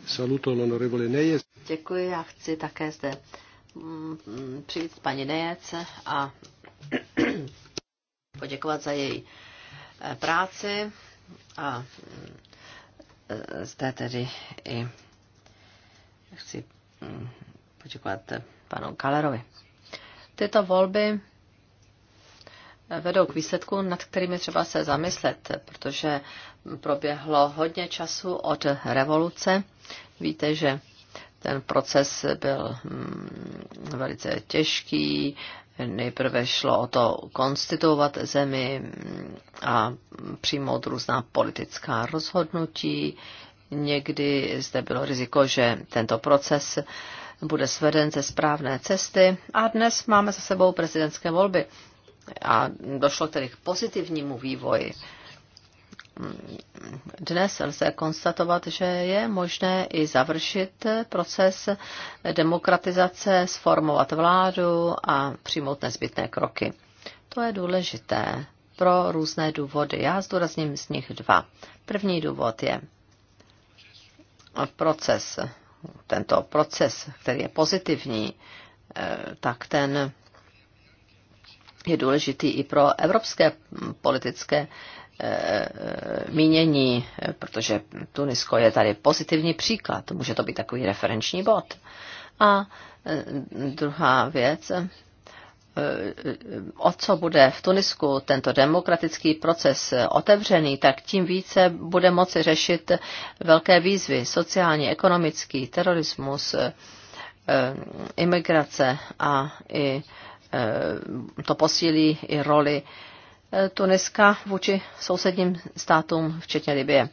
Saluto, honorevole Nejes. Děkuji, já chci také zde mm, přijít paní Nejec a poděkovat za její eh, práci a mm, Eh, zde tedy i chci hm, poděkovat panu Kalerovi. Tyto volby eh, vedou k výsledku, nad kterými třeba se zamyslet, protože proběhlo hodně času od revoluce. Víte, že ten proces byl hm, velice těžký, Nejprve šlo o to konstituovat zemi a přijmout různá politická rozhodnutí. Někdy zde bylo riziko, že tento proces bude sveden ze správné cesty a dnes máme za sebou prezidentské volby. A došlo tedy k pozitivnímu vývoji dnes lze konstatovat, že je možné i završit proces demokratizace, sformovat vládu a přijmout nezbytné kroky. To je důležité pro různé důvody. Já zdůrazním z nich dva. První důvod je proces, tento proces, který je pozitivní, eh, tak ten je důležitý i pro evropské politické Eh, eh, mínění, protože Tunisko je tady pozitivní příklad, může to být takový referenční bod. A eh, druhá věc, o co bude v Tunisku tento demokratický proces otevřený, tak tím více bude moci řešit velké výzvy, sociální, ekonomický, terorismus, imigrace a i to posílí i roli Tuniska vůči sousedním státům, včetně Libie.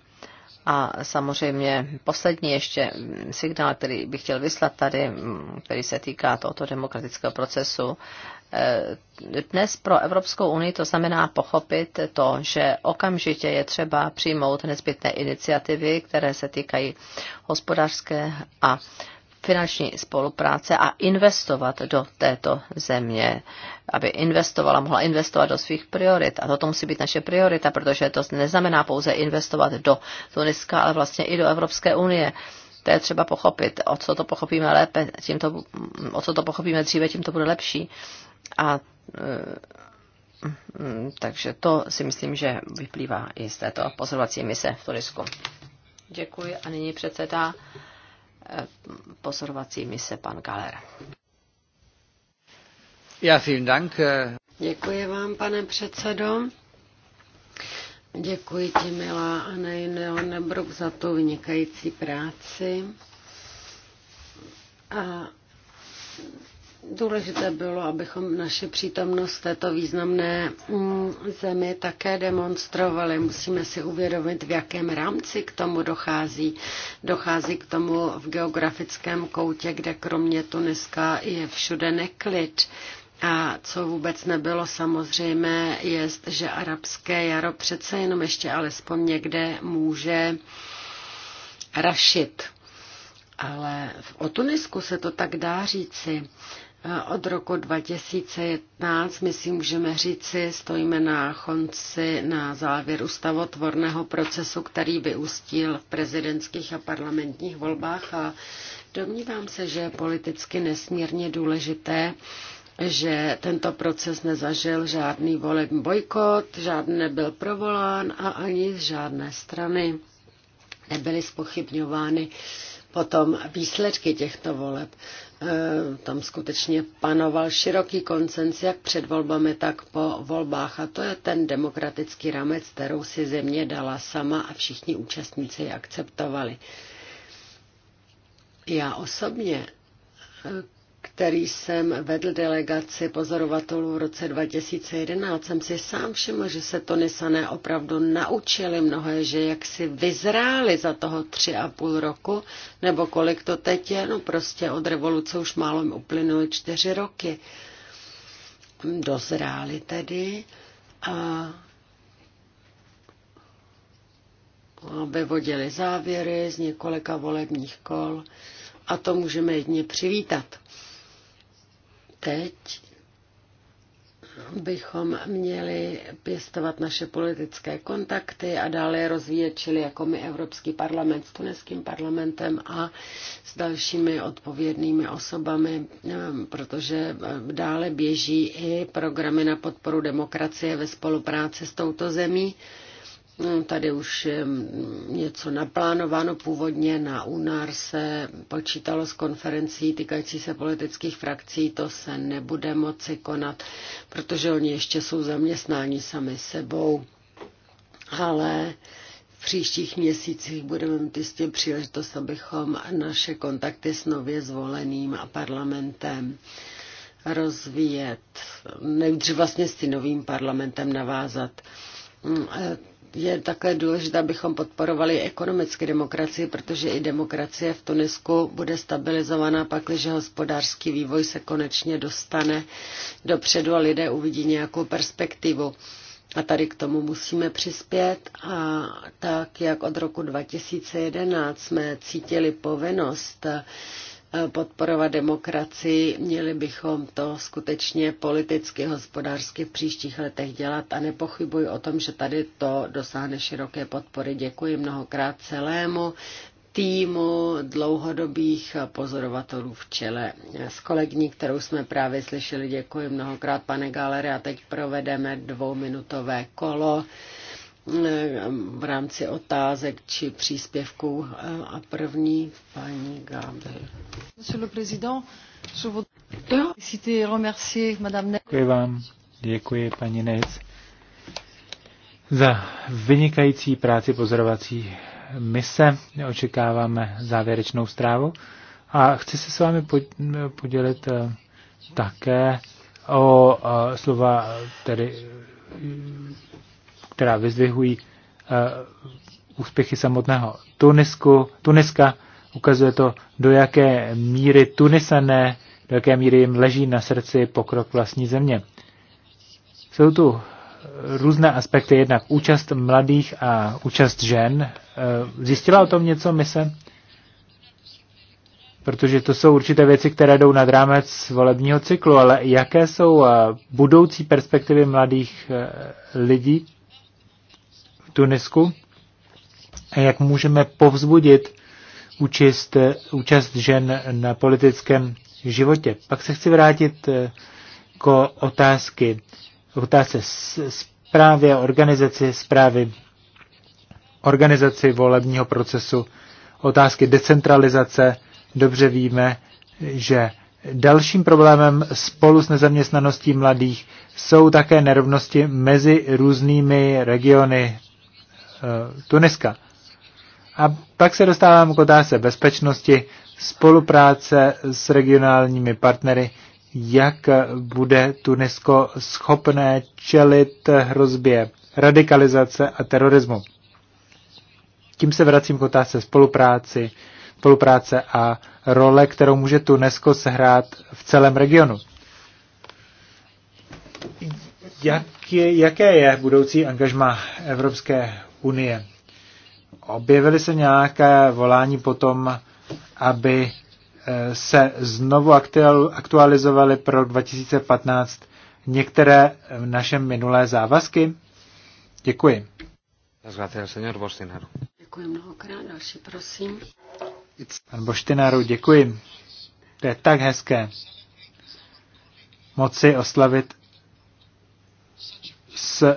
A samozřejmě poslední ještě signál, který bych chtěl vyslat tady, který se týká tohoto demokratického procesu. Eh, dnes pro Evropskou unii to znamená pochopit to, že okamžitě je třeba přijmout nezbytné iniciativy, které se týkají hospodářské a finanční spolupráce a investovat do této země, aby investovala, mohla investovat do svých priorit. A toto musí být naše priorita, protože to neznamená pouze investovat do Tuniska, ale vlastně i do Evropské unie. To je třeba pochopit. O co to pochopíme lépe, tím to, o co to pochopíme dříve, tím to bude lepší. A eh, takže to si myslím, že vyplývá i z této pozorovací mise v Tunisku. Děkuji a nyní předsedá pozorovací mise pan Galer. Já vím, Dank. Eh. Děkuji vám, pane předsedo. Děkuji ti, milá Anej Neonebrok, za tu vynikající práci. A Důležité bylo, abychom naše přítomnost této významné mm, zemi také demonstrovali. Musíme si uvědomit, v jakém rámci k tomu dochází. Dochází k tomu v geografickém koutě, kde kromě Tuniska je všude neklid. A co vůbec nebylo samozřejmé, je, že arabské jaro přece jenom ještě alespoň někde může rašit. Ale o Tunisku se to tak dá říci. Od roku 2015, myslím, můžeme říci, stojíme na konci, na závěru stavotvorného procesu, který vyústil v prezidentských a parlamentních volbách a domnívám se, že je politicky nesmírně důležité, že tento proces nezažil žádný volební bojkot, žádný nebyl provolán a ani z žádné strany nebyly spochybňovány potom výsledky těchto voleb. Eh, tam skutečně panoval široký koncens jak před volbami, tak po volbách. A to je ten demokratický rámec, kterou si země dala sama a všichni účastníci ji akceptovali. Já osobně eh, který jsem vedl delegaci pozorovatelů v roce 2011, jsem si sám všiml, že se Tunisané opravdu naučili mnohé, že jak si vyzráli za toho tři a půl roku, nebo kolik to teď je, no prostě od revoluce už málo mi uplynuly čtyři roky. Dozráli tedy a vyvodili závěry z několika volebních kol a to můžeme jedně přivítat. Teď bychom měli pěstovat naše politické kontakty a dále rozvíjet, čili jako my Evropský parlament s tuneským parlamentem a s dalšími odpovědnými osobami, ehm, protože ehm, dále běží i programy na podporu demokracie ve spolupráci s touto zemí. No, tady už je něco naplánováno původně na únor se počítalo s konferencí týkající se politických frakcí, to se nebude moci konat, protože oni ještě jsou zaměstnáni sami sebou, ale v příštích měsících budeme mít jistě příležitost, abychom naše kontakty s nově zvoleným a parlamentem rozvíjet, nejdřív vlastně s tím novým parlamentem navázat je také důležité, abychom podporovali ekonomicky demokracii, protože i demokracie v Tunisku bude stabilizovaná, když hospodářský vývoj se konečně dostane dopředu a lidé uvidí nějakou perspektivu. A tady k tomu musíme přispět a tak, jak od roku 2011 jsme cítili povinnost podporovat demokracii, měli bychom to skutečně politicky, hospodářsky v příštích letech dělat a nepochybuji o tom, že tady to dosáhne široké podpory. Děkuji mnohokrát celému týmu dlouhodobých pozorovatelů v čele. S kolegní, kterou jsme právě slyšeli, děkuji mnohokrát, pane Galere, a teď provedeme dvouminutové kolo v rámci otázek či příspěvků. A první paní Gábel. Děkuji vám, děkuji paní Nec za vynikající práci pozorovací mise. Očekáváme závěrečnou zprávu. A chci se s vámi podělit eh, také o eh, slova tedy která vyzvihují eh, úspěchy samotného Tunisku, Tuniska. Ukazuje to, do jaké míry Tunisané, do jaké míry jim leží na srdci pokrok vlastní země. Jsou tu různé aspekty, jednak účast mladých a účast žen. Eh, zjistila o tom něco mise? Protože to jsou určité věci, které jdou nad rámec volebního cyklu, ale jaké jsou eh, budoucí perspektivy mladých lidí, Tunisku a jak můžeme povzbudit účast, účast žen na politickém životě. Pak se chci vrátit eh, k otázky, otázce zprávy a organizaci zprávy, organizaci volebního procesu, otázky decentralizace. Dobře víme, že dalším problémem spolu s nezaměstnaností mladých jsou také nerovnosti mezi různými regiony Eh, Tuniska. A pak se dostávám k otázce bezpečnosti, spolupráce s regionálními partnery, jak bude Tunisko schopné čelit hrozbě radikalizace a terorismu. Tím se vracím k otázce spolupráci, spolupráce a role, kterou může Tunisko sehrát v celém regionu. Jak je, jaké je budoucí angažma Evropské unie. Objevily se nějaké volání potom, aby eh, se znovu aktualizovaly pro rok 2015 některé eh, naše minulé závazky? Děkuji. Děkuji mnohokrát. Další, prosím. Pan Boštináru, děkuji. To je tak hezké. Moci oslavit s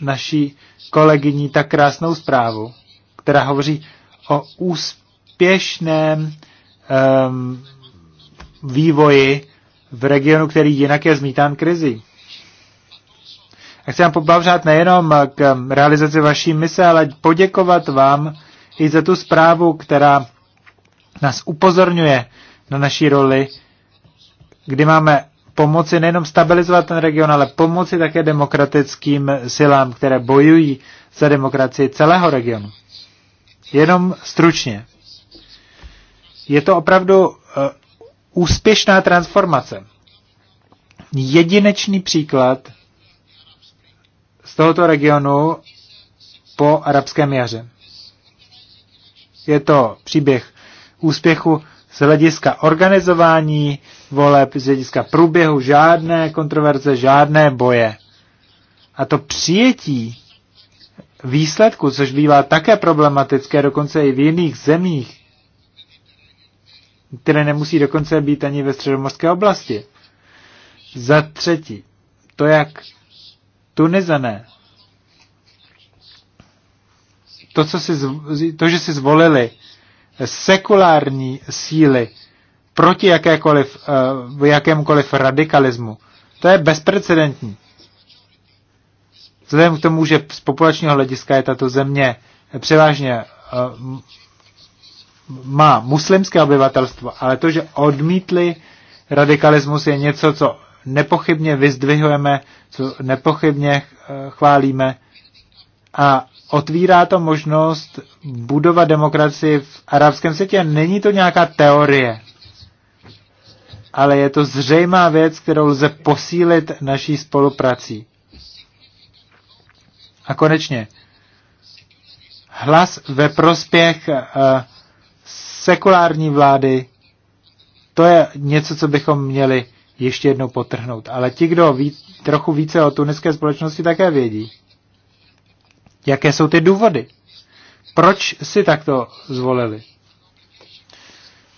naší kolegyní tak krásnou zprávu, která hovoří o úspěšném um, vývoji v regionu, který jinak je zmítán krizi. A chci vám pobavřát nejenom k realizaci vaší mise, ale poděkovat vám i za tu zprávu, která nás upozorňuje na naší roli, kdy máme pomoci nejenom stabilizovat ten region, ale pomoci také demokratickým silám, které bojují za demokracii celého regionu. Jenom stručně. Je to opravdu uh, úspěšná transformace. Jedinečný příklad z tohoto regionu po arabském jaře. Je to příběh úspěchu z hlediska organizování voleb, z hlediska průběhu žádné kontroverze, žádné boje. A to přijetí výsledku, což bývá také problematické, dokonce i v jiných zemích, které nemusí dokonce být ani ve středomorské oblasti. Za třetí, to jak Tunizané, to, co si, to, že si zvolili sekulární síly proti jakékoliv, eh, jakémukoliv radikalismu. To je bezprecedentní. Vzhledem k tomu, že z populačního hlediska je tato země převážně eh, má muslimské obyvatelstvo, ale to, že odmítli radikalismus, je něco, co nepochybně vyzdvihujeme, co nepochybně eh, chválíme a otvírá to možnost budovat demokracii v arabském světě. Není to nějaká teorie, ale je to zřejmá věc, kterou lze posílit naší spoluprací. A konečně, hlas ve prospěch eh, sekulární vlády, to je něco, co bychom měli ještě jednou potrhnout. Ale ti, kdo ví trochu více o tuniské společnosti, také vědí, Jaké jsou ty důvody? Proč si takto zvolili?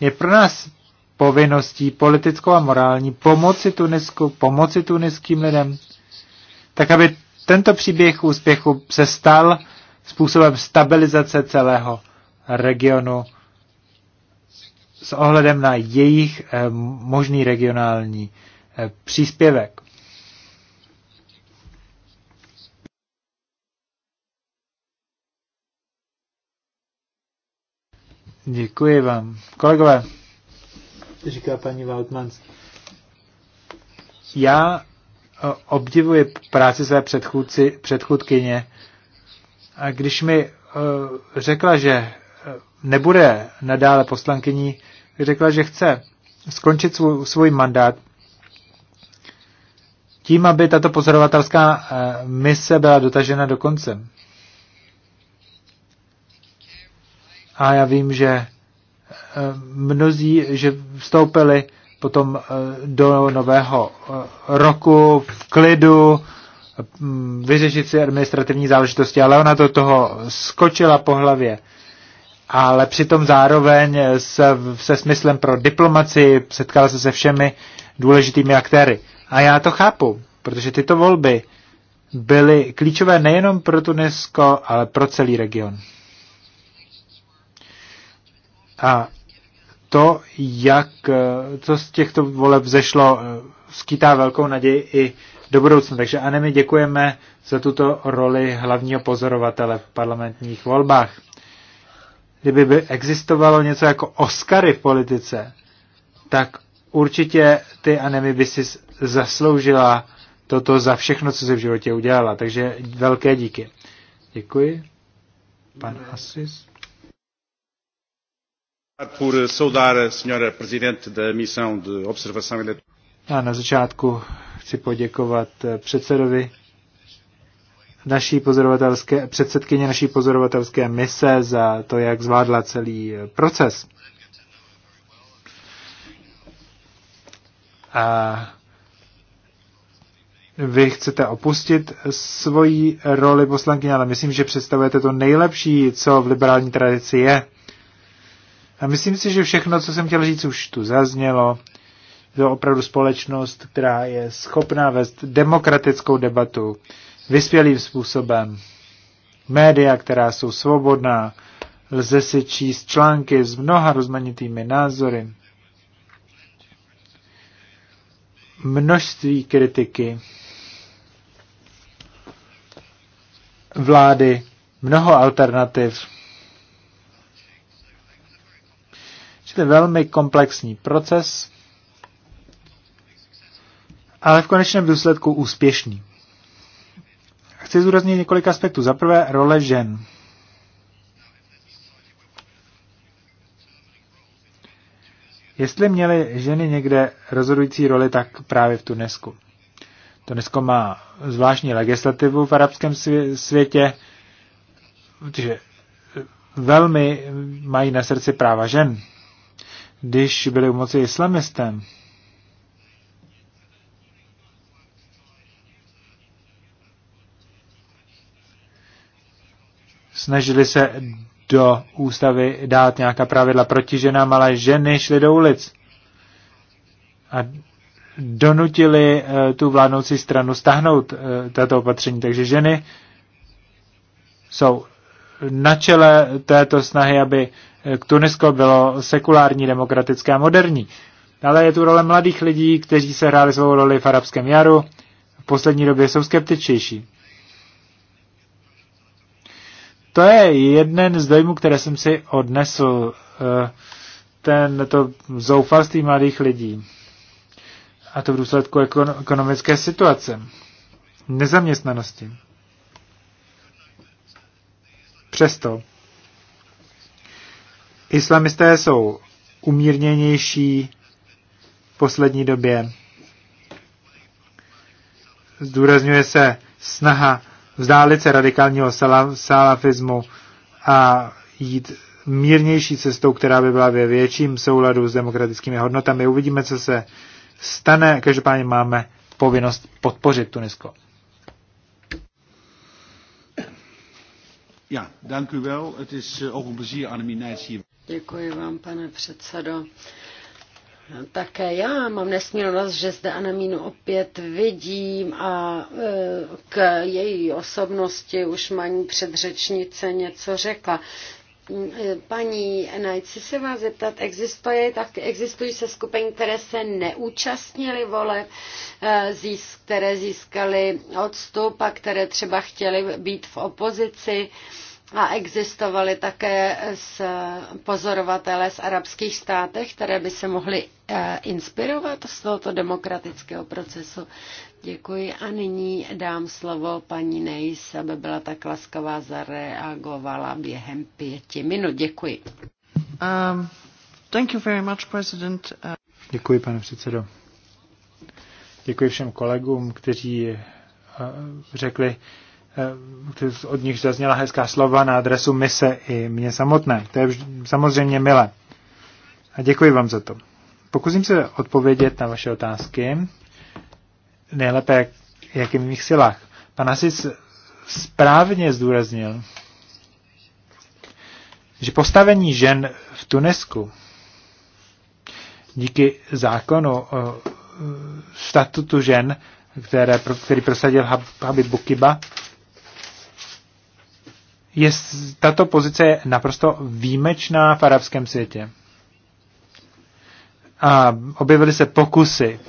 Je pro nás povinností politickou a morální pomoci Tunisku, pomoci tuniským lidem, tak aby tento příběh úspěchu se stal způsobem stabilizace celého regionu s ohledem na jejich eh, možný regionální eh, příspěvek. Děkuji vám. Kolegové, říká paní Waltmans, já eh, obdivuji práci své předchůdci, předchůdkyně a když mi eh, řekla, že eh, nebude nadále poslankyní, řekla, že chce skončit svůj, svůj mandát tím, aby tato pozorovatelská mise byla dotažena do konce. A já vím, že eh, mnozí, že vstoupili potom eh, do nového eh, roku v klidu, hm, vyřešit si administrativní záležitosti, ale ona do toho skočila po hlavě. Ale přitom zároveň se, se smyslem pro diplomaci setkala se se všemi důležitými aktéry. A já to chápu, protože tyto volby byly klíčové nejenom pro Tunisko, ale pro celý region. A to, jak co z těchto voleb zešlo, skýtá velkou naději i do budoucna. Takže Anne, my děkujeme za tuto roli hlavního pozorovatele v parlamentních volbách. Kdyby by existovalo něco jako Oscary v politice, tak určitě ty Anemi by si zasloužila toto za všechno, co si v životě udělala. Takže velké díky. Děkuji. Pan Asis. Por saudar a senhora presidente da missão de observação Já na začátku chci poděkovat eh, předsedovi naší pozorovatelské, předsedkyně naší pozorovatelské mise za to, jak zvládla celý eh, proces. A vy chcete opustit svoji roli poslankyně, ale myslím, že představujete to nejlepší, co v liberální tradici je. A myslím si, že všechno, co jsem chtěl říct, už tu zaznělo. Je opravdu společnost, která je schopná vést demokratickou debatu vyspělým způsobem. Média, která jsou svobodná, lze si číst články s mnoha rozmanitými názory. Množství kritiky vlády, mnoho alternativ Je to velmi komplexní proces, ale v konečném důsledku úspěšný. Chci zúraznit několik aspektů. Za prvé role žen. Jestli měly ženy někde rozhodující roli, tak právě v Tunesku. Tunesko má zvláštní legislativu v arabském světě, protože velmi mají na srdci práva žen když byli u moci islamistem. Snažili se do ústavy dát nějaká pravidla proti ženám, ale ženy šly do ulic a donutili eh, tu vládnoucí stranu stáhnout eh, tato opatření. Takže ženy jsou na čele této snahy, aby eh, Tunisko bylo sekulární, demokratické a moderní. Ale je tu role mladých lidí, kteří se hráli svou roli v arabském jaru, v poslední době jsou skeptičtější. To je jeden z dojmů, které jsem si odnesl, eh, ten, to zoufalství mladých lidí. A to v důsledku ekonomické situace, nezaměstnanosti. Přesto islamisté jsou umírněnější v poslední době. Zdůrazňuje se snaha vzdálit se radikálního salafismu a jít mírnější cestou, která by byla ve větším souladu s demokratickými hodnotami. Uvidíme, co se stane. Každopádně máme povinnost podpořit Tunisko. Ja, dank u wel. Het is eh, ook een plezier, Annemie Nijs hier. Děkuji vám, pane předsedo. No, také já mám nesmírnost, že zde Anamínu opět vidím a eh, k její osobnosti už maní předřečnice něco řekla. Paní chci se vás zeptat, existuje, tak existují se skupiny, které se neúčastnily vole, eh, které získaly odstup a které třeba chtěly být v opozici a existovaly také z pozorovatele z arabských státech, které by se mohly eh, inspirovat z tohoto demokratického procesu. Děkuji a nyní dám slovo paní Nejs, aby byla tak laskavá zareagovala během pěti minut. Děkuji. Um, thank you very much, President. Děkuji, pane předsedo. Děkuji všem kolegům, kteří eh, řekli, eh, od nich zazněla hezká slova na adresu mise i mě samotné. To je samozřejmě milé. A děkuji vám za to. Pokusím se odpovědět na vaše otázky nejlépe, jak je v mých silách. Pan Asis správně zdůraznil, že postavení žen v Tunisku díky zákonu o eh, statutu žen, které, který prosadil Habib Bukiba, je, tato pozice je naprosto výjimečná v arabském světě. A objevily se pokusy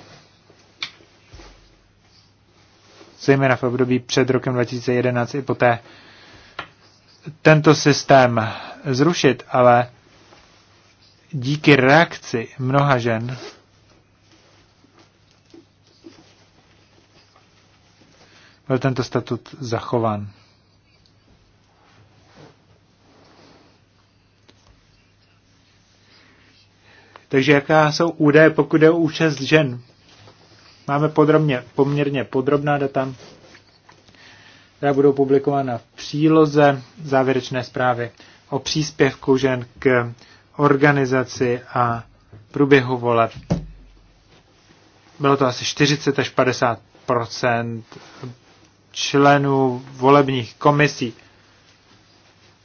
zejména v období před rokem 2011 i poté, tento systém zrušit, ale díky reakci mnoha žen byl tento statut zachován. Takže jaká jsou údaje, pokud je účast žen Máme podrobně, poměrně podrobná data, která budou publikována v příloze závěrečné zprávy o příspěvku žen k organizaci a průběhu voleb. Bylo to asi 40 až 50 členů volebních komisí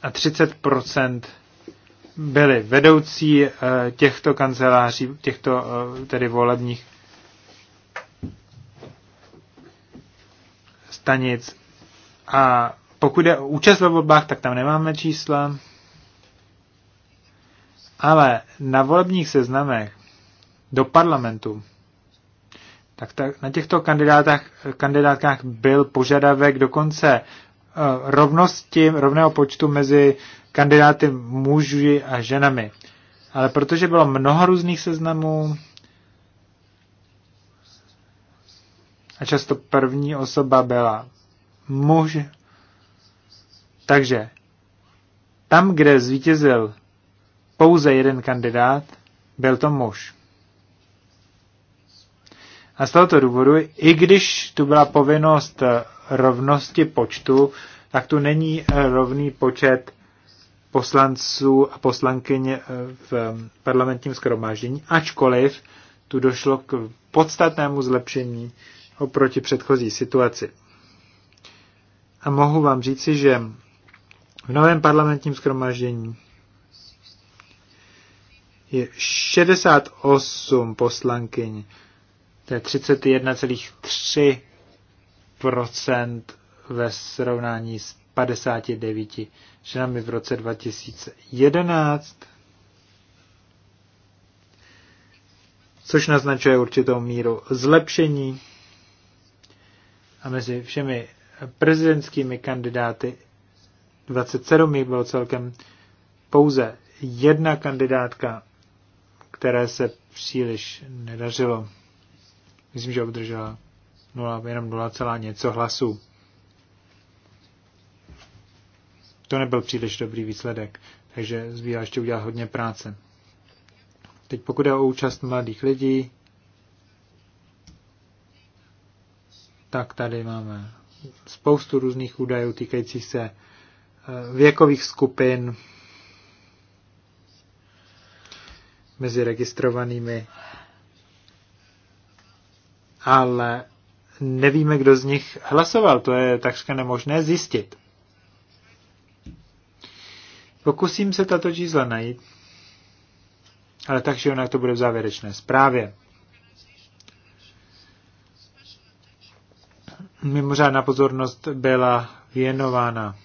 a 30 byli vedoucí eh, těchto kanceláří, těchto eh, tedy volebních stanic. A pokud je o účast ve volbách, tak tam nemáme čísla. Ale na volebních seznamech do parlamentu, tak, ta, na těchto kandidátách, kandidátkách byl požadavek dokonce eh, rovnosti, rovného počtu mezi kandidáty muži a ženami. Ale protože bylo mnoho různých seznamů, a často první osoba byla muž. Takže tam, kde zvítězil pouze jeden kandidát, byl to muž. A z tohoto důvodu, i když tu byla povinnost rovnosti počtu, tak tu není rovný počet poslanců a poslankyň eh, v parlamentním skromáždění, ačkoliv tu došlo k podstatnému zlepšení oproti předchozí situaci. A mohu vám říci, že v novém parlamentním schromáždění je 68 poslankyň, to je 31,3% ve srovnání s 59 ženami v roce 2011, což naznačuje určitou míru zlepšení a mezi všemi prezidentskými kandidáty 27 jich bylo celkem pouze jedna kandidátka, které se příliš nedařilo. Myslím, že obdržela 0, jenom 0, něco hlasů. To nebyl příliš dobrý výsledek, takže zbývá ještě udělat hodně práce. Teď pokud je o účast mladých lidí, tak tady máme spoustu různých údajů týkajících se eh, věkových skupin mezi registrovanými, ale nevíme, kdo z nich hlasoval. To je takřka nemožné zjistit. Pokusím se tato čísla najít, ale takže ona to bude v závěrečné zprávě. mimořádná pozornost byla věnována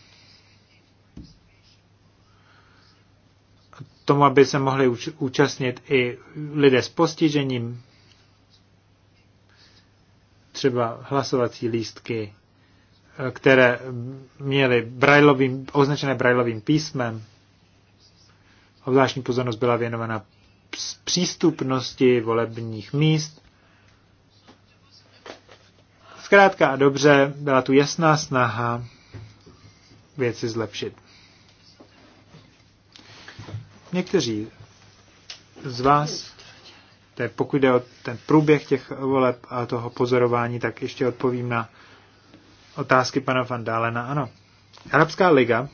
tomu, aby se mohli účastnit i lidé s postižením, třeba hlasovací lístky, které měly brajlovým, označené brajlovým písmem. Obzvláštní pozornost byla věnována přístupnosti volebních míst Zkrátka a dobře, byla tu jasná snaha věci zlepšit. Někteří z vás, to je pokud jde o ten průběh těch voleb a toho pozorování, tak ještě odpovím na otázky pana Van Dálena. Ano, Arabská liga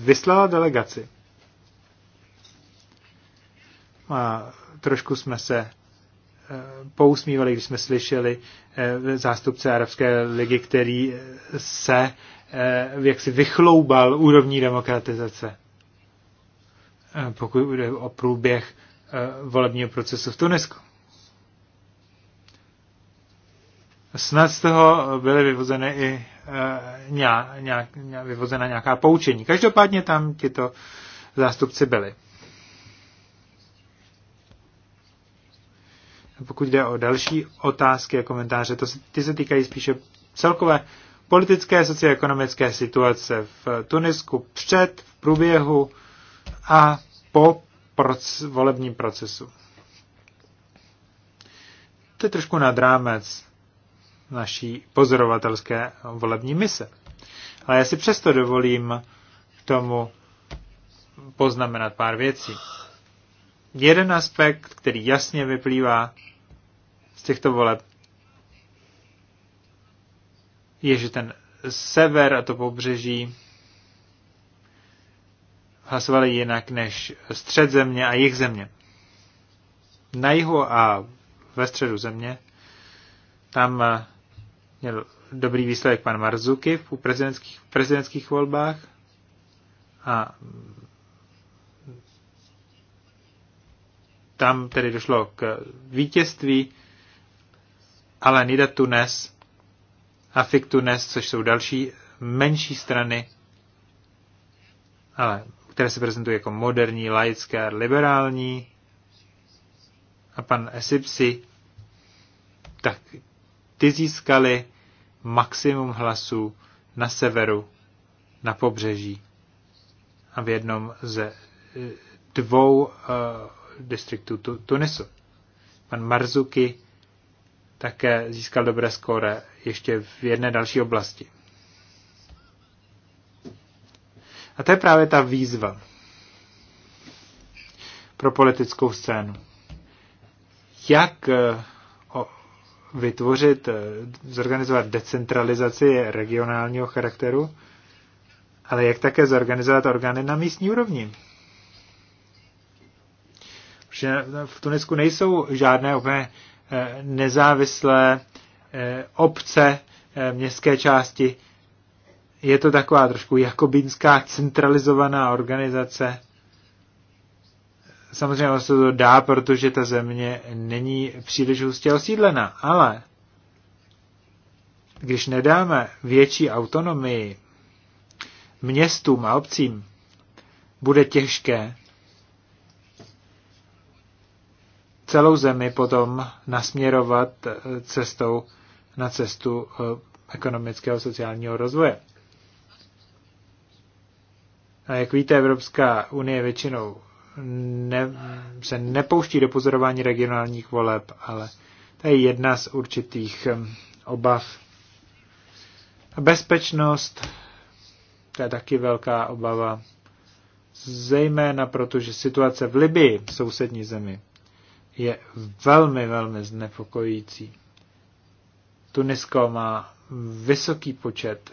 vyslala delegaci. A trošku jsme se pousmívali, když jsme slyšeli eh, zástupce Arabské ligy, který eh, se eh, jaksi vychloubal úrovní demokratizace, pokud jde o průběh volebního procesu v Tunisku. Snad z toho byly vyvozeny i nějak, nějak, vyvozena nějaká poučení. Každopádně tam tito zástupci byli. Pokud jde o další otázky a komentáře, to, ty se týkají spíše celkové politické a socioekonomické situace v Tunisku před, v průběhu a po proc- volebním procesu. To je trošku nad rámec naší pozorovatelské volební mise. Ale já si přesto dovolím k tomu poznamenat pár věcí jeden aspekt, který jasně vyplývá z těchto voleb, je, že ten sever a to pobřeží hlasovali jinak než střed země a jich země. Na jihu a ve středu země tam eh, měl dobrý výsledek pan Marzuki v prezidentských, v prezidentských volbách a Tam tedy došlo k vítězství, ale Nida Tunes a Fik Tunes, což jsou další menší strany, ale které se prezentují jako moderní, laické a liberální. A pan Esipsi, tak ty získali maximum hlasů na severu, na pobřeží a v jednom ze eh, dvou eh, distriktu Tunisu. Pan Marzuki také získal dobré skóre ještě v jedné další oblasti. A to je právě ta výzva pro politickou scénu. Jak eh, vytvořit, eh, zorganizovat decentralizaci regionálního charakteru, ale jak také zorganizovat orgány na místní úrovni že v Tunisku nejsou žádné úplně eh, nezávislé eh, obce, eh, městské části. Je to taková trošku jakobinská centralizovaná organizace. Samozřejmě se to dá, protože ta země není příliš hustě osídlená, ale když nedáme větší autonomii městům a obcím, bude těžké celou zemi potom nasměrovat eh, cestou na cestu eh, ekonomického a sociálního rozvoje. A jak víte, Evropská unie většinou ne, se nepouští do pozorování regionálních voleb, ale to je jedna z určitých eh, obav. A Bezpečnost, to je taky velká obava, zejména protože situace v Libii, v sousední zemi, je velmi, velmi znepokojící. Tunisko má vysoký počet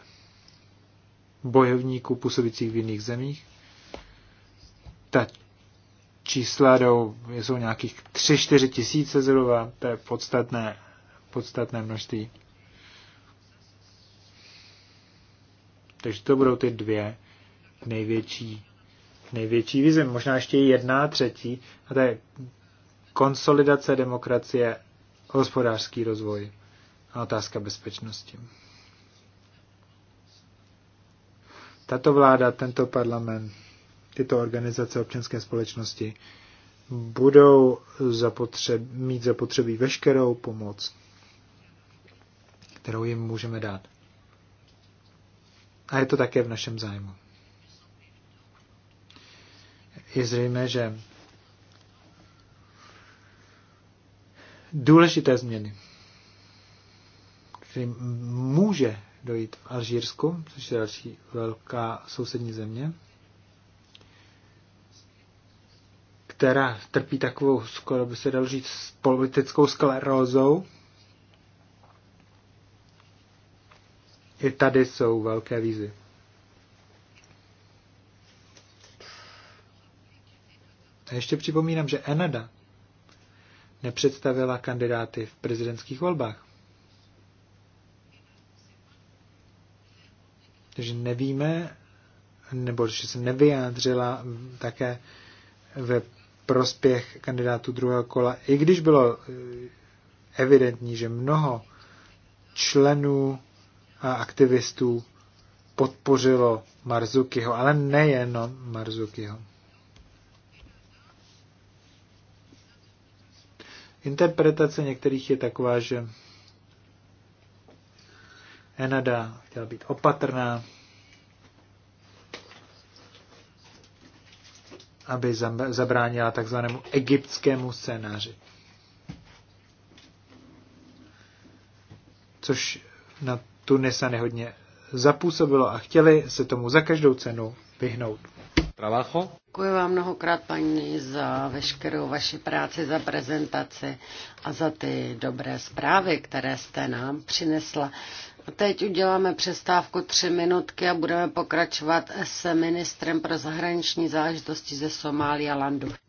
bojovníků působících v jiných zemích. Ta čísla jdou, jsou nějakých 3-4 tisíce zhruba, to je podstatné, podstatné množství. Takže to budou ty dvě největší, největší vize. Možná ještě jedna, třetí, a to je konsolidace demokracie, hospodářský rozvoj a otázka bezpečnosti. Tato vláda, tento parlament, tyto organizace občanské společnosti budou zapotřeb, mít zapotřebí veškerou pomoc, kterou jim můžeme dát. A je to také v našem zájmu. Je zřejmé, že důležité změny, který může dojít v Alžírsku, což je další velká sousední země, která trpí takovou, skoro by se dalo říct, politickou sklerózou. I tady jsou velké výzvy. A ještě připomínám, že Enada nepředstavila kandidáty v prezidentských volbách. Takže nevíme, nebo že se nevyjádřila také ve prospěch kandidátů druhého kola, i když bylo e, evidentní, že mnoho členů a aktivistů podpořilo Marzukiho, ale nejenom Marzukiho. Interpretace některých je taková, že Enada chtěla být opatrná, aby zabránila takzvanému egyptskému scénáři. Což na Tunisany hodně zapůsobilo a chtěli se tomu za každou cenu vyhnout trabajo. Děkuji vám mnohokrát, paní, za veškerou vaši práci, za prezentaci a za ty dobré zprávy, které jste nám přinesla. A teď uděláme přestávku tři minutky a budeme pokračovat s ministrem pro zahraniční záležitosti ze Somália Landu.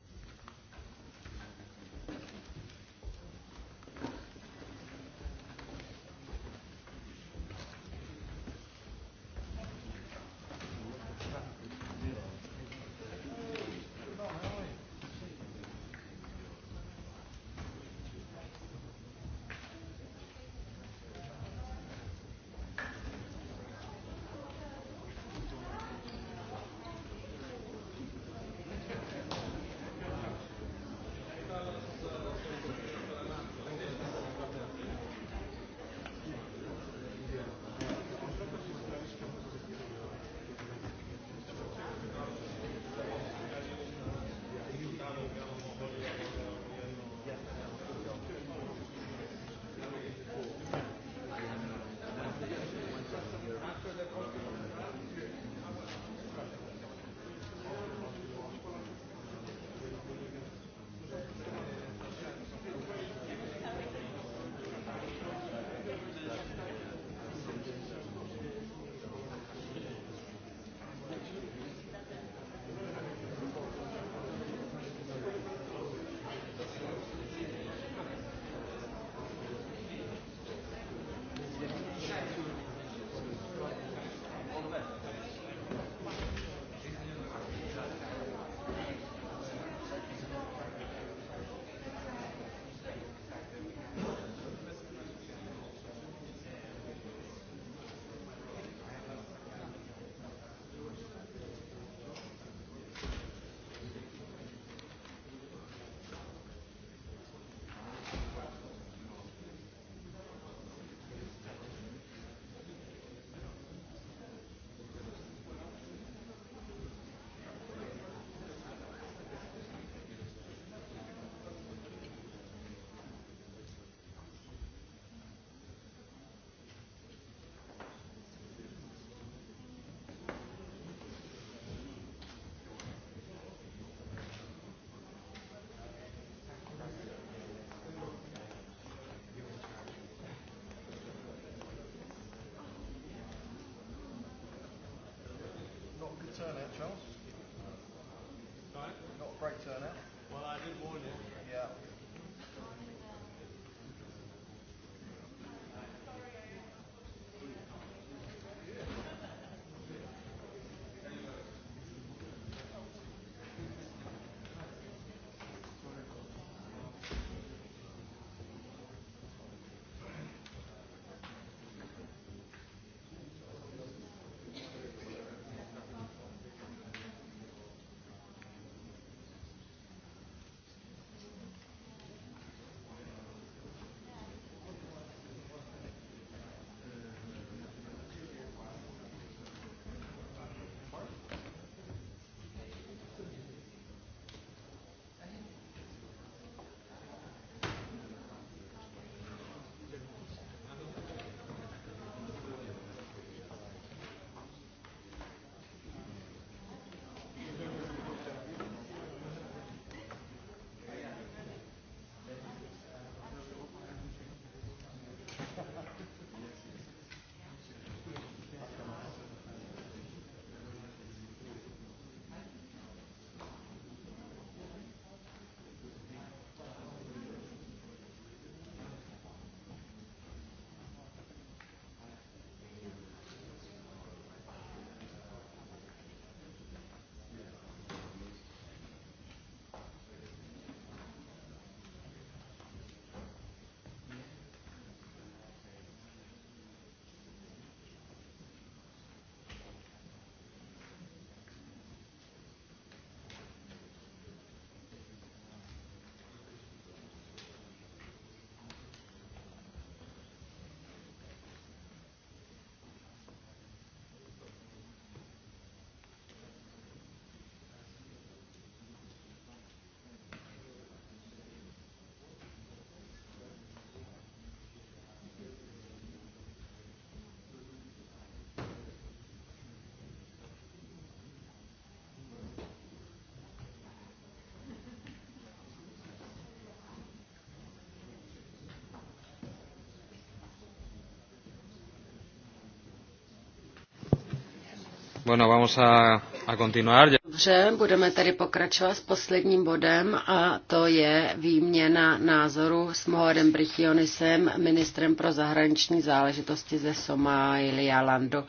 Bueno, vamos a, a continuar. Dobře, budeme tedy pokračovat s posledním bodem a to je výměna názoru s Mohorem Brichionisem, ministrem pro zahraniční záležitosti ze Somálialandu.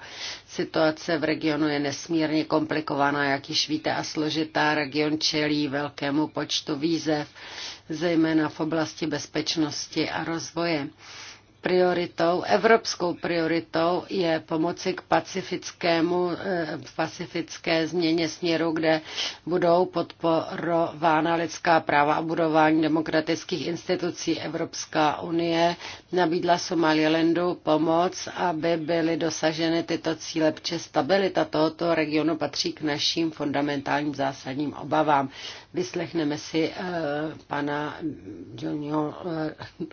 Situace v regionu je nesmírně komplikovaná, jak již víte, a složitá. Region čelí velkému počtu výzev, zejména v oblasti bezpečnosti a rozvoje prioritou, evropskou prioritou je pomoci k pacifickému, eh, pacifické změně směru, kde budou podporována lidská práva a budování demokratických institucí. Evropská unie nabídla Somalilandu pomoc, aby byly dosaženy tyto cíle, protože stabilita tohoto regionu patří k našim fundamentálním zásadním obavám. Vyslechneme si uh, pana Johnio uh, eh,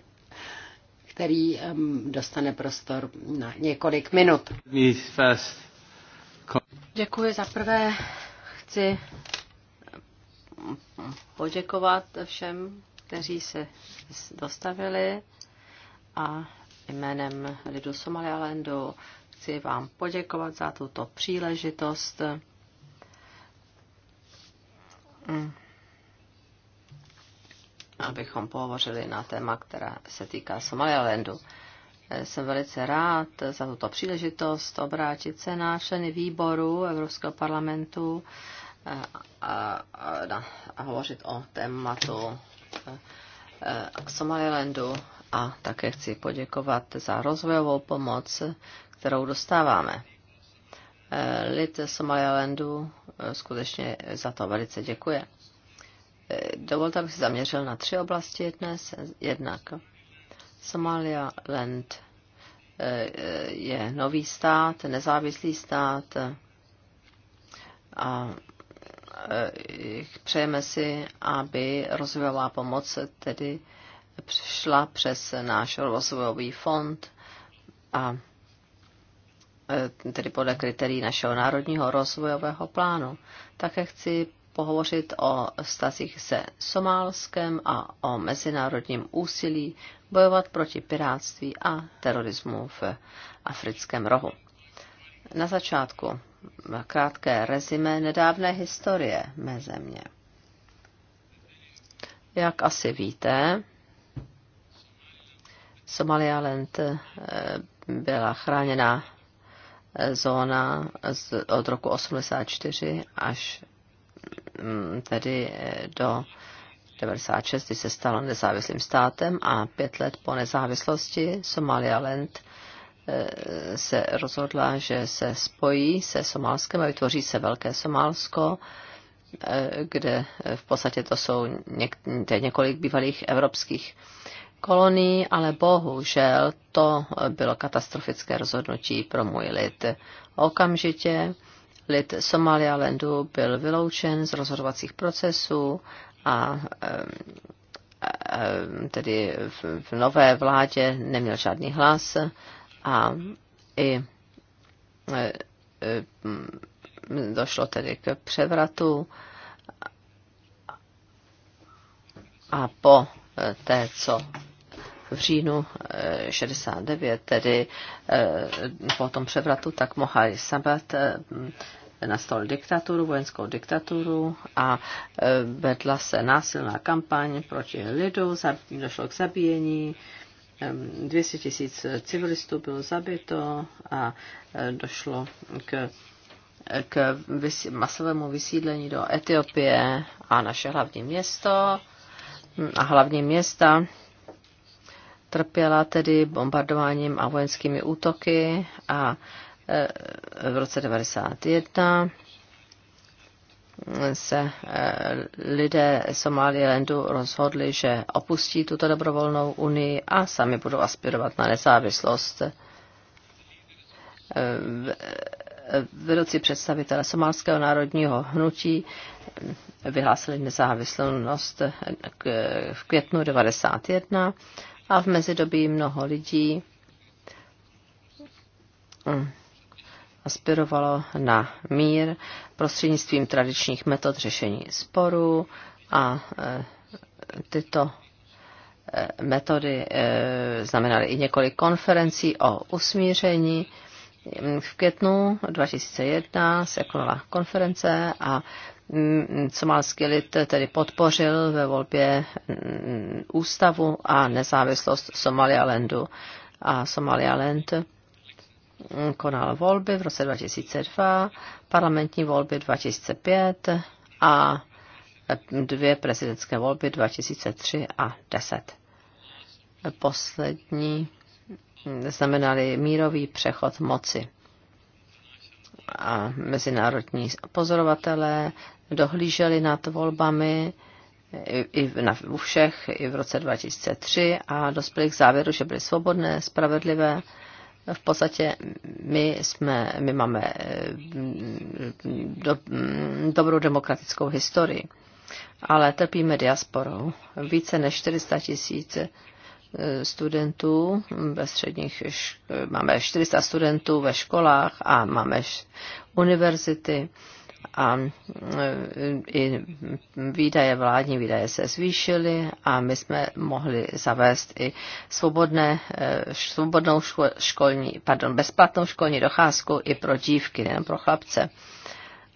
který dostane prostor na několik minut. Děkuji za prvé. Chci poděkovat všem, kteří se dostavili a jménem lidu Somalialandu chci vám poděkovat za tuto příležitost abychom pohovořili na téma, která se týká Somalilandu. Jsem velice rád za tuto příležitost obrátit se na členy výboru Evropského parlamentu a, a, a, a hovořit o tématu eh, Somalilandu a také chci poděkovat za rozvojovou pomoc, kterou dostáváme. Eh, lid Somalilandu eh, skutečně za to velice děkuje. Eh, dovolte, abych se zaměřil na tři oblasti dnes. Jednak Land eh, je nový stát, nezávislý stát a eh, přejeme si, aby rozvojová pomoc tedy přišla přes náš rozvojový fond a tedy podle kritérií našeho národního rozvojového plánu. Také chci pohovořit o stazích se Somálskem a o mezinárodním úsilí bojovat proti piráctví a terorismu v africkém rohu. Na začátku krátké rezime nedávné historie mé země. Jak asi víte, Somaliland eh, byla chráněná eh, zóna od roku 84 až Mm, tedy eh, do 96, kdy se stalo nezávislým státem a pět let po nezávislosti Somaliland eh, se rozhodla, že se spojí se Somálskem a vytvoří se Velké Somálsko, eh, kde v podstatě to jsou něk- několik bývalých evropských kolonií, ale bohužel to bylo katastrofické rozhodnutí pro můj lid. Okamžitě lid Somalialandu byl vyloučen z rozhodovacích procesů a tedy v nové vládě neměl žádný hlas a i došlo tedy k převratu a po té, co v říjnu 69, eh, tedy eh, po tom převratu, tak Mohaj Sabat eh, nastolil diktaturu, vojenskou diktaturu a vedla se násilná kampaň proti lidu, došlo k zabíjení, 200 tisíc civilistů bylo zabito a došlo k k masovému vysídlení do Etiopie a naše hlavní město hm, a hlavní města trpěla tedy bombardováním a vojenskými útoky a e, v roce 1991 se e, lidé Somalilandu rozhodli, že opustí tuto dobrovolnou unii a sami budou aspirovat na nezávislost. E, vedoucí představitele somálského národního hnutí vyhlásili nezávislost v květnu 1991 a v mezidobí mnoho lidí hm, aspirovalo na mír prostřednictvím tradičních metod řešení sporů a e, tyto e, metody e, znamenaly i několik konferencí o usmíření. V květnu 2001 se konala konference a somalský lid tedy podpořil ve volbě mm, ústavu a nezávislost Somalialandu. A Somalialand mm, konal volby v roce 2002, parlamentní volby 2005 a dvě prezidentské volby 2003 a 10. Poslední mm, znamenaly mírový přechod moci a mezinárodní pozorovatelé dohlíželi nad volbami i na, u všech, i v roce 2003 a dospěli k závěru, že byly svobodné, spravedlivé. V podstatě my, jsme, my máme eh, do, mm, dobrou demokratickou historii, ale trpíme diasporou. Více než 400 tisíc eh, studentů ve středních, máme 400 studentů ve školách a máme univerzity a e, i výdaje, vládní výdaje se zvýšily a my jsme mohli zavést i svobodné, e, svobodnou školní, pardon, bezplatnou školní docházku i pro dívky, nejen pro chlapce.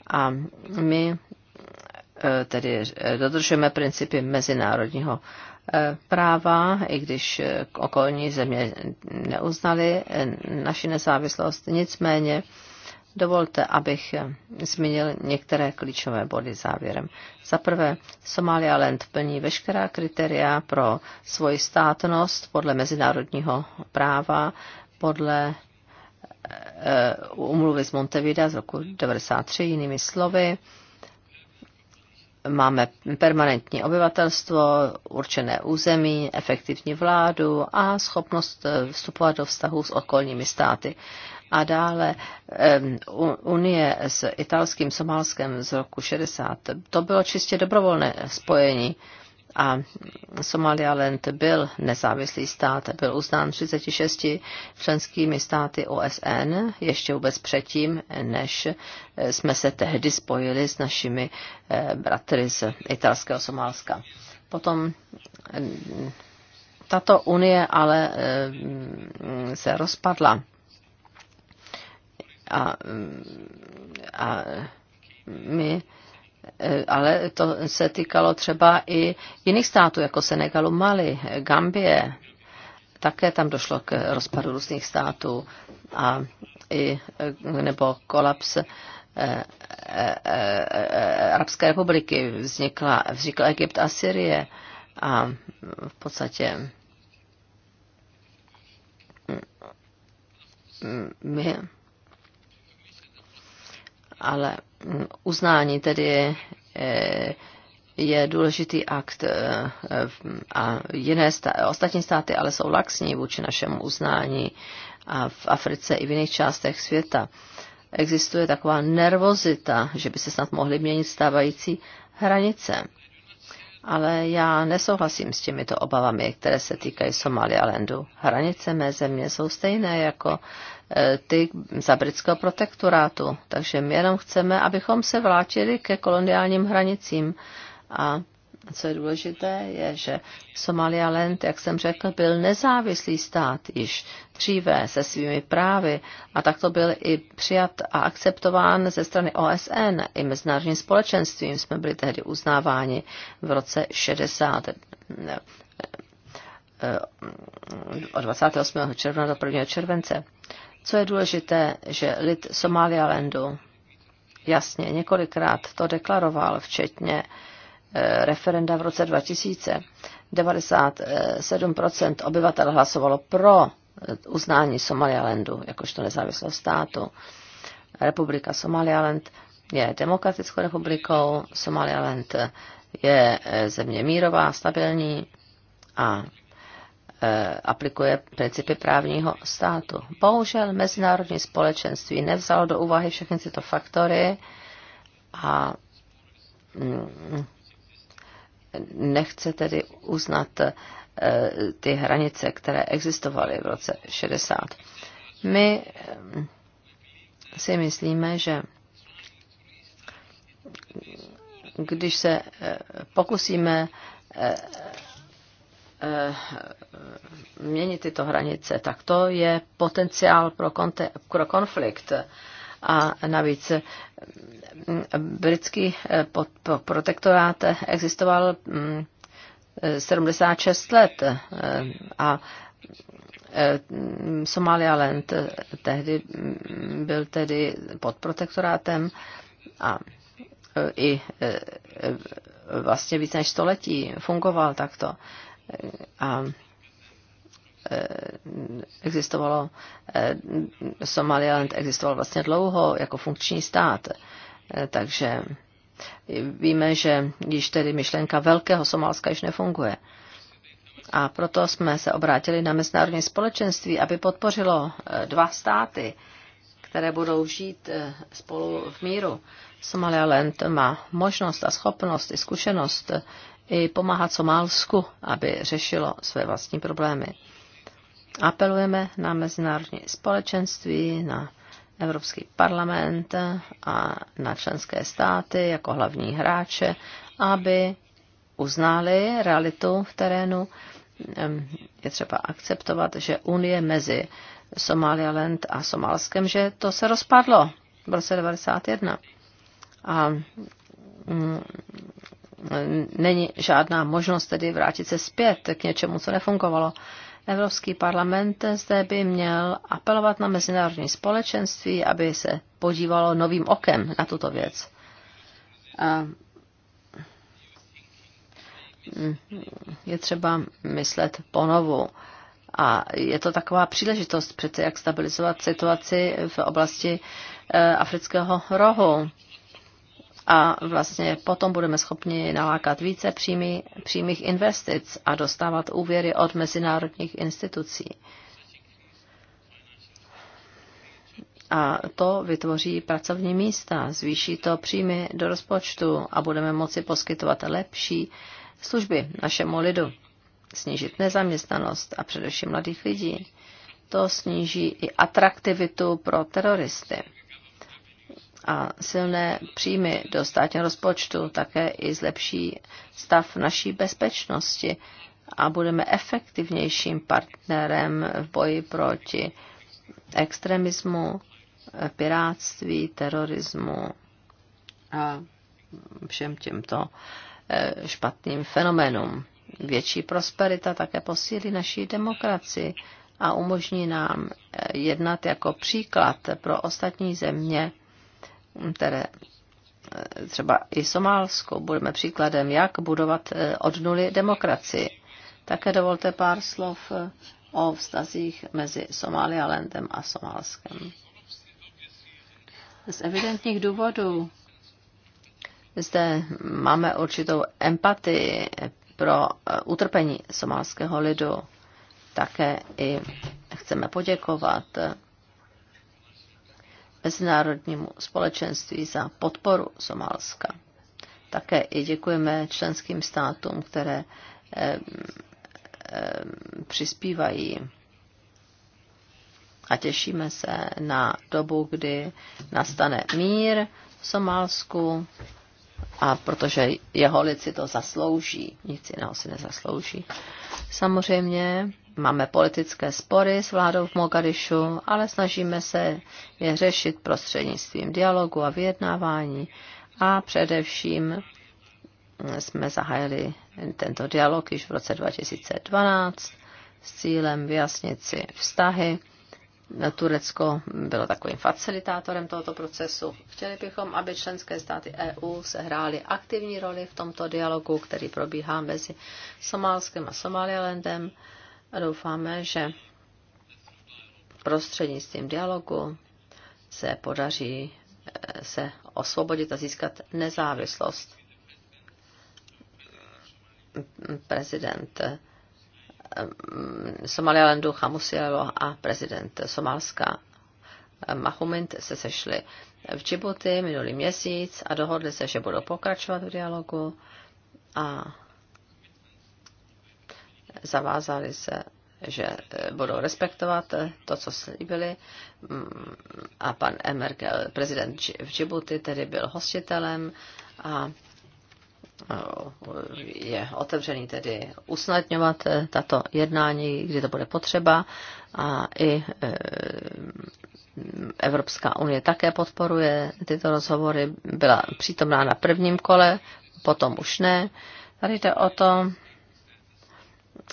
A my e, tedy dodržujeme principy mezinárodního práva, i když okolní země neuznali naši nezávislost. Nicméně Dovolte, abych eh, zmínil některé klíčové body závěrem. Za prvé, Somaliland plní veškerá kritéria pro svoji státnost podle mezinárodního práva, podle eh, umluvy z Montevida z roku 1993, jinými slovy. Máme permanentní obyvatelstvo, určené území, efektivní vládu a schopnost eh, vstupovat do vztahu s okolními státy a dále Unie s italským Somálskem z roku 60. To bylo čistě dobrovolné spojení a Somaliland byl nezávislý stát, byl uznán 36 členskými státy OSN ještě vůbec předtím, než eh, jsme se tehdy spojili s našimi eh, bratry z italského Somálska. Potom tato unie ale se rozpadla a, a my ale to se týkalo třeba i jiných států, jako Senegalu, Mali, Gambie. Také tam došlo k rozpadu různých států a i, nebo kolaps eh, eh, Arabské republiky, vznikla, vznikl Egypt a Syrie a v podstatě my ale mm, uznání tedy eh, je důležitý akt eh, a jiné stá- ostatní státy ale jsou laxní vůči našemu uznání a v Africe i v jiných částech světa. Existuje taková nervozita, že by se snad mohly měnit stávající hranice ale já nesouhlasím s těmito obavami, které se týkají Somalilandu. Hranice mé země jsou stejné jako e, ty za britského protektorátu, takže my jenom chceme, abychom se vláčili ke koloniálním hranicím a co je důležité, je, že Somaliland, jak jsem řekl, byl nezávislý stát již dříve se svými právy a takto byl i přijat a akceptován ze strany OSN i mezinárodním společenstvím. Jsme byli tehdy uznáváni v roce 60 eh, eh, od 28. června do 1. července. Co je důležité, že lid Somalialandu jasně několikrát to deklaroval, včetně Eh, referenda v roce 2000. 97% obyvatel hlasovalo pro eh, uznání Somalialandu jakožto nezávislého státu. Republika Somalialand je demokratickou republikou, Somalialand je eh, země mírová, stabilní a aplikuje principy právního státu. Bohužel mezinárodní společenství nevzalo do úvahy všechny tyto faktory a mm, nechce tedy uznat eh, ty hranice, které existovaly v roce 60. My eh, si myslíme, že když se eh, pokusíme měnit tyto hranice, tak to je potenciál pro, konflikt a navíc mm, britský eh, protektorát existoval 76 mm, let eh, a eh, Somaliland tehdy mm, byl tedy pod protektorátem a i vlastně více než století fungoval takto. A Eh, existovalo, eh, Somaliland existoval vlastně dlouho jako funkční stát, eh, takže víme, že již tedy myšlenka velkého Somálska již nefunguje. A proto jsme se obrátili na mezinárodní společenství, aby podpořilo dva státy, které budou žít spolu v míru. Somaliland má možnost a schopnost i zkušenost i pomáhat Somálsku, aby řešilo své vlastní problémy apelujeme na mezinárodní společenství, na Evropský parlament a na členské státy jako hlavní hráče, aby uznali realitu v terénu. Je třeba akceptovat, že Unie mezi Somaliland a Somálskem, že to se rozpadlo v roce 1991. A mm, není žádná možnost tedy vrátit se zpět k něčemu, co nefungovalo. Evropský parlament zde by měl apelovat na mezinárodní společenství, aby se podívalo novým okem na tuto věc. A je třeba myslet ponovu. A je to taková příležitost přece, jak stabilizovat situaci v oblasti eh, afrického rohu a vlastně potom budeme schopni nalákat více přímý, přímých investic a dostávat úvěry od mezinárodních institucí. A to vytvoří pracovní místa, zvýší to příjmy do rozpočtu a budeme moci poskytovat lepší služby našemu lidu, snížit nezaměstnanost a především mladých lidí. To sníží i atraktivitu pro teroristy a silné příjmy do státního rozpočtu také i zlepší stav naší bezpečnosti a budeme efektivnějším partnerem v boji proti extremismu, piráctví, terorismu a všem těmto eh, špatným fenoménům. Větší prosperita také posílí naší demokracii a umožní nám eh, jednat jako příklad pro ostatní země které eh, třeba i Somálsko, budeme příkladem, jak budovat eh, od nuly demokracii. Také dovolte pár slov eh, o vztazích mezi Somalialandem a Somálskem. Z evidentních důvodů zde máme určitou empatii pro utrpení somálského lidu. Také i chceme poděkovat mezinárodnímu společenství za podporu Somálska. Také i děkujeme členským státům, které přispívají a těšíme se na dobu, kdy nastane mír v Somálsku a protože jeho lid si to zaslouží, nic jiného si nezaslouží. Samozřejmě máme politické spory s vládou v Mogadišu, ale snažíme se je řešit prostřednictvím dialogu a vyjednávání a především jsme zahájili tento dialog již v roce 2012 s cílem vyjasnit si vztahy Turecko bylo takovým facilitátorem tohoto procesu. Chtěli bychom, aby členské státy EU sehrály aktivní roli v tomto dialogu, který probíhá mezi Somálskem a Somalilandem. A doufáme, že prostřednictvím dialogu se podaří eh, se osvobodit a získat nezávislost. Prezident Eh, Somalilandu Chamusielo a prezident Somálska eh, Mahumint se sešli v Djibouti minulý měsíc a dohodli se, že budou pokračovat v dialogu a zavázali se, že eh, budou respektovat to, co slíbili. Mm, a pan Emerkel, prezident v Djibouti, tedy byl hostitelem a je otevřený tedy usnadňovat eh, tato jednání, kdy to bude potřeba a i eh, Evropská unie také podporuje tyto rozhovory. Byla přítomná na prvním kole, potom už ne. Tady jde o to,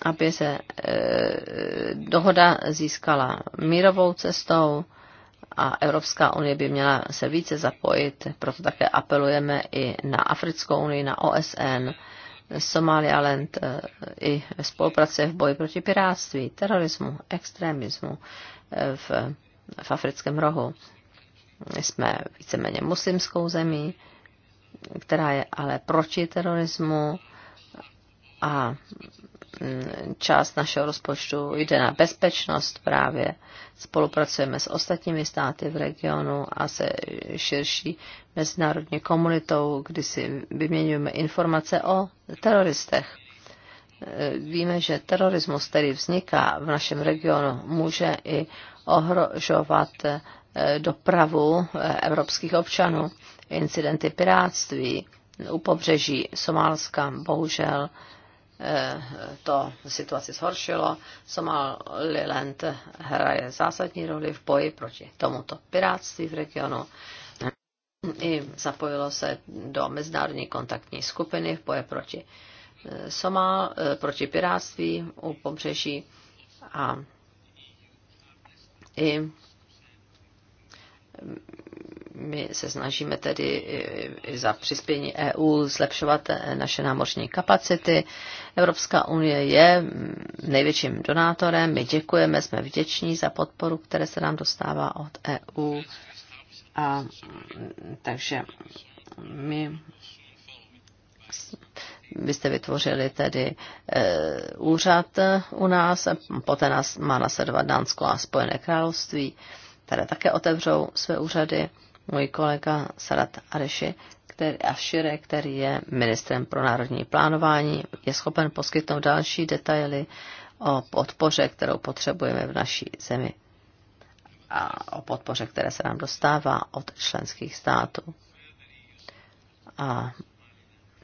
aby se eh, dohoda získala mírovou cestou, a Evropská unie by měla se více zapojit, proto také apelujeme i na Africkou unii, na OSN, Somaliland eh, i spolupráce v boji proti piráctví, terorismu, extremismu eh, v, v africkém rohu. Jsme víceméně muslimskou zemí, která je ale proti terorismu a Mm, část našeho rozpočtu jde na bezpečnost právě. Spolupracujeme s ostatními státy v regionu a se širší mezinárodní komunitou, kdy si vyměňujeme informace o teroristech. Eh, víme, že terorismus, který vzniká v našem regionu, může i ohrožovat eh, dopravu eh, evropských občanů. Incidenty pirátství u pobřeží Somálska bohužel Eh, to situaci zhoršilo. Somaliland hraje zásadní roli v boji proti tomuto pirátství v regionu. I zapojilo se do mezinárodní kontaktní skupiny v boji proti, eh, Somal, eh, proti pirátství u pobřeží a i my se snažíme tedy za přispění EU zlepšovat eh, naše námořní kapacity. Evropská unie je mm, největším donátorem, my děkujeme, jsme vděční za podporu, které se nám dostává od EU. A, mm, takže my vy jste vytvořili tedy e, úřad eh, u nás, poté nás má nasledovat Dánsko a Spojené království, které také otevřou své úřady můj kolega Sarat Areši, který, Ashire, který je ministrem pro národní plánování, je schopen poskytnout další detaily o podpoře, kterou potřebujeme v naší zemi a o podpoře, které se nám dostává od členských států. A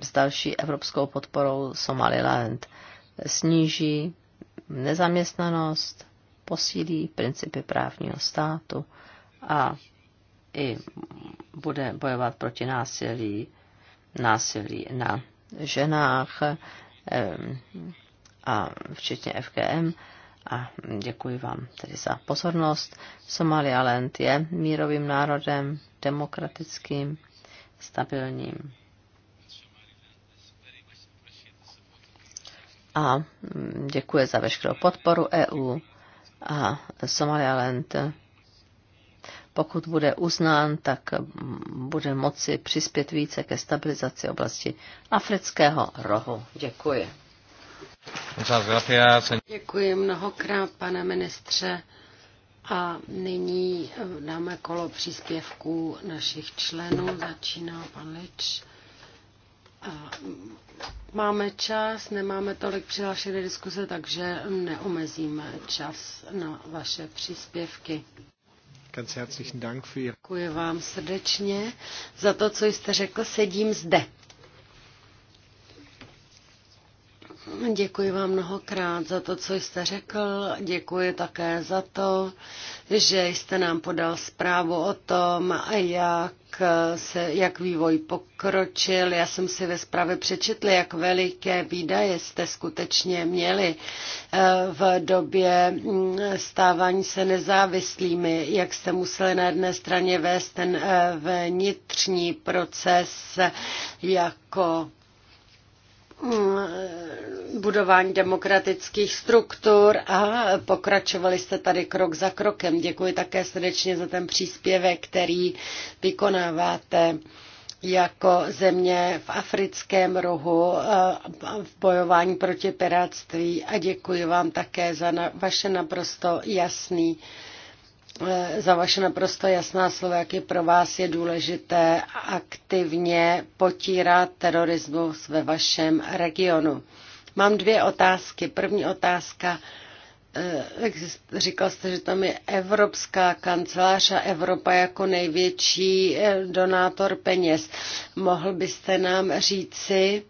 s další evropskou podporou Somaliland sníží nezaměstnanost, posílí principy právního státu a i bude bojovat proti násilí, násilí na ženách a včetně FGM. A děkuji vám tedy za pozornost. Somaliland je mírovým národem, demokratickým, stabilním. A děkuji za veškerou podporu EU a Somaliland pokud bude uznán, tak bude moci přispět více ke stabilizaci oblasti afrického rohu. Děkuji. Děkuji mnohokrát, pane ministře. A nyní eh, dáme kolo příspěvků našich členů. Začíná pan Lič. A mm, máme čas, nemáme tolik přihlášené diskuse, takže neomezíme čas na vaše příspěvky. Ganz herzlichen Dank für Děkuji vám srdečně za to, co jste řekl. Sedím zde. Děkuji vám mnohokrát za to, co jste řekl. Děkuji také za to, že jste nám podal zprávu o tom, jak, se, jak vývoj pokročil. Já jsem si ve zprávě přečetl, jak veliké výdaje jste skutečně měli eh, v době mm, stávání se nezávislými, jak jste museli na jedné straně vést ten eh, vnitřní proces eh, jako Mm, budování demokratických struktur a pokračovali jste tady krok za krokem. Děkuji také srdečně za ten příspěvek, který vykonáváte jako země v africkém rohu eh, v bojování proti piráctví a děkuji vám také za vaše naprosto jasný E, za vaše naprosto jasná slova, jak je pro vás je důležité aktivně potírat terorismus ve vašem regionu. Mám dvě otázky. První otázka. E, říkal jste, že tam je Evropská kancelář a Evropa jako největší e, donátor peněz. Mohl byste nám říci,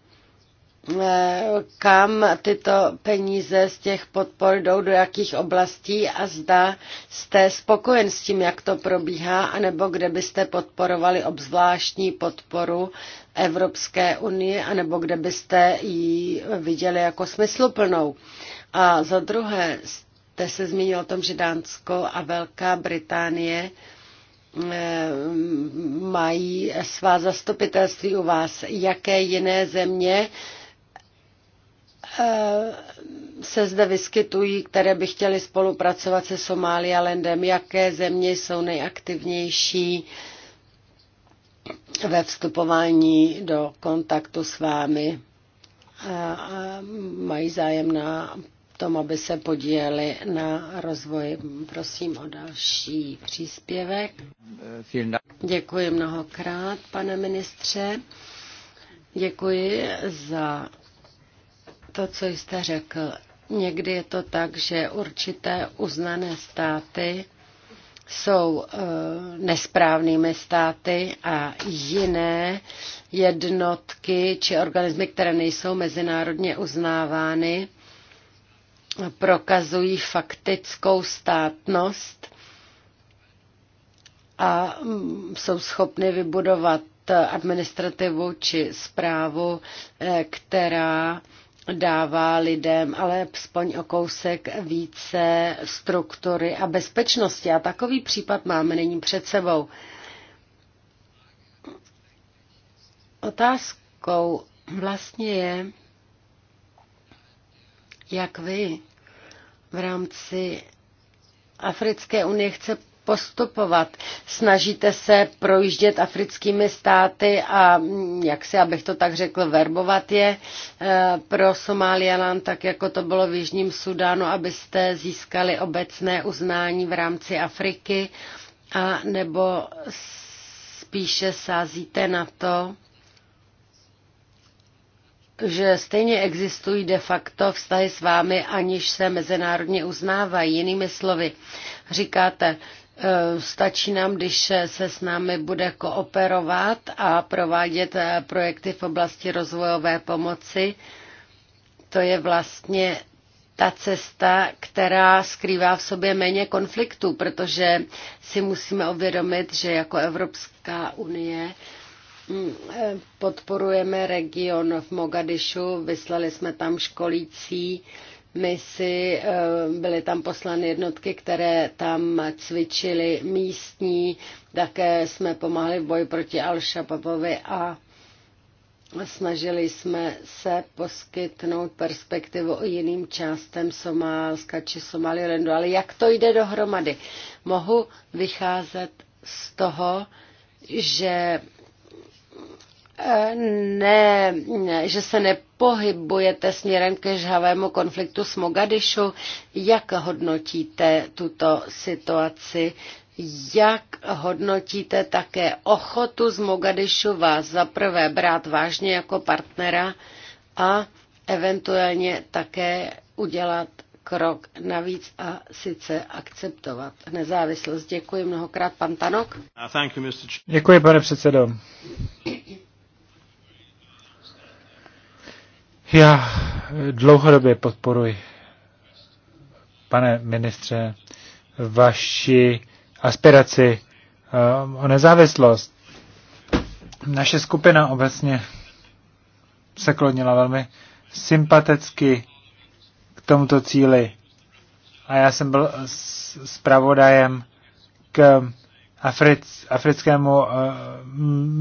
kam tyto peníze z těch podpor jdou, do jakých oblastí a zda jste spokojen s tím, jak to probíhá, anebo kde byste podporovali obzvláštní podporu Evropské unie, anebo kde byste ji viděli jako smysluplnou. A za druhé, jste se zmínil o tom, že Dánsko a Velká Británie eh, mají svá zastupitelství u vás. Jaké jiné země Eh, se zde vyskytují, které by chtěly spolupracovat se Somálialandem, jaké země jsou nejaktivnější ve vstupování do kontaktu s vámi a mají zájem na tom, aby se podíleli na rozvoji. Prosím o další příspěvek. Děkuji mnohokrát, pane ministře. Děkuji za to, co jste řekl. Někdy je to tak, že určité uznané státy jsou e, nesprávnými státy a jiné jednotky či organismy, které nejsou mezinárodně uznávány, prokazují faktickou státnost a mm, jsou schopny vybudovat administrativu či zprávu, eh, která dává lidem ale alespoň o kousek více struktury a bezpečnosti. A takový případ máme není před sebou. Otázkou vlastně je, jak vy v rámci Africké unie chce, postupovat. Snažíte se projíždět africkými státy a, mm, jak si, abych to tak řekl, verbovat je eh, pro Somálialand, tak jako to bylo v Jižním Sudánu, abyste získali obecné uznání v rámci Afriky, a nebo spíše sázíte na to, že stejně existují de facto vztahy s vámi, aniž se mezinárodně uznávají. Jinými slovy, říkáte, Eh, stačí nám, když se s námi bude kooperovat a provádět eh, projekty v oblasti rozvojové pomoci. To je vlastně ta cesta, která skrývá v sobě méně konfliktů, protože si musíme uvědomit, že jako Evropská unie mm, eh, podporujeme region v Mogadišu, vyslali jsme tam školící misi, eh, byly tam poslány jednotky, které tam cvičily místní, také jsme pomáhali v boji proti Al-Shababovi a snažili jsme se poskytnout perspektivu o jiným částem Somálska či Somalilandu. Ale jak to jde dohromady? Mohu vycházet z toho, že ne, že se nepohybujete směrem ke žhavému konfliktu s Mogadišu. Jak hodnotíte tuto situaci? Jak hodnotíte také ochotu z Mogadišu vás zaprvé brát vážně jako partnera a eventuálně také udělat krok navíc a sice akceptovat nezávislost. Děkuji mnohokrát, pan Tanok. Uh, Děkuji, pane předsedo. Já dlouhodobě podporuji, pane ministře, vaši aspiraci eh, o nezávislost. Naše skupina obecně se klonila velmi sympaticky k tomuto cíli. A já jsem byl zpravodajem k Afric, africkému uh,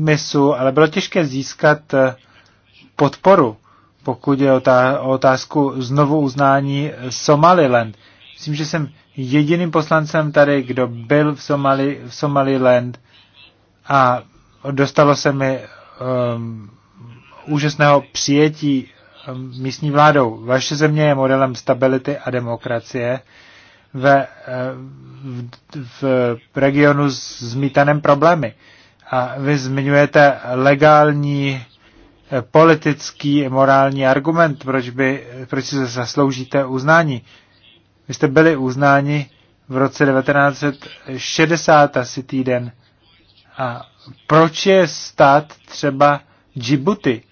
misu, ale bylo těžké získat uh, podporu pokud je o o otázku znovu uznání Somaliland. Myslím, že jsem jediným poslancem tady, kdo byl v, Somali, v Somaliland a dostalo se mi um, úžasného přijetí um, místní vládou. Vaše země je modelem stability a demokracie ve, eh, v, v regionu s zmítaném problémy. A vy zmiňujete legální politický i morální argument, proč, by, proč si zasloužíte uznání. Vy jste byli uznáni v roce 1960 asi týden. A proč je stát třeba Djibouti?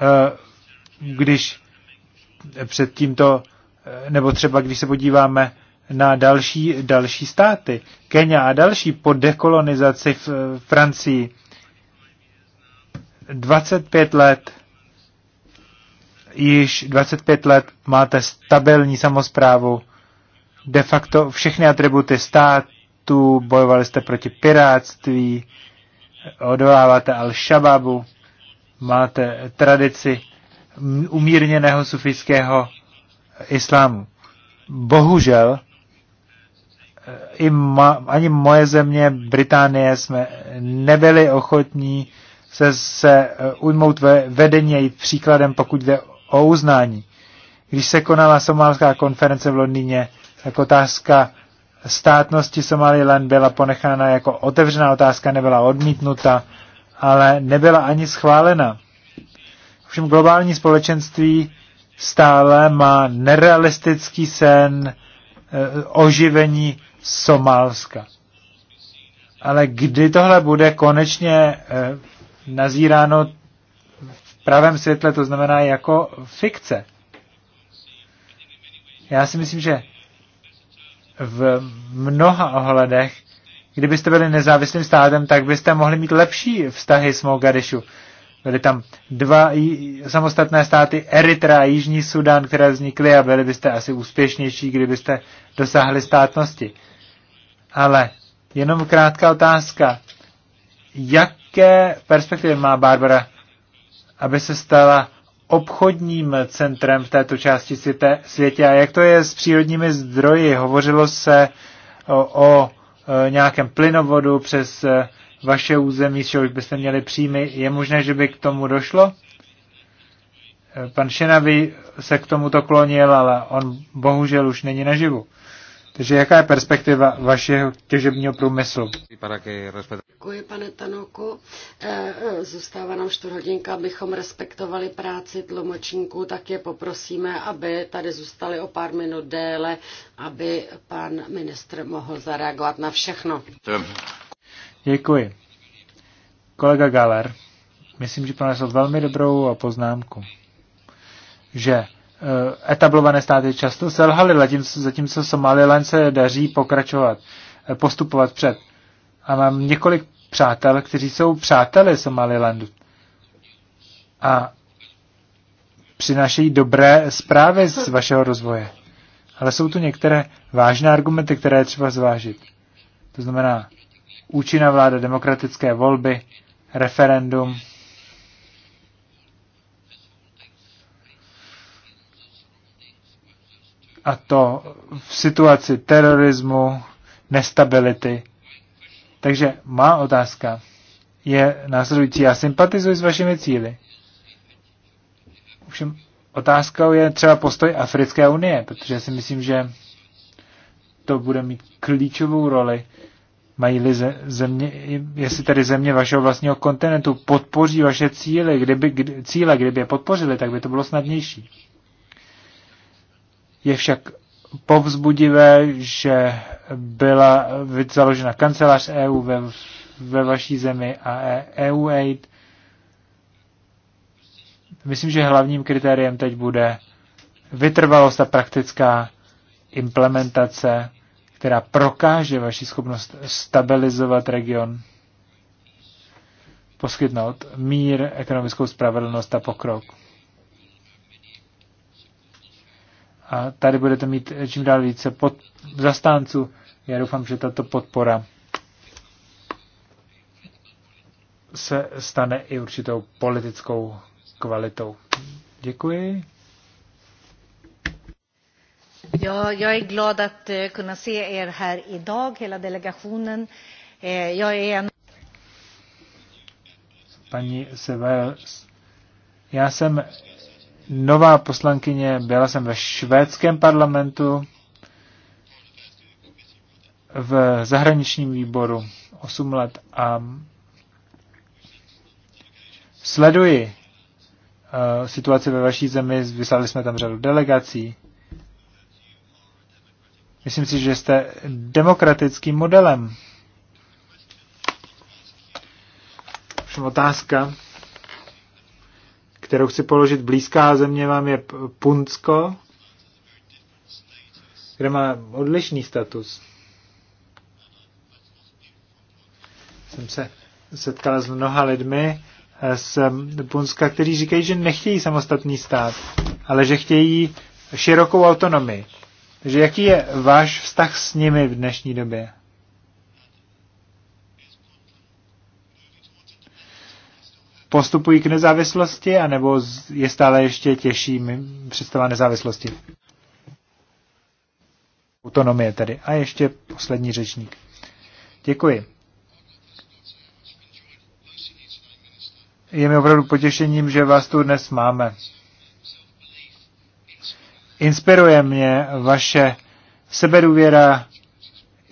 Eh, když před tímto, eh, nebo třeba když se podíváme na další, další státy, Kenia a další po dekolonizaci v eh, Francii, 25 let již 25 let máte stabilní samozprávu, de facto všechny atributy státu, bojovali jste proti piráctví, odoláváte Al-Shababu, máte tradici umírněného sufického islámu. Bohužel, i ma, ani moje země, Británie, jsme nebyli ochotní se, se eh, ujmout ve vedení její příkladem, pokud jde o uznání. Když se konala somálská konference v Londýně, tak otázka státnosti Somaliland byla ponechána jako otevřená otázka, nebyla odmítnuta, ale nebyla ani schválena. Všem globální společenství stále má nerealistický sen eh, oživení Somálska. Ale kdy tohle bude konečně eh, nazíráno v pravém světle, to znamená jako fikce. Já si myslím, že v mnoha ohledech, kdybyste byli nezávislým státem, tak byste mohli mít lepší vztahy s Mogadishu. Byly tam dva samostatné státy, Eritrea a Jižní Sudan, které vznikly a byli byste asi úspěšnější, kdybyste dosáhli státnosti. Ale jenom krátká otázka. Jak jaké perspektivy má Barbara, aby se stala obchodním centrem v této části světě, světě a jak to je s přírodními zdroji? Hovořilo se o, o e, nějakém plynovodu přes e, vaše území, z čehož byste měli příjmy. Je možné, že by k tomu došlo? E, pan Šenavi se k tomuto klonil, ale on bohužel už není naživu. Takže jaká je perspektiva vašeho těžebního průmyslu? Děkuji, pane Tanoku. Eh, eh, zůstává nám čtvrthodinka, abychom respektovali práci tlumočníků, tak je poprosíme, aby tady zůstali o pár minut déle, aby pan ministr mohl zareagovat na všechno. Děkuji. Kolega Galer, myslím, že pronesl velmi dobrou poznámku, že Eh, etablované státy často selhaly, zatímco Somaliland se daří pokračovat, eh, postupovat před. A mám několik přátel, kteří jsou přáteli Somalilandu. A přinášejí dobré zprávy z vašeho rozvoje. Ale jsou tu některé vážné argumenty, které je třeba zvážit. To znamená účinná vláda, demokratické volby, referendum, A to v situaci terorismu, nestability. Takže má otázka je následující. Já sympatizuji s vašimi cíly. Ovšem otázkou je třeba postoj Africké unie, protože si myslím, že to bude mít klíčovou roli. Mají-li země, jestli tedy země vašeho vlastního kontinentu podpoří vaše cíly, kdyby, kdy, cíle, kdyby je podpořili, tak by to bylo snadnější. Je však povzbudivé, že byla založena kancelář EU ve, ve vaší zemi a EU-aid. E Myslím, že hlavním kritériem teď bude vytrvalost a praktická implementace, která prokáže vaši schopnost stabilizovat region, poskytnout mír, ekonomickou spravedlnost a pokrok. A tady budete mít čím dál více pod, zastánců. Já doufám, že tato podpora se stane i určitou politickou kvalitou. Děkuji. Ja, jag är glad att uh, kunna se er här idag, hela delegationen. Uh, jag är en... Paní Sevel, já jsem nová poslankyně, byla jsem ve švédském parlamentu, v zahraničním výboru 8 let a sleduji uh, situaci ve vaší zemi, vyslali jsme tam řadu delegací. Myslím si, že jste demokratickým modelem. Všem otázka, kterou chci položit blízká země vám je Punsko, kde má odlišný status. Jsem se setkal s mnoha lidmi z Punska, kteří říkají, že nechtějí samostatný stát, ale že chtějí širokou autonomii. Takže jaký je váš vztah s nimi v dnešní době? postupují k nezávislosti, anebo je stále ještě těžší představa nezávislosti? Autonomie tedy. A ještě poslední řečník. Děkuji. Je mi opravdu potěšením, že vás tu dnes máme. Inspiruje mě vaše sebedůvěra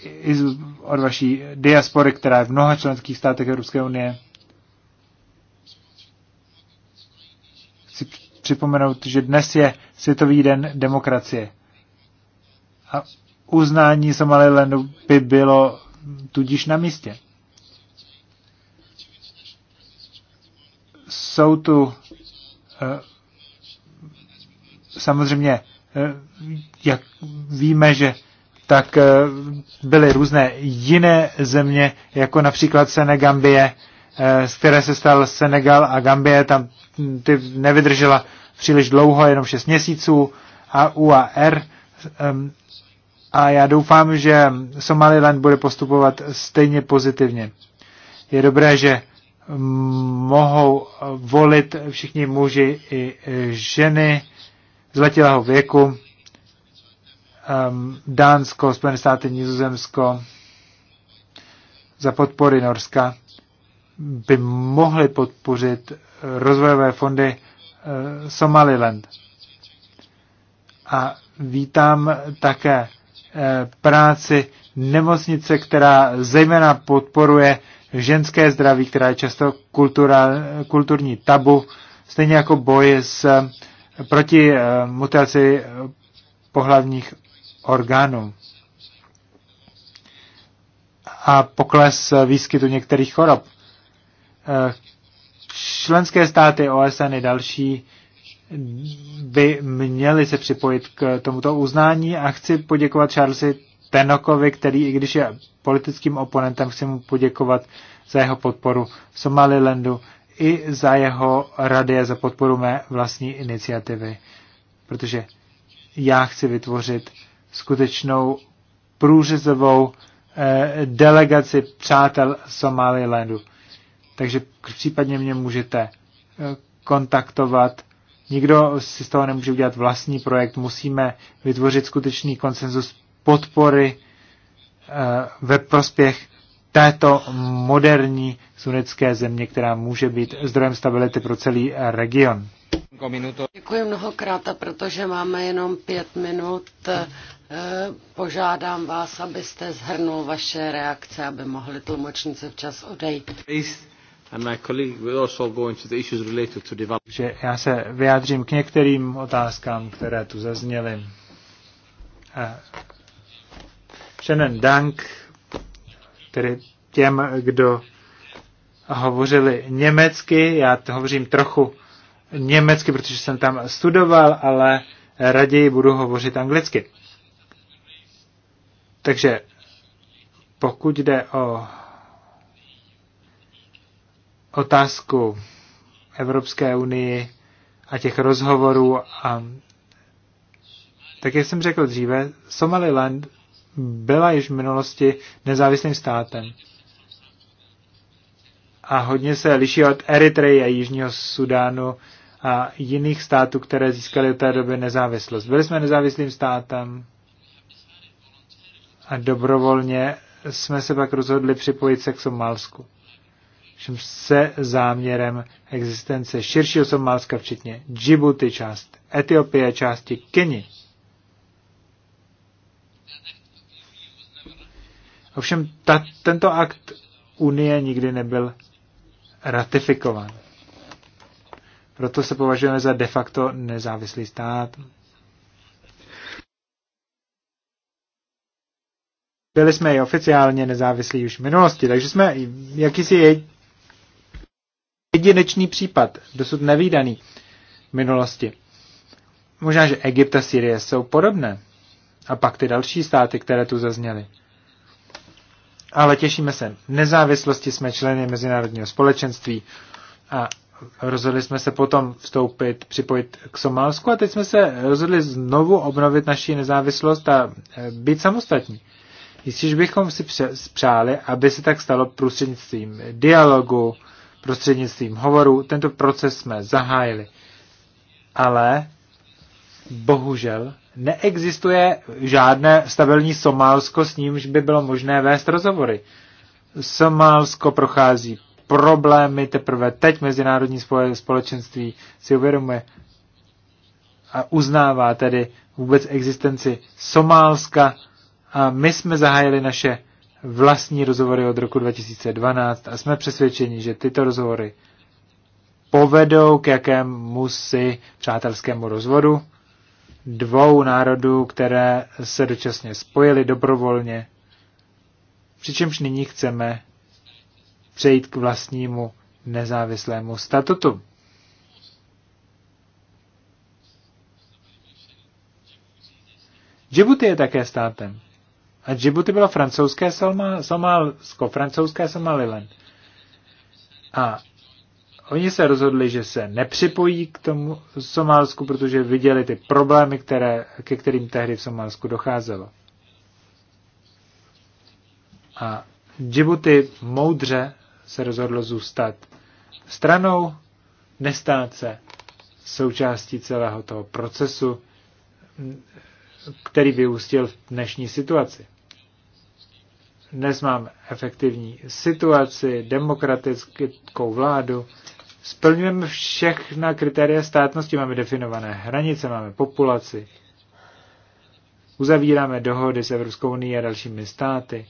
i od vaší diaspory, která je v mnoha členských státech Evropské unie. připomenout, že dnes je Světový den demokracie. A uznání Somalilandu by bylo tudíž na místě. Jsou tu eh, samozřejmě, eh, jak víme, že tak eh, byly různé jiné země, jako například Senegambie, Eh, z které se stal Senegal a Gambie, tam ty nevydržela příliš dlouho, jenom 6 měsíců, a UAR. A já doufám, že Somaliland bude postupovat stejně pozitivně. Je dobré, že mohou volit všichni muži i ženy zletilého věku. Dánsko, Spojené státy, Nizozemsko za podpory Norska by mohly podpořit rozvojové fondy eh, Somaliland. A vítám také eh, práci nemocnice, která zejména podporuje ženské zdraví, která je často kultura, kulturní tabu, stejně jako boj s, eh, proti mutaci pohlavních orgánů a pokles výskytu některých chorob členské státy OSN i další by měli se připojit k tomuto uznání a chci poděkovat Charlesi Tenokovi, který, i když je politickým oponentem, chci mu poděkovat za jeho podporu Somalilandu i za jeho rady a za podporu mé vlastní iniciativy. Protože já chci vytvořit skutečnou průřezovou eh, delegaci přátel Somalilandu takže případně mě můžete eh, kontaktovat. Nikdo si z toho nemůže udělat vlastní projekt, musíme vytvořit skutečný konsenzus podpory eh, ve prospěch této moderní sunecké země, která může být zdrojem stability pro celý region. Děkuji mnohokrát a protože máme jenom pět minut, eh, požádám vás, abyste zhrnul vaše reakce, aby mohli tlumočnice včas odejít že já se vyjádřím k některým otázkám, které tu zazněly. Eh, Shannon Dank, tedy těm, kdo hovořili německy, já to hovořím trochu německy, protože jsem tam studoval, ale raději budu hovořit anglicky. Takže pokud jde o otázku Evropské unii a těch rozhovorů a tak jak jsem řekl dříve, Somaliland byla již v minulosti nezávislým státem. A hodně se liší od Eritreje a Jižního Sudánu a jiných států, které získaly od té doby nezávislost. Byli jsme nezávislým státem a dobrovolně jsme se pak rozhodli připojit se k Somálsku se záměrem existence širšího Somálska, včetně Djibouti, část Etiopie, části Keni. Ovšem ta, tento akt Unie nikdy nebyl ratifikován. Proto se považujeme za de facto nezávislý stát. Byli jsme i oficiálně nezávislí už v minulosti, takže jsme jakýsi jedinečný případ, dosud nevýdaný v minulosti. Možná, že Egypt a Syrie jsou podobné. A pak ty další státy, které tu zazněly. Ale těšíme se. Nezávislosti jsme členy mezinárodního společenství a rozhodli jsme se potom vstoupit, připojit k Somálsku a teď jsme se rozhodli znovu obnovit naši nezávislost a e, být samostatní. Jistě, že bychom si přáli, aby se tak stalo prostřednictvím dialogu, prostřednictvím hovoru. Tento proces jsme zahájili. Ale bohužel neexistuje žádné stabilní Somálsko, s nímž by bylo možné vést rozhovory. Somálsko prochází problémy, teprve teď mezinárodní společenství si uvědomuje a uznává tedy vůbec existenci Somálska. A my jsme zahájili naše vlastní rozhovory od roku 2012 a jsme přesvědčeni, že tyto rozhovory povedou k jakému si přátelskému rozvodu dvou národů, které se dočasně spojily dobrovolně, přičemž nyní chceme přejít k vlastnímu nezávislému statutu. Djibouti je také státem. A Djibouti bylo francouzské Salma, Somálsko, francouzské Somaliland. A oni se rozhodli, že se nepřipojí k tomu Somálsku, protože viděli ty problémy, které, ke kterým tehdy v Somálsku docházelo. A Djibouti moudře se rozhodlo zůstat stranou, nestát se součástí celého toho procesu, který vyústil v dnešní situaci. Dnes máme efektivní situaci, demokratickou vládu, splňujeme všechna kritéria státnosti, máme definované hranice, máme populaci, uzavíráme dohody s Evropskou unii a dalšími státy,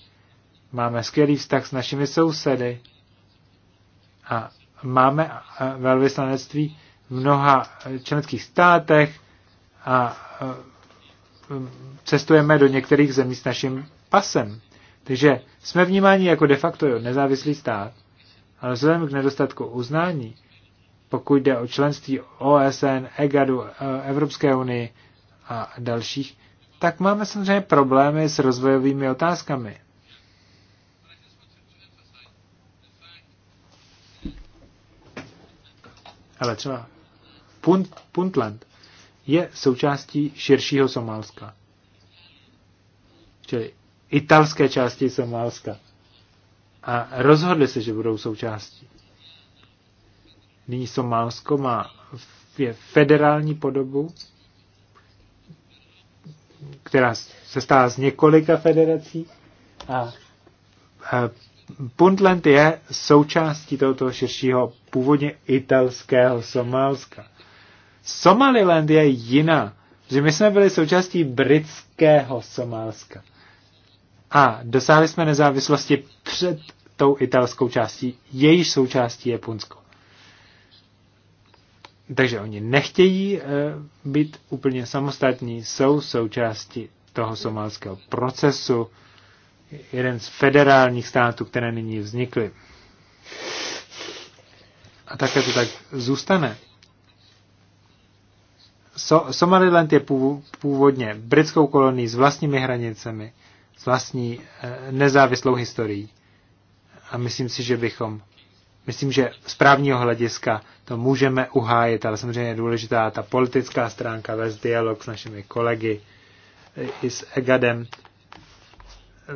máme skvělý vztah s našimi sousedy a máme velvyslanectví v mnoha členských státech a e, cestujeme do některých zemí s naším pasem. Takže jsme vnímáni jako de facto nezávislý stát, ale vzhledem k nedostatku uznání, pokud jde o členství OSN, EGADu, e, Evropské unii a dalších, tak máme samozřejmě problémy s rozvojovými otázkami. Ale třeba Punt, Puntland je součástí širšího Somálska. Čili italské části Somálska. A rozhodli se, že budou součástí. Nyní Somálsko má je federální podobu, která se stává z několika federací a Puntland je součástí tohoto širšího původně italského Somálska. Somaliland je jiná, že my jsme byli součástí britského Somálska. A dosáhli jsme nezávislosti před tou italskou částí, jejíž součástí je Punsko. Takže oni nechtějí e, být úplně samostatní, jsou součástí toho somálského procesu, jeden z federálních států, které nyní vznikly. A také to tak zůstane. So, Somaliland je původně britskou kolonií s vlastními hranicemi, s vlastní eh, nezávislou historií. A myslím si, že bychom, myslím, že z právního hlediska to můžeme uhájit, ale samozřejmě je důležitá ta politická stránka, vést dialog s našimi kolegy, eh, i s EGADem.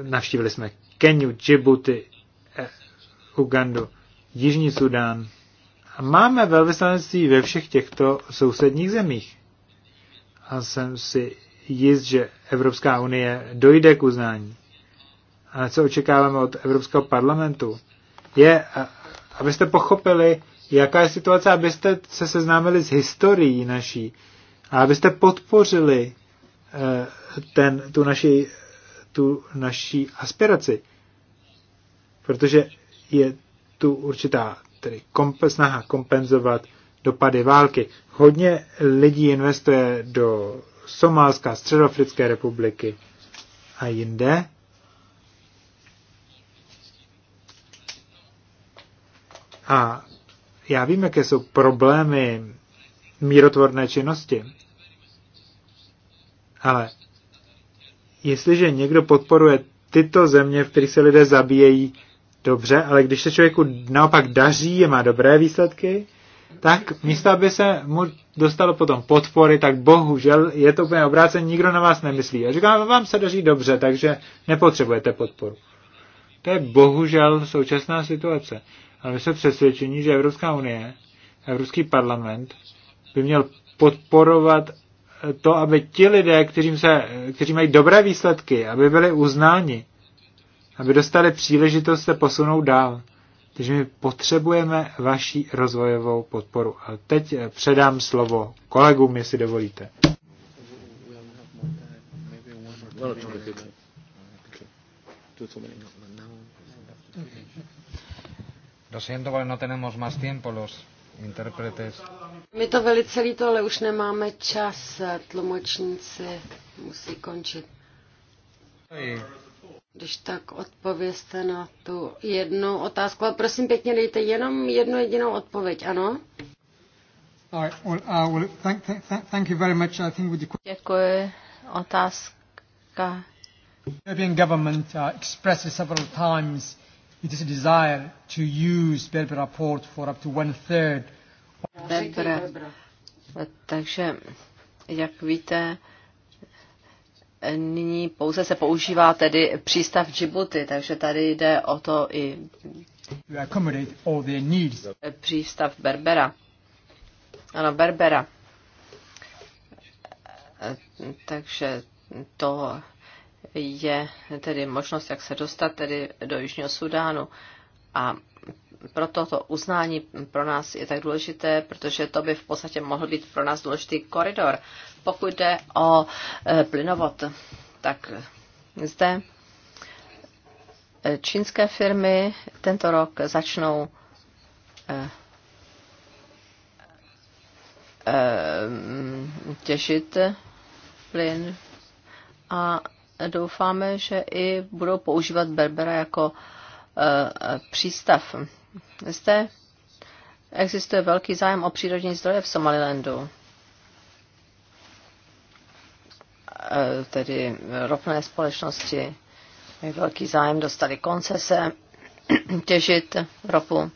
Navštívili jsme Keniu, Djibouti, eh, Ugandu, Jižní Sudán. A máme velvyslanectví ve všech těchto sousedních zemích. A jsem si jist, že Evropská unie dojde k uznání. A co očekáváme od Evropského parlamentu, je, abyste pochopili, jaká je situace, abyste se seznámili s historií naší a abyste podpořili e, ten, tu, naši, tu naší aspiraci. Protože je tu určitá tedy komp, snaha kompenzovat dopady války. Hodně lidí investuje do Somálska, Středoafrické republiky a jinde. A já vím, jaké jsou problémy mírotvorné činnosti. Ale jestliže někdo podporuje tyto země, v kterých se lidé zabíjejí dobře, ale když se člověku naopak daří a má dobré výsledky, tak místo, aby se mu dostalo potom podpory, tak bohužel je to úplně obráceně, nikdo na vás nemyslí. A říkám, vám se daří dobře, takže nepotřebujete podporu. To je bohužel současná situace. Ale my jsme přesvědčení, že Evropská unie, Evropský parlament by měl podporovat to, aby ti lidé, se, kteří mají dobré výsledky, aby byli uznáni, aby dostali příležitost se posunout dál. Takže my potřebujeme vaší rozvojovou podporu. A teď eh, předám slovo kolegům, jestli dovolíte. Lo siento, no tenemos más tiempo los interpretes. My to velice líto, ale už nemáme čas. Tlumočníci musí končit. Když tak odpověste na tu jednu otázku, ale prosím pěkně dejte jenom jednu jedinou odpověď, ano? Děkuji. Otázka. European government uh, expresses several times it a desire to use Berber report for up to one third. Berber. Takže, jak víte, nyní pouze se používá tedy přístav Djibouti, takže tady jde o to i přístav Berbera. Ano, Berbera. Takže to je tedy možnost, jak se dostat tedy do Jižního Sudánu. A proto to uznání pro nás je tak důležité, protože to by v podstatě mohl být pro nás důležitý koridor. Pokud jde o e, plynovod, tak zde e, čínské firmy tento rok začnou e, těžit plyn a doufáme, že i budou používat Berbera jako přístav. Zde existuje velký zájem o přírodní zdroje v Somalilandu. E, tedy ropné společnosti mají velký zájem, dostali koncese těžit ropu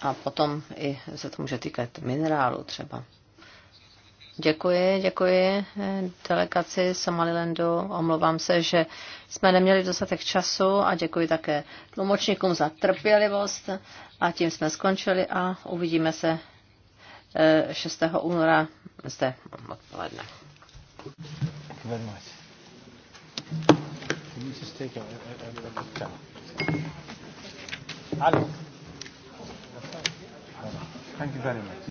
a potom i se to může týkat minerálu třeba. Děkuji, děkuji eh, delegaci Somalilandu. Omlouvám se, že jsme neměli dostatek času a děkuji také tlumočníkům za trpělivost. A tím jsme skončili a uvidíme se 6. Eh, února zde odpoledne. Thank you very much.